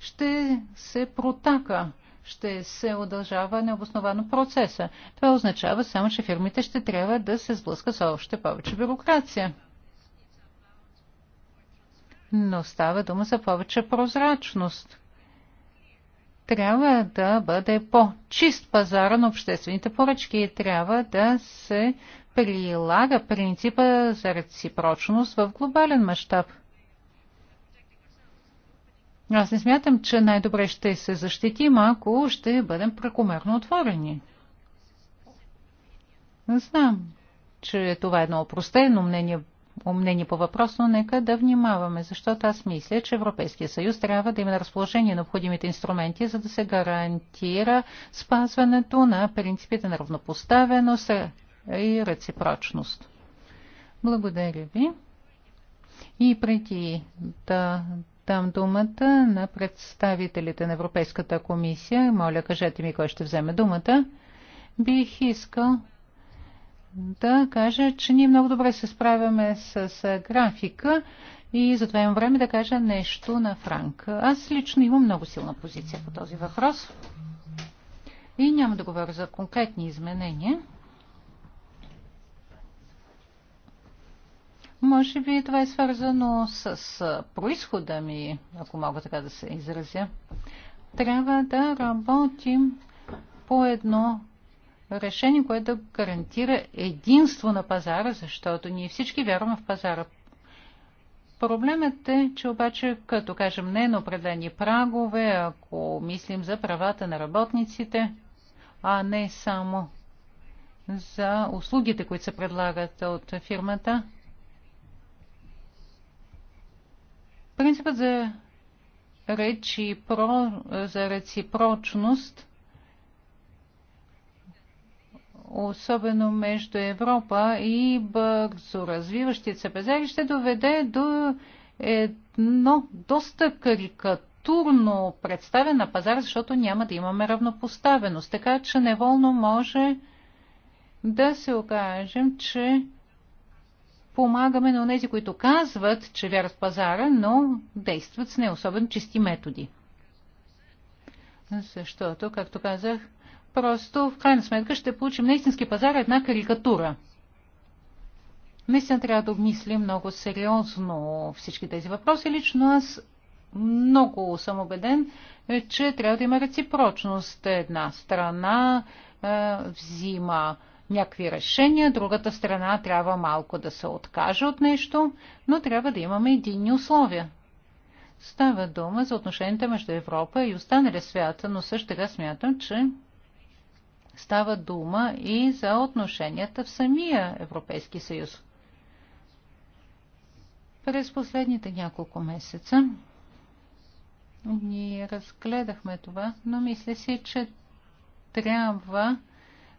ще се протака ще се удължава необосновано процеса. Това означава само, че фирмите ще трябва да се сблъскат с още повече бюрокрация. Но става дума за повече прозрачност. Трябва да бъде по-чист пазара на обществените поръчки и трябва да се прилага принципа за реципрочност в глобален мащаб – аз не смятам, че най-добре ще се защитим, ако ще бъдем прекомерно отворени. Знам, че това е едно опростено мнение, мнение по въпрос, но нека да внимаваме, защото аз мисля, че Европейския съюз трябва да има на разположение необходимите инструменти, за да се гарантира спазването на принципите на равнопоставеност и реципрочност. Благодаря ви. И преди да дам думата на представителите на Европейската комисия. Моля, кажете ми кой ще вземе думата. Бих искал да кажа, че ние много добре се справяме с графика и затова имам време да кажа нещо на Франк. Аз лично имам много силна позиция по този въпрос и няма да говоря за конкретни изменения. Може би това е свързано с происхода ми, ако мога така да се изразя. Трябва да работим по едно решение, което да гарантира единство на пазара, защото ние всички вярваме в пазара. Проблемът е, че обаче, като кажем не на определени прагове, ако мислим за правата на работниците, а не само за услугите, които се предлагат от фирмата, Принципът за, про, за реципрочност, особено между Европа и бързо развиващите се пазари, ще доведе до едно доста карикатурно представен на пазар, защото няма да имаме равнопоставеност. Така че неволно може да се окажем, че помагаме на тези, които казват, че вярват в пазара, но действат с не особено чисти методи. Защото, както казах, просто в крайна сметка ще получим на истински пазар една карикатура. Наистина трябва да обмислим много сериозно всички тези въпроси. Лично аз много съм убеден, е, че трябва да има реципрочност. Една страна е, взима някакви решения, другата страна трябва малко да се откаже от нещо, но трябва да имаме единни условия. Става дума за отношенията между Европа и останалия свят, но също така смятам, че става дума и за отношенията в самия Европейски съюз. През последните няколко месеца ние разгледахме това, но мисля си, че трябва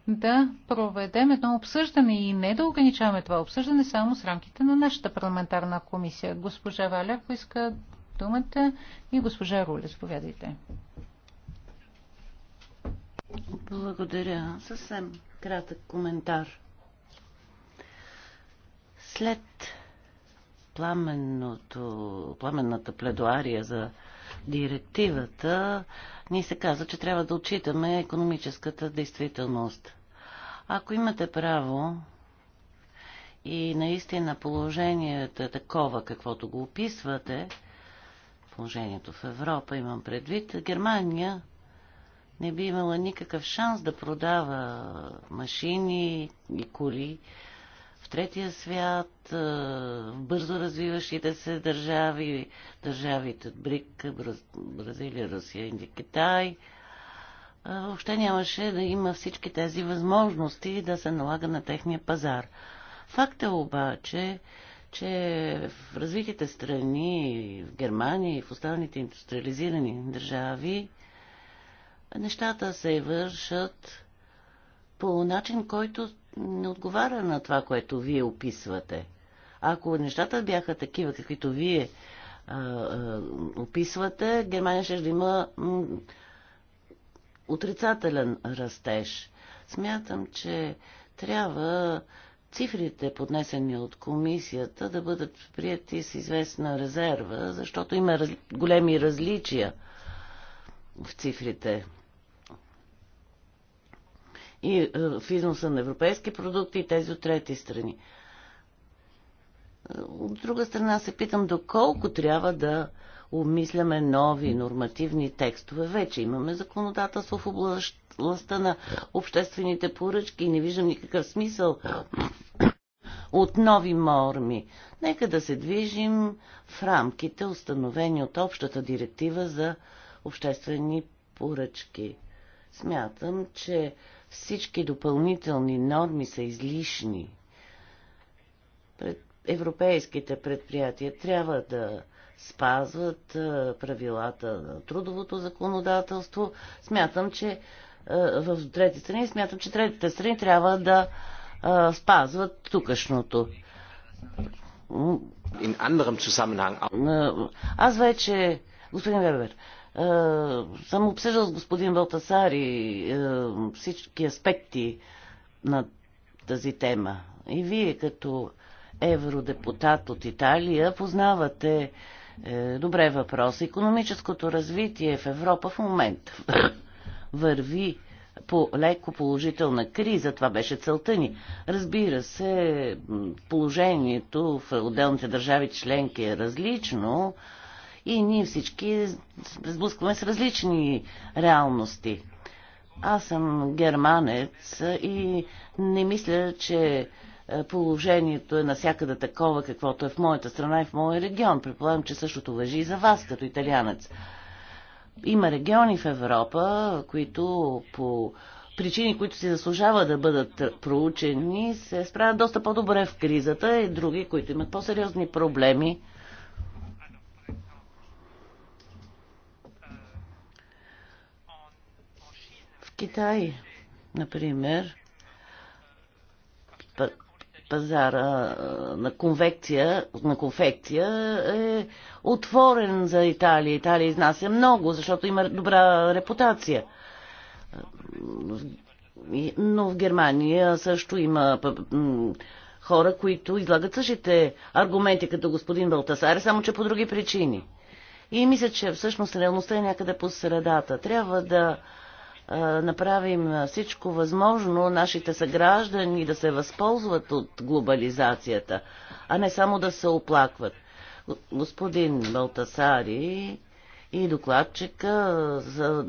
да проведем едно обсъждане и не да ограничаваме това обсъждане само с рамките на нашата парламентарна комисия. Госпожа Валя поиска думата и госпожа Руля, заповядайте. Благодаря. Съвсем кратък коментар. След пламенното, пламенната пледуария за директивата, ни се каза, че трябва да отчитаме економическата действителност. Ако имате право и наистина положението е такова, каквото го описвате, положението в Европа имам предвид, Германия не би имала никакъв шанс да продава машини и коли в третия свят, в бързо развиващите се държави, държавите от БРИК, Бразилия, Русия, Индия, Китай – въобще нямаше да има всички тези възможности да се налага на техния пазар. Факт е обаче, че в развитите страни, в Германия и в останалите индустриализирани държави, нещата се вършат по начин, който не отговаря на това, което вие описвате. Ако нещата бяха такива, каквито вие а, а, описвате, Германия ще има отрицателен растеж. Смятам, че трябва цифрите, поднесени от комисията, да бъдат прияти с известна резерва, защото има раз... големи различия в цифрите. И е, в износа на европейски продукти и тези от трети страни. Е, от друга страна се питам доколко трябва да обмисляме нови нормативни текстове. Вече имаме законодателство в областта на обществените поръчки и не виждам никакъв смисъл от нови норми. Нека да се движим в рамките, установени от общата директива за обществени поръчки. Смятам, че всички допълнителни норми са излишни. Пред европейските предприятия трябва да спазват правилата на трудовото законодателство. Смятам, че в трети страни, смятам, че третите страни трябва да спазват тукашното. Аз вече, господин Вебер, съм обсъждал с господин Балтасари всички аспекти на тази тема. И вие като евродепутат от Италия познавате е, добре въпрос. Економическото развитие в Европа в момента *laughs* върви по леко положителна криза. Това беше целта ни. Разбира се, положението в отделните държави членки е различно и ние всички сблъскваме с различни реалности. Аз съм германец и не мисля, че е, положението е насякъде такова, каквото е в моята страна и в моя регион. Предполагам, че същото въжи и за вас, като италианец. Има региони в Европа, които по причини, които си заслужава да бъдат проучени, се справят доста по-добре в кризата и други, които имат по-сериозни проблеми. В Китай, например, пазара на конвекция, на конфекция е отворен за Италия. Италия изнася много, защото има добра репутация. Но в Германия също има хора, които излагат същите аргументи като господин Балтасар, само че по други причини. И мисля, че всъщност реалността е някъде по средата. Трябва да направим всичко възможно нашите съграждани да се възползват от глобализацията, а не само да се оплакват. Господин Балтасари и докладчика за...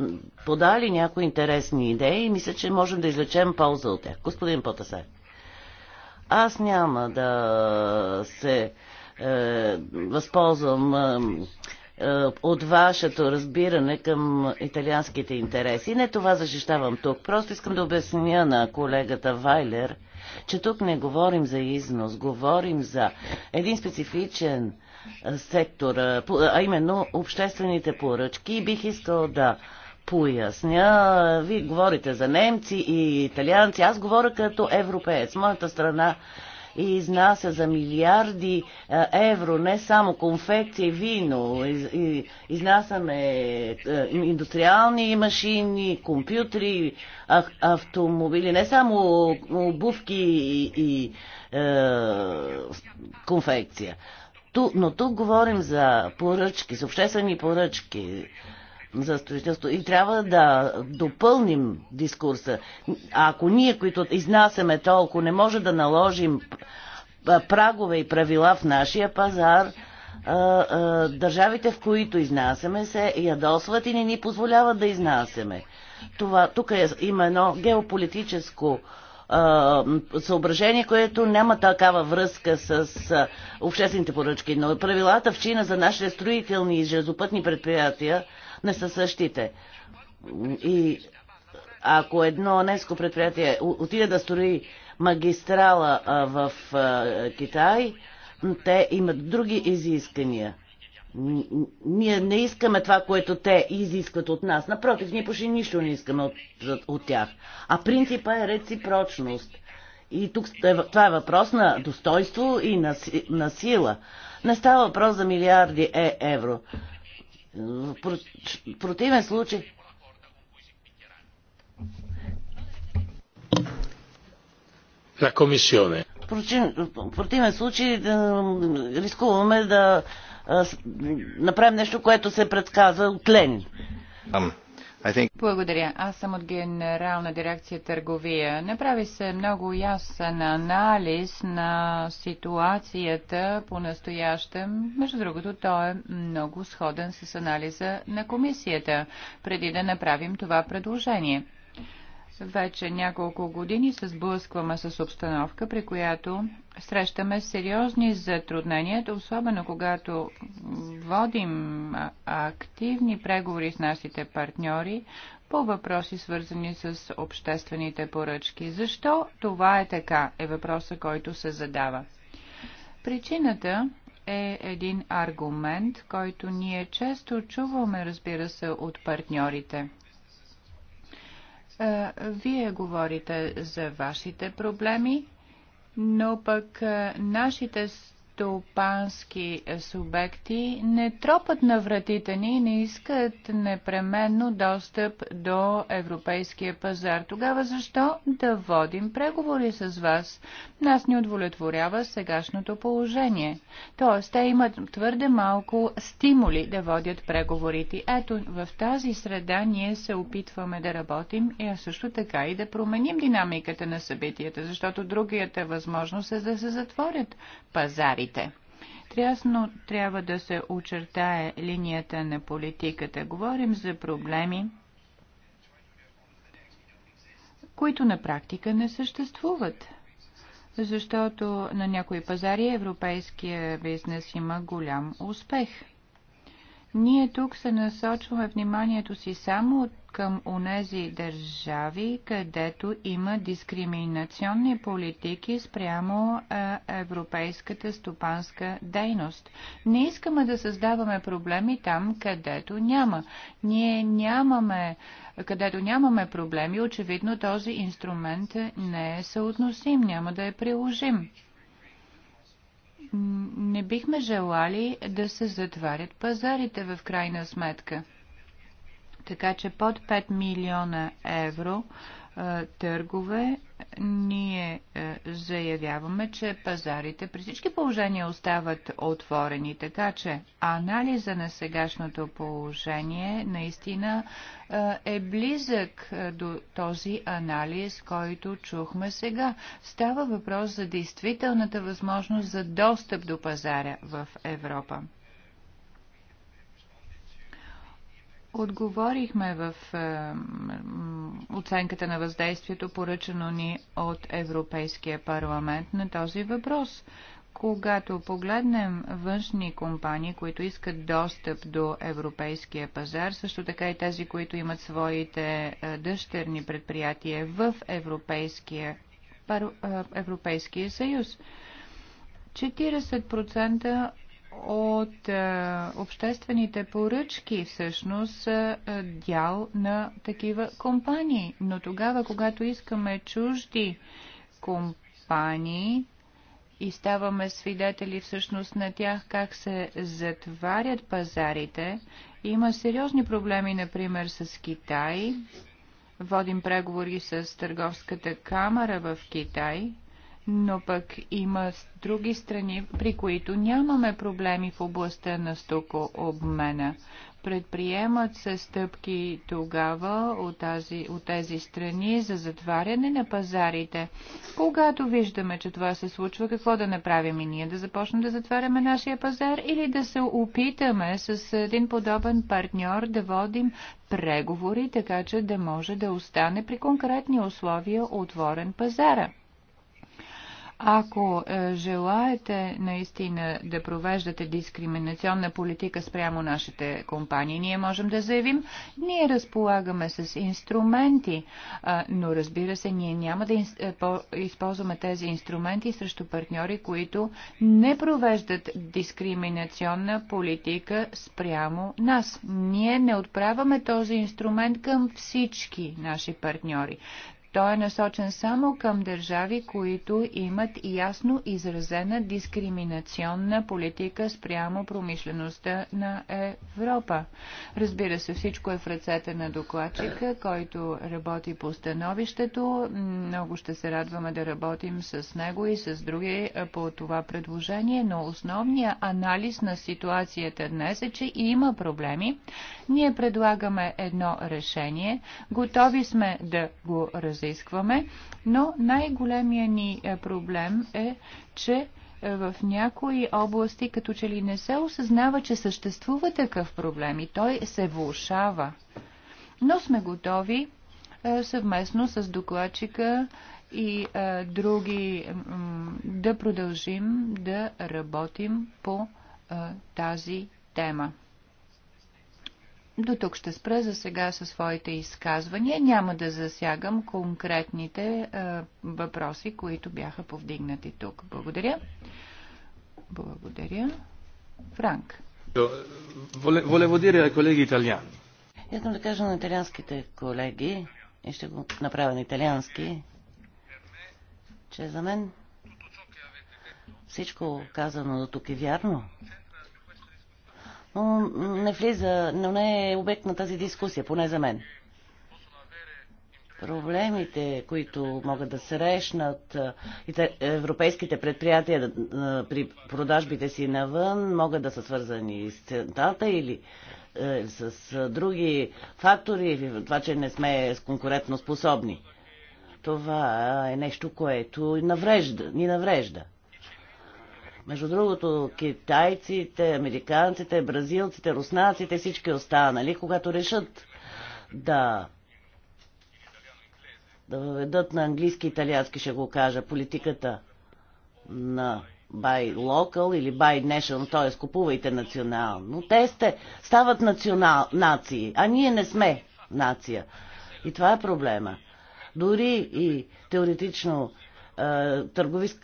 подали някои интересни идеи и мисля, че можем да излечем полза от тях. Господин Балтасари, аз няма да се е, възползвам е, е, от вашето разбиране към италианските интереси. Не това защищавам тук. Просто искам да обясня на колегата Вайлер, че тук не говорим за износ, говорим за един специфичен е, сектор, е, а именно обществените поръчки. И бих искал да поясня. Вие говорите за немци и италианци. Аз говоря като европеец. Моята страна и изнася за милиарди евро не само конфекти и вино. Изнасяме индустриални машини, компютри, автомобили, не само обувки и, и конфекция. Ту, но тук говорим за поръчки, за обществени поръчки, за строителство. И трябва да допълним дискурса. А ако ние, които изнасяме толкова, не може да наложим прагове и правила в нашия пазар, държавите, в които изнасяме, се ядосват и не ни позволяват да изнасяме. Това, тук е, има едно геополитическо съображение, което няма такава връзка с обществените поръчки. Но правилата в Чина за нашите строителни и железопътни предприятия не са същите. И ако едно неско предприятие отиде да строи магистрала в Китай, те имат други изискания. Ние не искаме това, което те изискват от нас. Напротив, ние почти нищо не искаме от, от тях. А принципа е реципрочност. И тук е, това е въпрос на достоинство и на, на сила. Не става въпрос за милиарди е евро. В противен случай. La Commissione. В противен случай рискуваме да направим нещо, което се предсказва от Ленин. Благодаря. Аз съм от Генерална дирекция търговия. Направи се много ясен анализ на ситуацията по настоящем. Между другото, той е много сходен с анализа на комисията, преди да направим това предложение. Вече няколко години се сблъскваме с обстановка, при която срещаме сериозни затруднения, особено когато водим активни преговори с нашите партньори по въпроси свързани с обществените поръчки. Защо това е така е въпроса, който се задава. Причината е един аргумент, който ние често чуваме, разбира се, от партньорите. Е, вие говорите за вашите проблеми, но пък нашите стопански е, субекти не тропат на вратите ни и не искат непременно достъп до европейския пазар. Тогава защо да водим преговори с вас? Нас ни удовлетворява сегашното положение. Тоест, те имат твърде малко стимули да водят преговорите. Ето, в тази среда ние се опитваме да работим и също така и да променим динамиката на събитията, защото другията е възможност е да се затворят пазари парите. Трясно трябва да се очертае линията на политиката. Говорим за проблеми, които на практика не съществуват защото на някои пазари европейския бизнес има голям успех – ние тук се насочваме вниманието си само към онези държави, където има дискриминационни политики спрямо е, европейската стопанска дейност. Не искаме да създаваме проблеми там, където няма. Ние нямаме, където нямаме проблеми, очевидно този инструмент не е съотносим, няма да е приложим не бихме желали да се затварят пазарите в крайна сметка. Така че под 5 милиона евро търгове ние заявяваме, че пазарите при всички положения остават отворени, така че анализа на сегашното положение наистина е близък до този анализ, който чухме сега. Става въпрос за действителната възможност за достъп до пазара в Европа. Отговорихме в е, оценката на въздействието, поръчано ни от Европейския парламент на този въпрос. Когато погледнем външни компании, които искат достъп до европейския пазар, също така и тези, които имат своите е, дъщерни предприятия в Европейския, е, Европейския съюз, 40% от е, обществените поръчки всъщност е, е, дял на такива компании. Но тогава, когато искаме чужди компании, и ставаме свидетели всъщност на тях как се затварят пазарите. Има сериозни проблеми, например, с Китай. Водим преговори с Търговската камера в Китай но пък има други страни, при които нямаме проблеми в областта на стокообмена. Предприемат се стъпки тогава от, тази, от тези страни за затваряне на пазарите. Когато виждаме, че това се случва, какво да направим и ние? Да започнем да затваряме нашия пазар или да се опитаме с един подобен партньор да водим преговори, така че да може да остане при конкретни условия отворен пазара? Ако е, желаете наистина да провеждате дискриминационна политика спрямо нашите компании, ние можем да заявим, ние разполагаме с инструменти, е, но разбира се, ние няма да е, използваме тези инструменти срещу партньори, които не провеждат дискриминационна политика спрямо нас. Ние не отправяме този инструмент към всички наши партньори. Той е насочен само към държави, които имат ясно изразена дискриминационна политика спрямо промишлеността на Европа. Разбира се, всичко е в ръцете на докладчика, който работи по становището. Много ще се радваме да работим с него и с други по това предложение, но основният анализ на ситуацията днес е, че има проблеми. Ние предлагаме едно решение. Готови сме да го развиваме изискваме, но най-големия ни е, проблем е, че е, в някои области като че ли не се осъзнава, че съществува такъв проблем и той се влушава. Но сме готови е, съвместно с докладчика и други да продължим да работим по тази тема. До тук ще спра за сега със своите изказвания. Няма да засягам конкретните е, въпроси, които бяха повдигнати тук. Благодаря. Благодаря. Франк. Е, волево дире колеги италиани. Искам да кажа на италианските колеги, и ще го направя на италиански, че за мен всичко казано до тук е вярно но не влиза, но не е обект на тази дискусия, поне за мен. Проблемите, които могат да срещнат европейските предприятия при продажбите си навън, могат да са свързани с цената или с други фактори, или това, че не сме конкурентно способни. Това е нещо, което наврежда, ни наврежда. Между другото, китайците, американците, бразилците, руснаците, всички останали, когато решат да да въведат на английски и италиански, ще го кажа, политиката на buy local или buy national, т.е. купувайте национално. Те сте, стават национал, нации, а ние не сме нация. И това е проблема. Дори и теоретично е,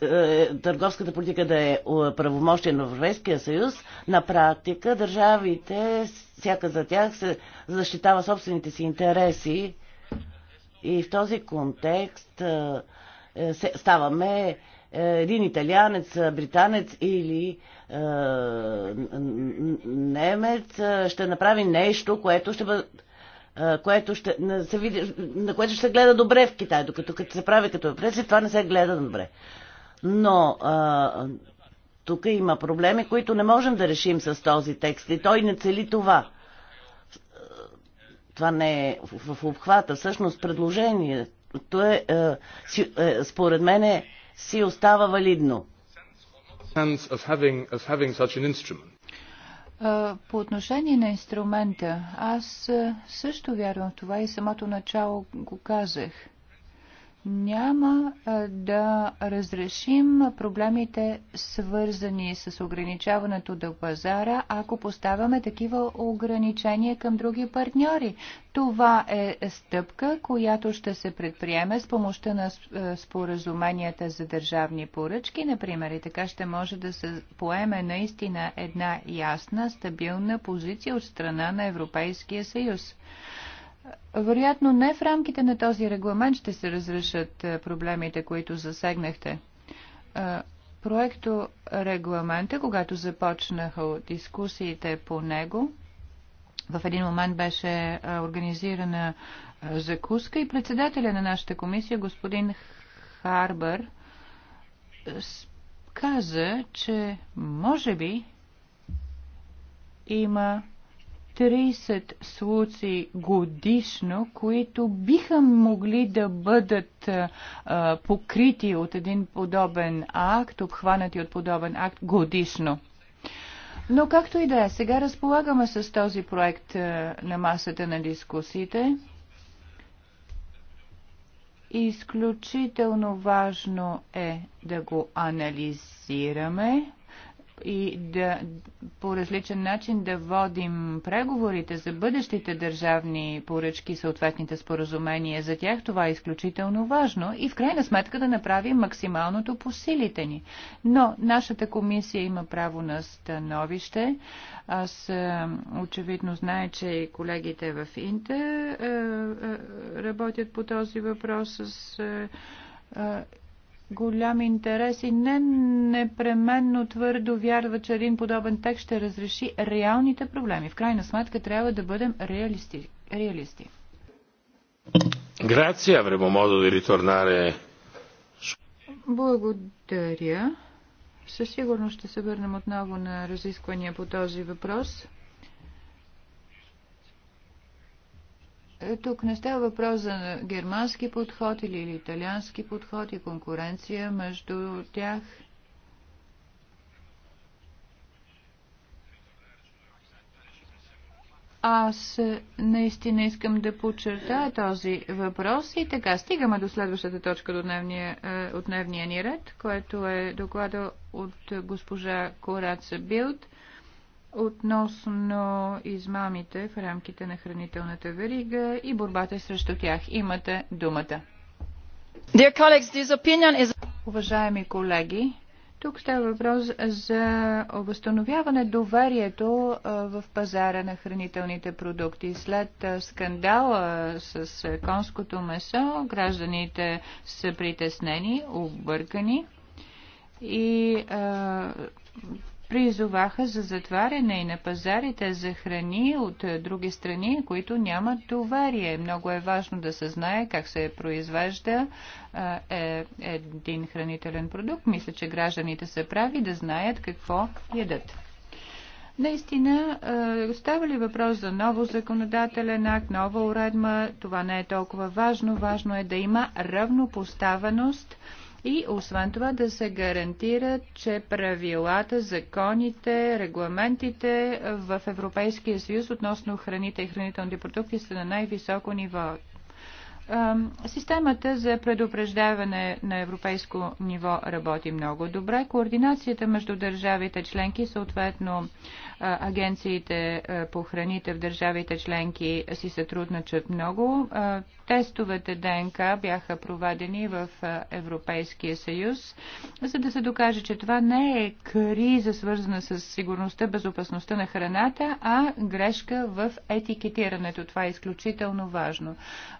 е, търговската политика да е, е правомощие на Европейския съюз, на практика държавите, всяка за тях, се защитава собствените си интереси и в този контекст ставаме един италианец, британец или е, немец ще направи нещо, което ще бъде което ще, се види, на което ще се гледа добре в Китай, докато като се прави като репресия, това не се гледа добре. Но а, тук има проблеми, които не можем да решим с този текст и той не цели това. Това не е в, в обхвата. Всъщност предложението е, е, си, е според мен, е, си остава валидно. Of having, of having по отношение на инструмента, аз също вярвам в това и самото начало го казах – няма да разрешим проблемите свързани с ограничаването до пазара, ако поставяме такива ограничения към други партньори. Това е стъпка, която ще се предприеме с помощта на споразуменията за държавни поръчки, например, и така ще може да се поеме наистина една ясна, стабилна позиция от страна на Европейския съюз. Вероятно не в рамките на този регламент ще се разрешат е, проблемите, които засегнахте. Е, проекто регламента, когато започнаха дискусиите по него, в един момент беше е, организирана закуска и председателя на нашата комисия, господин Харбър, каза, че може би има 30 случаи годишно, които биха могли да бъдат а, покрити от един подобен акт, обхванати от подобен акт годишно. Но както и да е, сега разполагаме с този проект а, на масата на дискусиите. Изключително важно е да го анализираме и да по различен начин да водим преговорите за бъдещите държавни поръчки, съответните споразумения за тях, това е изключително важно и в крайна сметка да направим максималното по силите ни. Но нашата комисия има право на становище. Аз е, очевидно знае, че и колегите в Инте е, е, работят по този въпрос с голям интерес и не непременно твърдо вярва, че един подобен текст ще разреши реалните проблеми. В крайна сметка трябва да бъдем реалисти. реалисти. Грация, avremo modo di ритурнаре. Благодаря. Със сигурност ще се върнем отново на разисквания по този въпрос. Тук не става въпрос за германски подход или, или италиански подход и конкуренция между тях. Аз наистина искам да подчертая този въпрос и така стигаме до следващата точка до дневния, е, от дневния ни ред, което е доклада от госпожа Кораца Билд – относно измамите в рамките на хранителната верига и борбата срещу тях. Имате думата. Is... Уважаеми колеги, тук става въпрос за възстановяване доверието в пазара на хранителните продукти. След скандала с конското месо, гражданите са притеснени, объркани и призоваха за затваряне и на пазарите за храни от е, други страни, които нямат доверие. Много е важно да се знае как се произвежда е, един хранителен продукт. Мисля, че гражданите са прави да знаят какво ядат. Наистина, е, става ли въпрос за ново законодателен акт, нова уредма? това не е толкова важно. Важно е да има равнопоставеност и освен това да се гарантира, че правилата, законите, регламентите в Европейския съюз относно храните и хранителните продукти са на най-високо ниво. Системата за предупреждаване на европейско ниво работи много добре. Координацията между държавите членки, съответно агенциите по храните в държавите членки си сътрудничат много. Тестовете ДНК бяха проведени в Европейския съюз, за да се докаже, че това не е криза свързана с сигурността, безопасността на храната, а грешка в етикетирането. Това е изключително важно.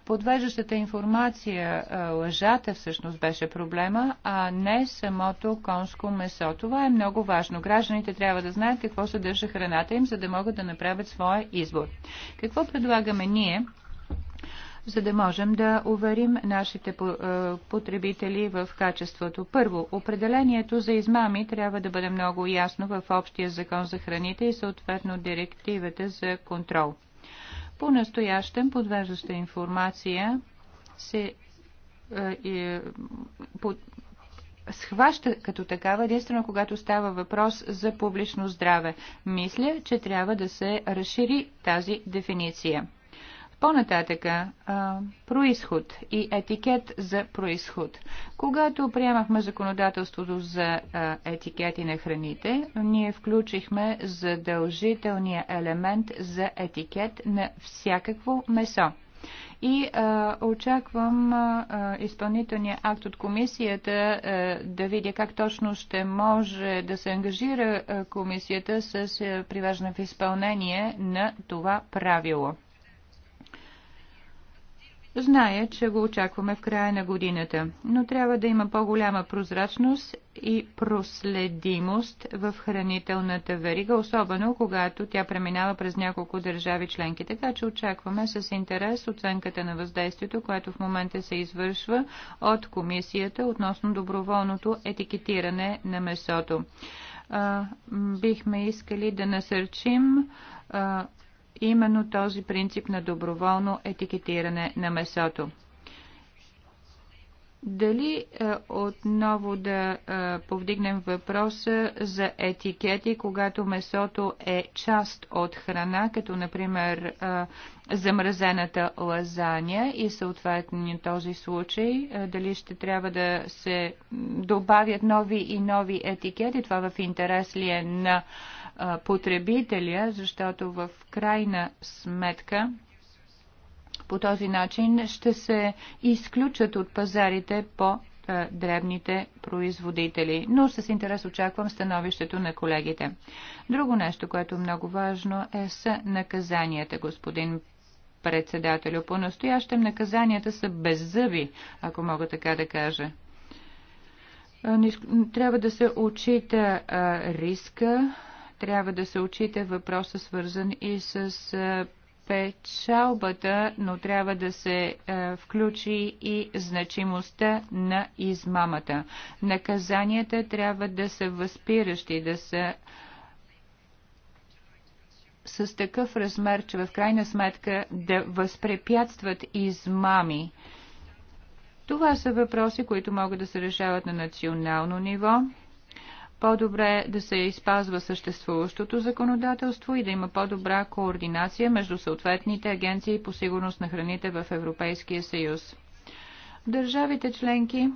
Подвеждащата информация, лъжата всъщност беше проблема, а не самото конско месо. Това е много важно. Гражданите трябва да знаят какво съдържа храната им, за да могат да направят своя избор. Какво предлагаме ние? за да можем да уверим нашите е, потребители в качеството. Първо, определението за измами трябва да бъде много ясно в Общия закон за храните и съответно директивата за контрол. По настоящем подвеждаща информация се е, е, схваща като такава единствено когато става въпрос за публично здраве. Мисля, че трябва да се разшири тази дефиниция. По-нататъка, происход и етикет за происход. Когато приемахме законодателството за а, етикети на храните, ние включихме задължителния елемент за етикет на всякакво месо. И а, очаквам а, изпълнителния акт от комисията а, да видя как точно ще може да се ангажира а, комисията с а, в изпълнение на това правило. Зная, че го очакваме в края на годината, но трябва да има по-голяма прозрачност и проследимост в хранителната верига, особено когато тя преминава през няколко държави членки. Така че очакваме с интерес оценката на въздействието, което в момента се извършва от комисията относно доброволното етикетиране на месото. бихме искали да насърчим именно този принцип на доброволно етикетиране на месото. Дали е, отново да е, повдигнем въпроса за етикети, когато месото е част от храна, като например е, замразената лазаня и съответно този случай, дали ще трябва да се добавят нови и нови етикети, това в интерес ли е на потребителя, защото в крайна сметка по този начин ще се изключат от пазарите по дребните производители. Но с интерес очаквам становището на колегите. Друго нещо, което е много важно е с наказанията, господин председателю. По-настоящем наказанията са беззъби, ако мога така да кажа. Трябва да се очита риска трябва да се очите въпроса свързан и с печалбата, но трябва да се е, включи и значимостта на измамата. Наказанията трябва да са възпиращи, да са с такъв размер, че в крайна сметка да възпрепятстват измами. Това са въпроси, които могат да се решават на национално ниво по-добре да се изпазва съществуващото законодателство и да има по-добра координация между съответните агенции по сигурност на храните в Европейския съюз. Държавите членки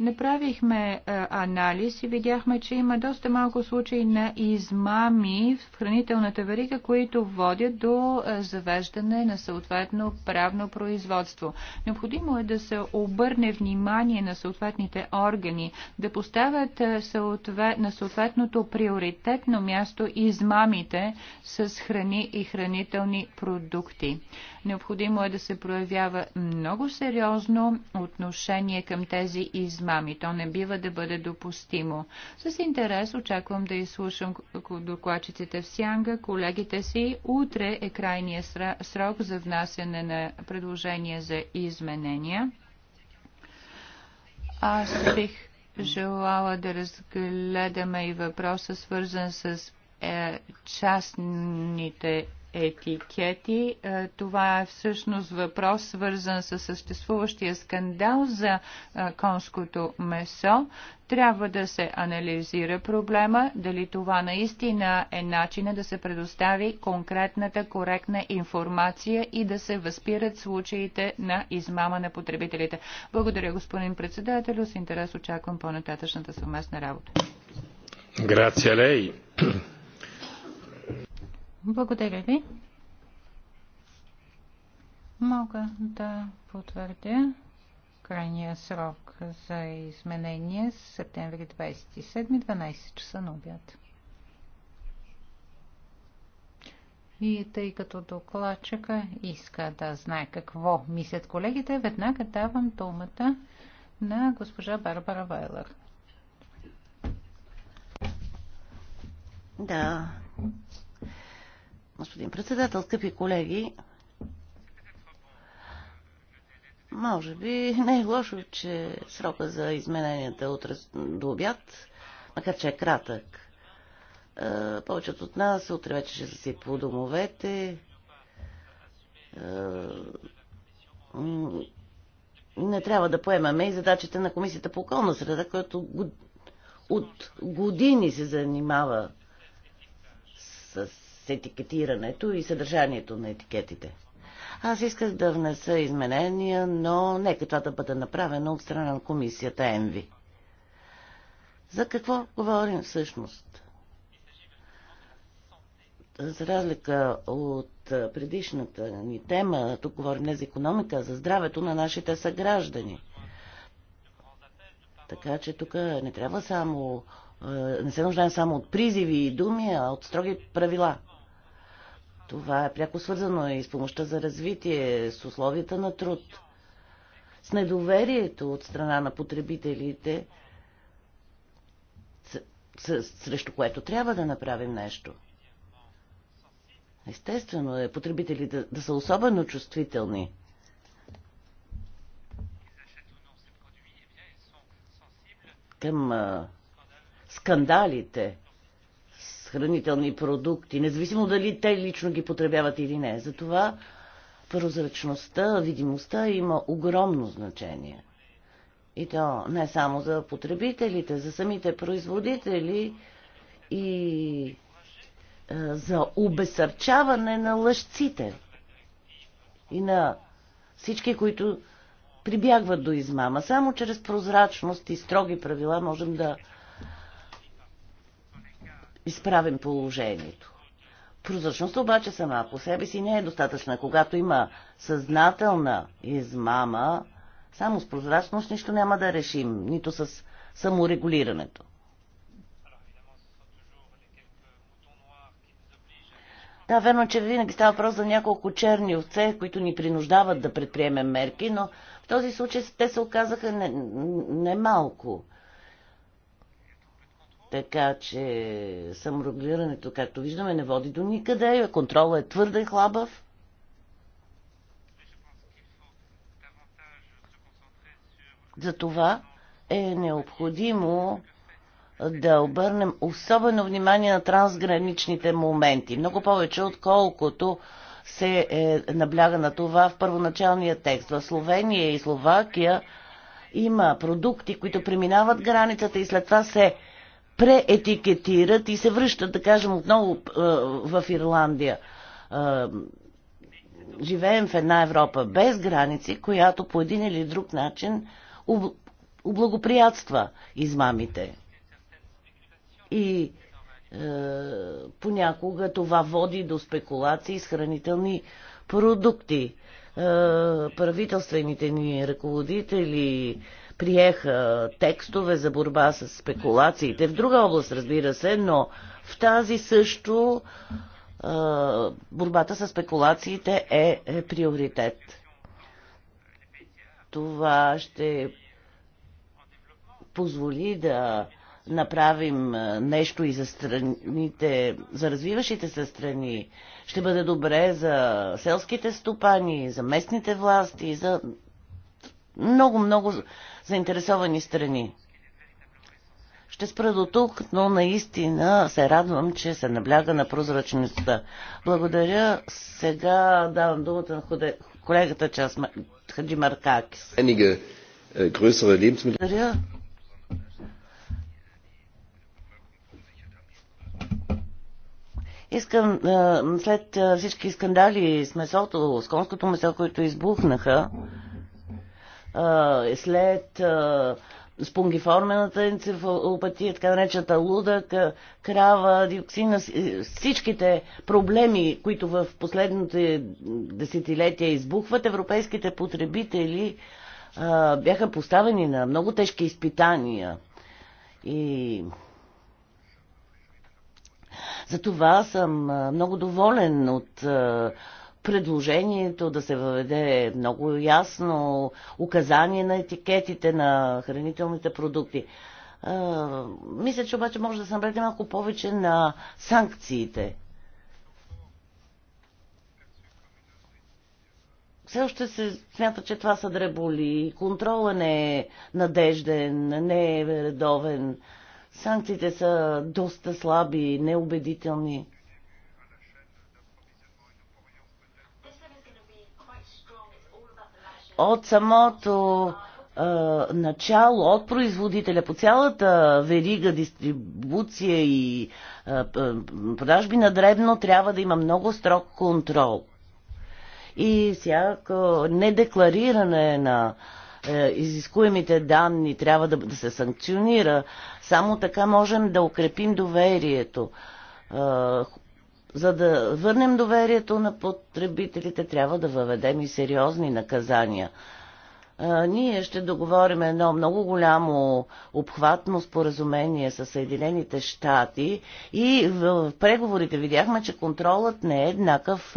Направихме е, анализ и видяхме, че има доста малко случаи на измами в хранителната верига, които водят до е, завеждане на съответно правно производство. Необходимо е да се обърне внимание на съответните органи, да поставят е, на съответното приоритетно място измамите с храни и хранителни продукти. Необходимо е да се проявява много сериозно отношение към тези измами. То не бива да бъде допустимо. С интерес очаквам да изслушам докладчиците в Сянга, колегите си. Утре е крайния срок за внасяне на предложения за изменения. Аз бих желала да разгледаме и въпроса, свързан с е, частните етикети. Е, това е всъщност въпрос, свързан с съществуващия скандал за е, конското месо. Трябва да се анализира проблема, дали това наистина е начина да се предостави конкретната коректна информация и да се възпират случаите на измама на потребителите. Благодаря, господин председател. С интерес очаквам по-нататъчната съвместна работа. Grazie a lei. Благодаря ви. Мога да потвърдя крайния срок за изменение с септември 27, 12 часа на обяд. И тъй като докладчика иска да знае какво мислят колегите, веднага давам думата на госпожа Барбара Вайлер. Да, господин председател, скъпи колеги. Може би не е лошо, че срока за измененията утре до обяд, макар че е кратък. Е, повечето от нас утре вече ще си по домовете. Е, не трябва да поемаме и задачите на Комисията по околна среда, която от години се занимава с етикетирането и съдържанието на етикетите. Аз исках да внеса изменения, но нека това да бъде направено от страна на комисията МВИ. За какво говорим всъщност? За разлика от предишната ни тема, тук говорим не за економика, а за здравето на нашите съграждани. Така че тук не трябва само, е, не се нуждаем само от призиви и думи, а от строги правила. Това е пряко свързано и с помощта за развитие, с условията на труд, с недоверието от страна на потребителите, срещу което трябва да направим нещо. Естествено е потребителите да, да са особено чувствителни. Към а, скандалите хранителни продукти, независимо дали те лично ги потребяват или не. Затова прозрачността, видимостта има огромно значение. И то не само за потребителите, за самите производители и е, за обесърчаване на лъжците и на всички, които прибягват до измама. Само чрез прозрачност и строги правила можем да изправим положението. Прозрачността обаче сама по себе си не е достатъчна. Когато има съзнателна измама, само с прозрачност нищо няма да решим, нито с саморегулирането. Да, верно, е, че винаги става въпрос за няколко черни овце, които ни принуждават да предприемем мерки, но в този случай те се оказаха немалко. Не, не малко. Така че саморегулирането, както виждаме, не води до никъде. Контролът е твърде хлабав. Затова е необходимо да обърнем особено внимание на трансграничните моменти. Много повече, отколкото се е, набляга на това в първоначалния текст. В Словения и Словакия има продукти, които преминават границата и след това се преетикетират и се връщат, да кажем, отново е, в Ирландия. Е, живеем в една Европа без граници, която по един или друг начин облагоприятства измамите. И е, понякога това води до спекулации с хранителни продукти. Е, правителствените ни ръководители, приеха текстове за борба с спекулациите. В друга област, разбира се, но в тази също борбата с спекулациите е, е приоритет. Това ще позволи да направим нещо и за страните, за развиващите се страни. Ще бъде добре за селските стопани, за местните власти, за много-много заинтересовани страни. Ще спра до тук, но наистина се радвам, че се набляга на прозрачността. Благодаря. Сега давам думата на колегата Час Хаджи Маркакис. Е, Благодаря. Искам, е, след е, всички скандали с месото, с конското месо, които избухнаха, е след спонгиформената енцефалопатия, така наречената луда, крава, диоксина, всичките проблеми, които в последните десетилетия избухват, европейските потребители бяха поставени на много тежки изпитания. И за това съм много доволен от предложението да се въведе много ясно указание на етикетите на хранителните продукти. Мисля, че обаче може да се набрете малко повече на санкциите. Все още се смята, че това са дреболи. Контрола не е надежден, не е редовен. Санкциите са доста слаби, неубедителни. от самото а, начало, от производителя по цялата верига, дистрибуция и а, продажби на дребно, трябва да има много строг контрол. И всяко недеклариране на е, изискуемите данни трябва да, да се санкционира. Само така можем да укрепим доверието. Е, за да върнем доверието на потребителите, трябва да въведем и сериозни наказания. А, ние ще договорим едно много голямо обхватно споразумение с Съединените щати и в преговорите видяхме, че контролът не е еднакъв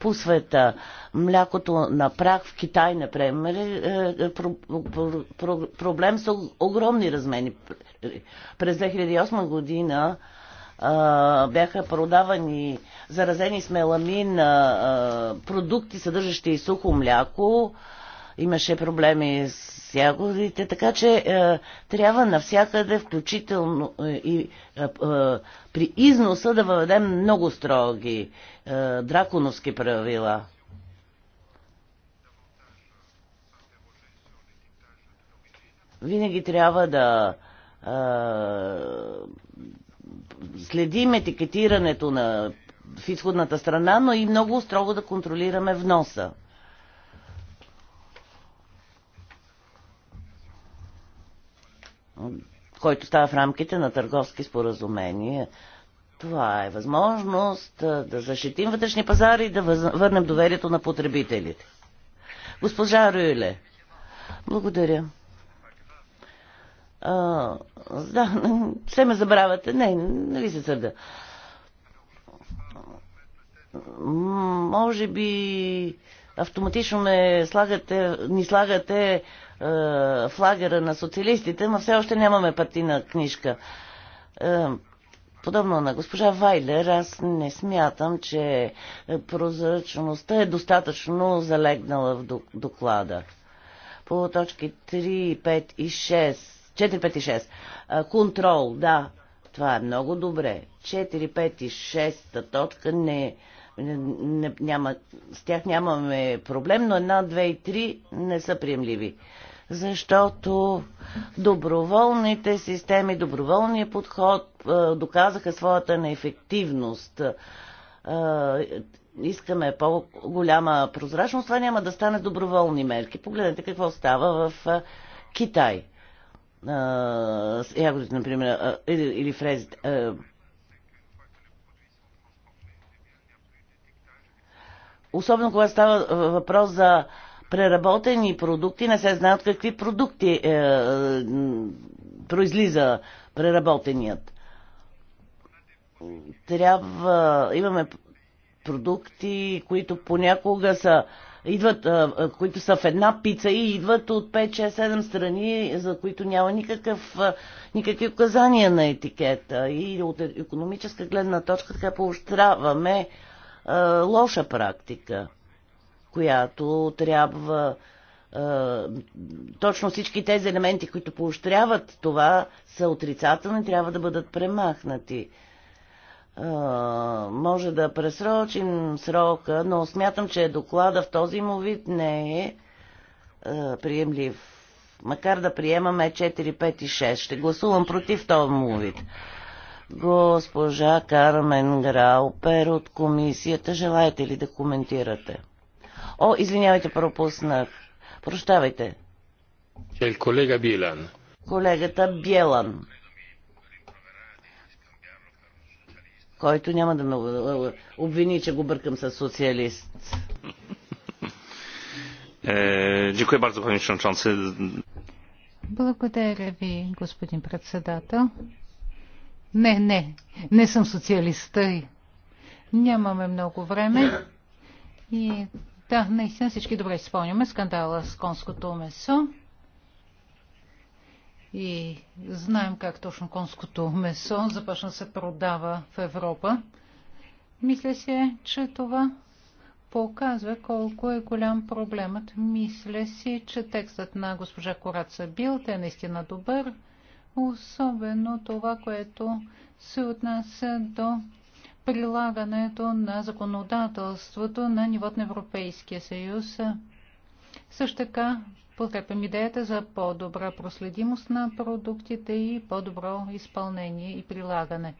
по света. Млякото на прах в Китай, например, е, е проблем с огромни размени. През 2008 година а, бяха продавани заразени с меламин а, продукти, съдържащи и сухо мляко. Имаше проблеми с ягодите, така че е, трябва навсякъде, включително а, и е, при износа, да въведем много строги е, драконовски правила. Винаги трябва да следим етикетирането на в изходната страна, но и много строго да контролираме вноса. който става в рамките на търговски споразумения. Това е възможност да защитим вътрешни пазари и да върнем доверието на потребителите. Госпожа Рюйле, благодаря. А, да, *laughs* все ме забравяте. Не, нали се сърда. Може би автоматично ме слагате, ни слагате а, е, флагера на социалистите, но все още нямаме партийна книжка. А, е, подобно на госпожа Вайлер, аз не смятам, че прозрачността е достатъчно залегнала в доклада. По точки 3, 5 и 6 4-5-6. Контрол, да. Това е много добре. 4, 5 и 6 точка не, не, не, няма, с тях нямаме проблем, но една, две и три не са приемливи. Защото доброволните системи, доброволният подход доказаха своята неефективност. Искаме по-голяма прозрачност, това няма да стане доброволни мерки. Погледнете какво става в Китай – ягодите, например, или фрезите, особено когато става въпрос за преработени продукти, не се знаят какви продукти е, произлиза преработеният. Трябва, имаме продукти, които понякога са идват, които са в една пица и идват от 5, 6, 7 страни, за които няма никакъв, никакви указания на етикета. И от економическа гледна точка така поощряваме лоша практика, която трябва точно всички тези елементи, които поощряват това, са отрицателни, трябва да бъдат премахнати може да пресрочим срока, но смятам, че доклада в този му вид не е приемлив. Макар да приемаме 4, 5 и 6. Ще гласувам против този му вид. Госпожа Кармен Граупер от комисията, желаете ли да коментирате? О, извинявайте, пропуснах. Прощавайте. Колега Билан. Колегата Билан. който няма да ме обвини, че го бъркам с социалист. Е, дякую Благодаря ви, господин председател. Не, не, не съм социалист. Нямаме много време. И да, наистина всички добре спомняме скандала с конското месо и знаем как точно конското месо започна да се продава в Европа. Мисля се, че това показва колко е голям проблемът. Мисля си, че текстът на госпожа Кораца Билт е наистина добър, особено това, което се отнася до прилагането на законодателството на нивото на Европейския съюз. Също така Подкрепям идеята за по-добра проследимост на продуктите и по-добро изпълнение и прилагане.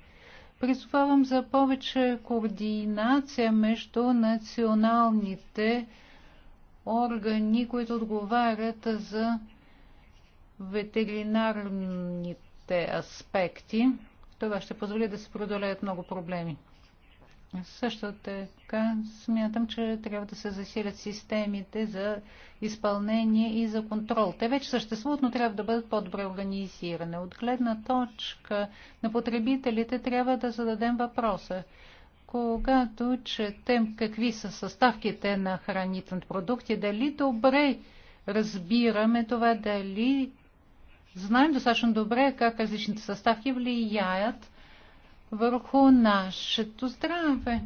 Призовавам за повече координация между националните органи, които отговарят за ветеринарните аспекти. Това ще позволи да се преодолеят много проблеми. Също така смятам, че трябва да се засилят системите за изпълнение и за контрол. Те вече съществуват, но трябва да бъдат по-добре организирани. От гледна точка на потребителите трябва да зададем въпроса. Когато четем какви са съставките на хранителните продукти, дали добре разбираме това, дали знаем достатъчно добре как различните съставки влияят върху нашето здраве.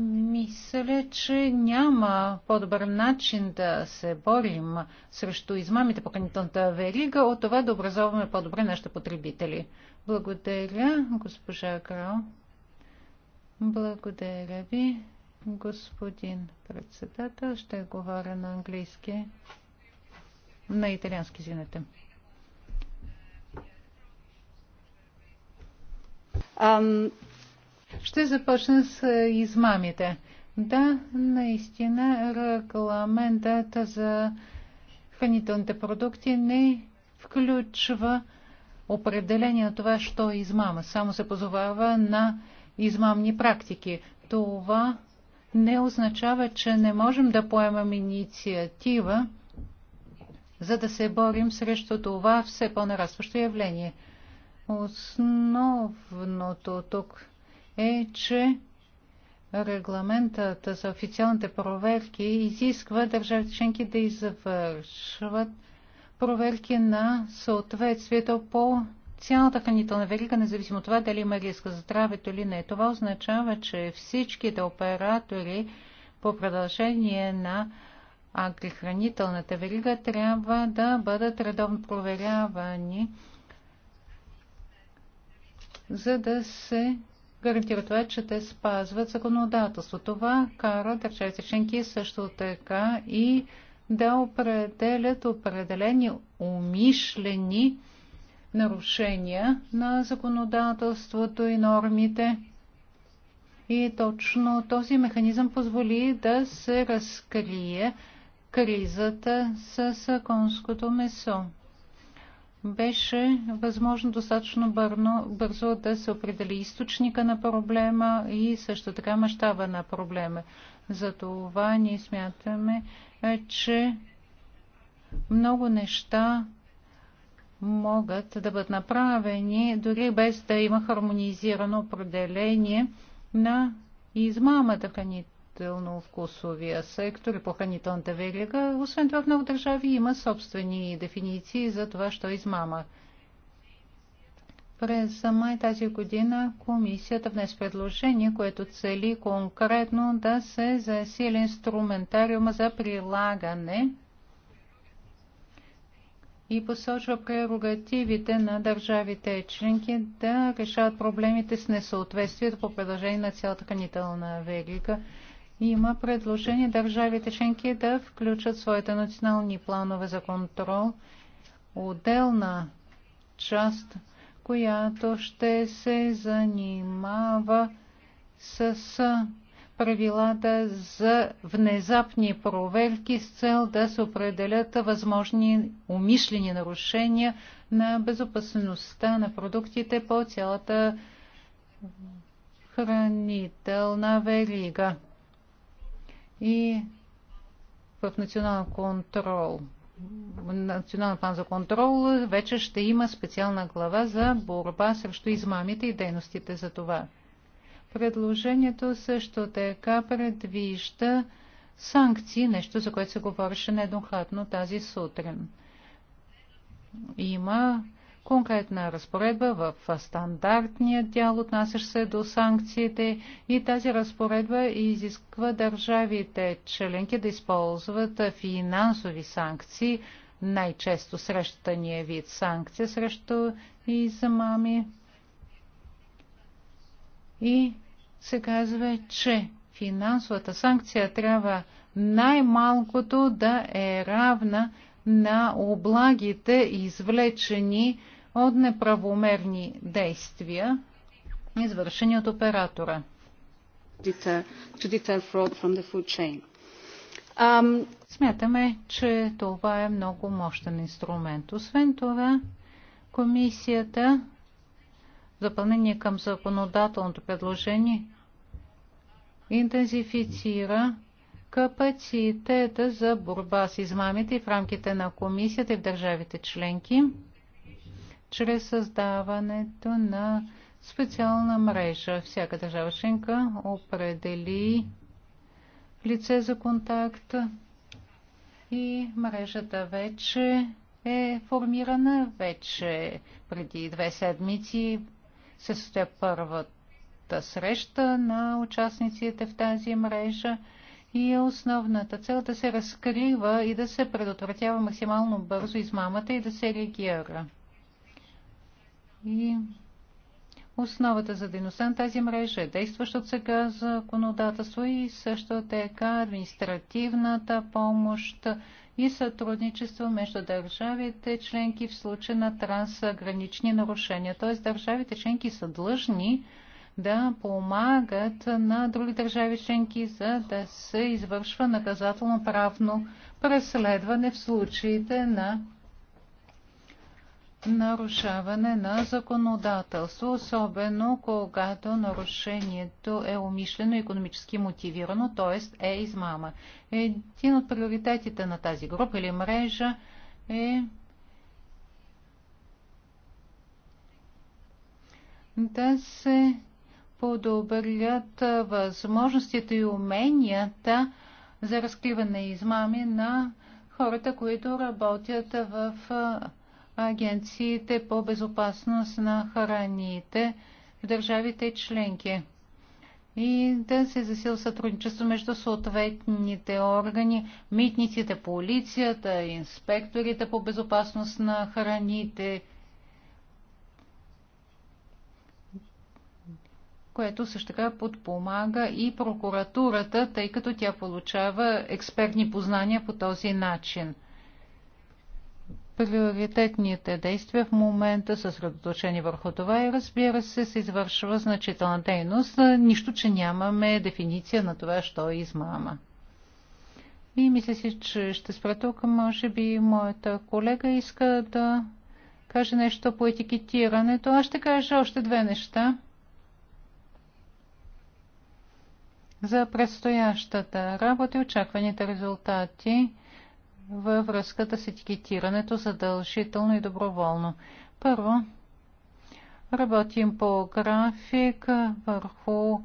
Мисля, че няма по-добър начин да се борим срещу измамите по канитонта верига от това да образоваме по-добре нашите потребители. Благодаря, госпожа Крал. Благодаря ви, господин председател. Ще говоря на английски. На италиански, извинете. Ам... Ще започна с е, измамите. Да, наистина регламентът за хранителните продукти не включва определение на това, що е измама. Само се позовава на измамни практики. Това не означава, че не можем да поемем инициатива, за да се борим срещу това все по-нарастващо явление – Основното тук е, че регламентът за официалните проверки изисква държавите членки да извършват проверки на съответствието по цялата хранителна верига, независимо от това дали има риск за здравето или не. Това означава, че всичките оператори по продължение на агрихранителната верига трябва да бъдат редовно проверявани за да се гарантира това, че те спазват законодателство. Това кара държавите членки също така и да определят определени умишлени нарушения на законодателството и нормите. И точно този механизъм позволи да се разкрие кризата с конското месо беше възможно достатъчно бърно, бързо да се определи източника на проблема и също така мащаба на проблема. За това ние смятаме, е, че много неща могат да бъдат направени, дори без да има хармонизирано определение на измамата в храните хранително-вкусовия сектор и по хранителната верига. Освен това, в много държави има собствени дефиниции за това, що е измама. През май тази година комисията внес предложение, което цели конкретно да се засили инструментариума за прилагане и посочва прерогативите на държавите членки да решават проблемите с несъответствието по предложение на цялата хранителна верига има предложение държавите членки да включат своите национални планове за контрол отделна част, която ще се занимава с правилата за внезапни проверки с цел да се определят възможни умишлени нарушения на безопасността на продуктите по цялата хранителна верига и в национален контрол Национален план за контрол вече ще има специална глава за борба срещу измамите и дейностите за това. Предложението също така предвижда санкции, нещо за което се говореше нееднократно тази сутрин. Има конкретна разпоредба в стандартния дял, отнасящ се до санкциите и тази разпоредба изисква държавите членки да използват финансови санкции, най-често срещания вид санкция срещу измами. И се казва, че финансовата санкция трябва най-малкото да е равна на облагите, извлечени от неправомерни действия, извършени от оператора. Um, Смятаме, че това е много мощен инструмент. Освен това, комисията в допълнение към законодателното предложение интензифицира капацитета за борба с измамите в рамките на комисията и в държавите членки чрез създаването на специална мрежа. Всяка държава членка определи лице за контакт и мрежата вече е формирана. Вече преди две седмици се състоя първата среща на участниците в тази мрежа и е основната цел да се разкрива и да се предотвратява максимално бързо измамата и да се реагира. И основата за дейността на тази мрежа е действащото сега законодателство и също така административната помощ и сътрудничество между държавите членки в случай на трансгранични нарушения. Т.е. държавите членки са длъжни да помагат на други държави членки, за да се извършва наказателно-правно преследване в случаите на нарушаване на законодателство, особено когато нарушението е умишлено и економически мотивирано, т.е. е измама. Един от приоритетите на тази група или мрежа е да се подобрят възможностите и уменията за разкриване измами на хората, които работят в агенциите по безопасност на храните в държавите членки и да се засил сътрудничество между съответните органи, митниците, полицията, инспекторите по безопасност на храните, което също така подпомага и прокуратурата, тъй като тя получава експертни познания по този начин. Приоритетните действия в момента са средоточени върху това и разбира се се извършва значителна дейност, нищо, че нямаме дефиниция на това, що е измама. И мисля си, че ще спра тук. Може би моята колега иска да каже нещо по етикетирането. Аз ще кажа още две неща. За предстоящата работа и очакваните резултати – във връзката с етикетирането задължително и доброволно. Първо, работим по график върху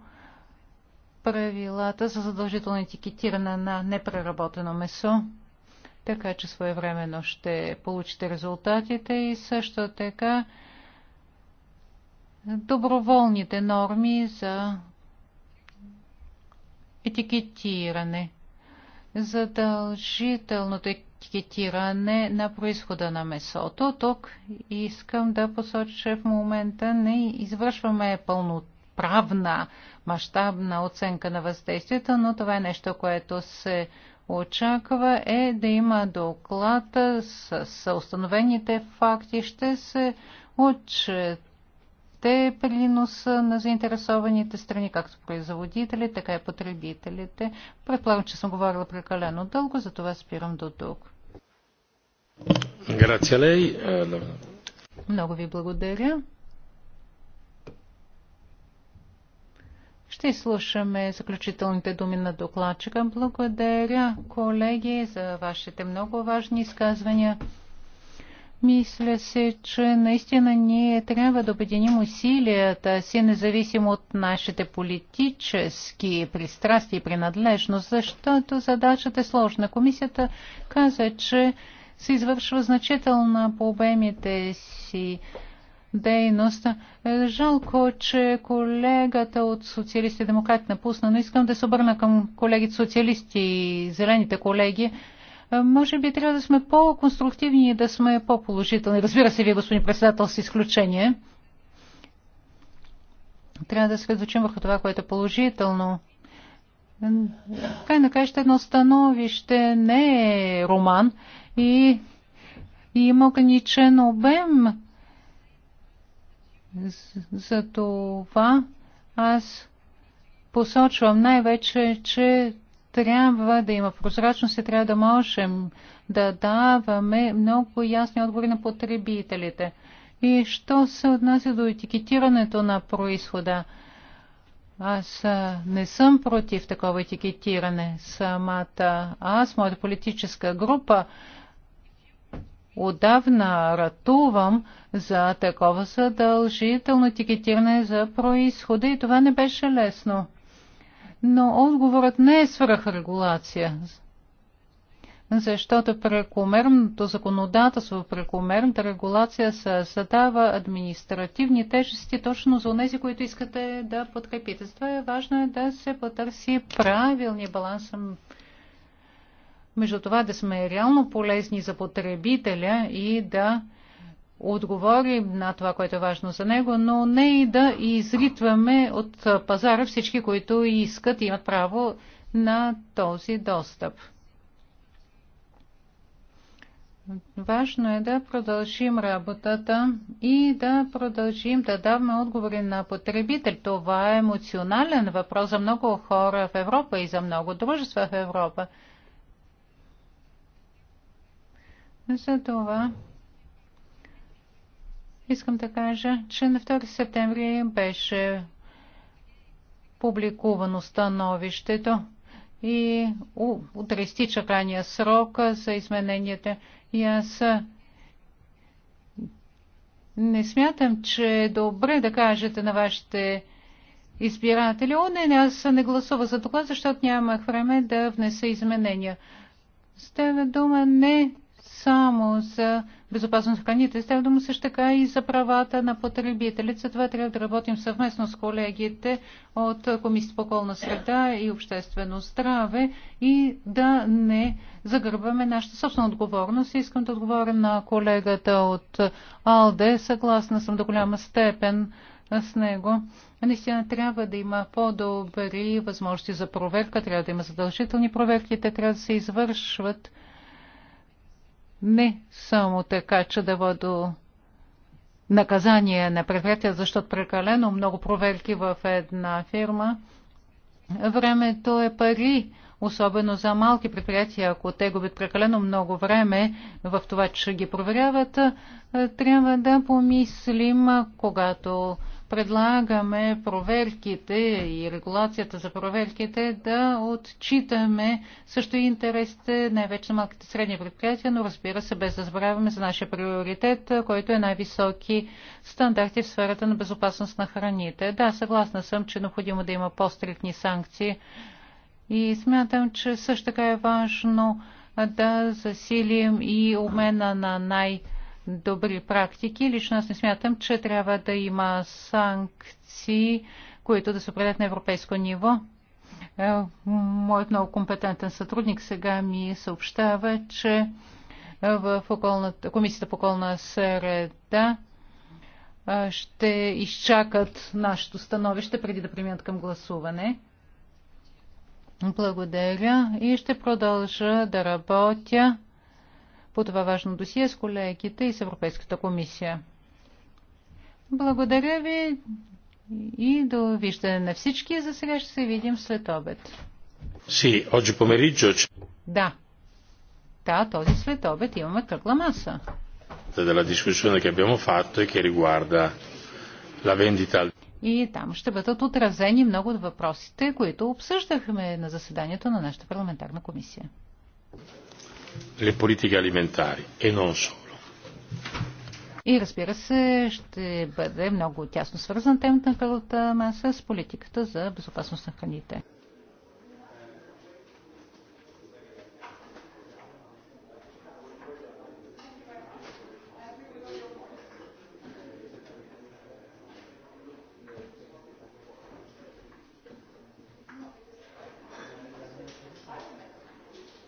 правилата за задължително етикетиране на непреработено месо, така че своевременно ще получите резултатите и също така доброволните норми за етикетиране – задължителното етикетиране на происхода на месото. Тук искам да посоча, че в момента не извършваме пълноправна мащабна оценка на въздействието, но това е нещо, което се очаква е да има доклад с, с установените факти. Ще се отчет те приноса на заинтересованите страни, както производители, така и потребителите. Предполагам, че съм говорила прекалено дълго, затова спирам до тук. Много ви благодаря. Ще изслушаме заключителните думи на докладчика. Благодаря, колеги, за вашите много важни изказвания. Мисля се, че наистина ние трябва да обединим усилията си, независимо от нашите политически пристрастия и принадлежност, защото задачата е сложна. Комисията каза, че се извършва значителна по обемите си дейност. Жалко, че колегата от социалисти демократи напусна, но искам да се обърна към колегите социалисти и зелените колеги. Може би трябва да сме по-конструктивни и да сме по-положителни. Разбира се, вие, господин председател, с изключение. Трябва да се разучим върху това, което е положително. Край на краща едно становище не е роман и, и има ограничен обем. За това аз посочвам най-вече, че трябва да има прозрачност и трябва да можем да даваме много ясни отговори на потребителите. И що се отнася до етикетирането на происхода? Аз не съм против такова етикетиране. Самата аз, моята политическа група, отдавна ратувам за такова задължително етикетиране за происхода и това не беше лесно но отговорът не е свръхрегулация, защото прекомерното законодателство, прекомерната регулация създава административни тежести точно за тези, които искате да подкрепите. Затова е важно е да се потърси правилния баланс между това да сме реално полезни за потребителя и да отговорим на това, което е важно за него, но не и да изритваме от пазара всички, които искат и имат право на този достъп. Важно е да продължим работата и да продължим да даваме отговори на потребител. Това е емоционален въпрос за много хора в Европа и за много дружества в Европа. За това Искам да кажа, че на 2 септември беше публикувано становището и утре изтича крайния срок за измененията. И аз не смятам, че е добре да кажете на вашите избиратели, о, не, не, аз не гласува за това, защото нямах време да внеса изменения. Става дума не само за безопасност в храните. Става дума също така и за правата на потребителите. Това трябва да работим съвместно с колегите от Комисията по околна среда и обществено здраве и да не загърбваме нашата собствена отговорност. Искам да отговоря на колегата от АЛДЕ. Съгласна съм до голяма степен с него. Наистина трябва да има по-добри възможности за проверка, трябва да има задължителни проверки, те трябва да се извършват не само така, че да вода наказание на предприятия, защото прекалено много проверки в една фирма. Времето е пари, особено за малки предприятия, ако те губят прекалено много време в това, че ги проверяват, трябва да помислим, когато предлагаме проверките и регулацията за проверките да отчитаме също и интересите най-вече на малките средни предприятия, но разбира се без да забравяме за нашия приоритет, който е най-високи стандарти в сферата на безопасност на храните. Да, съгласна съм, че е необходимо да има по-стрикни санкции и смятам, че също така е важно да засилим и обмена на най- добри практики. Лично аз не смятам, че трябва да има санкции, които да се определят на европейско ниво. Е, моят много компетентен сътрудник сега ми съобщава, че е, в околната, Комисията по околна среда е, ще изчакат нашето становище преди да преминат към гласуване. Благодаря и ще продължа да работя по това важно досие с колегите и с Европейската комисия. Благодаря ви и до виждане на всички. За сега ще се видим след обед. Си, oggi pomeriggio. Да. Да, този след обед имаме кръгла маса. Della discussione che abbiamo fatto и e che регуарда ла vendita. И там ще бъдат отразени много от въпросите, които обсъждахме на заседанието на нашата парламентарна комисия le politiche alimentari e non solo. И разбира се, ще бъде много тясно свързан темата на първата маса с политиката за безопасност на храните.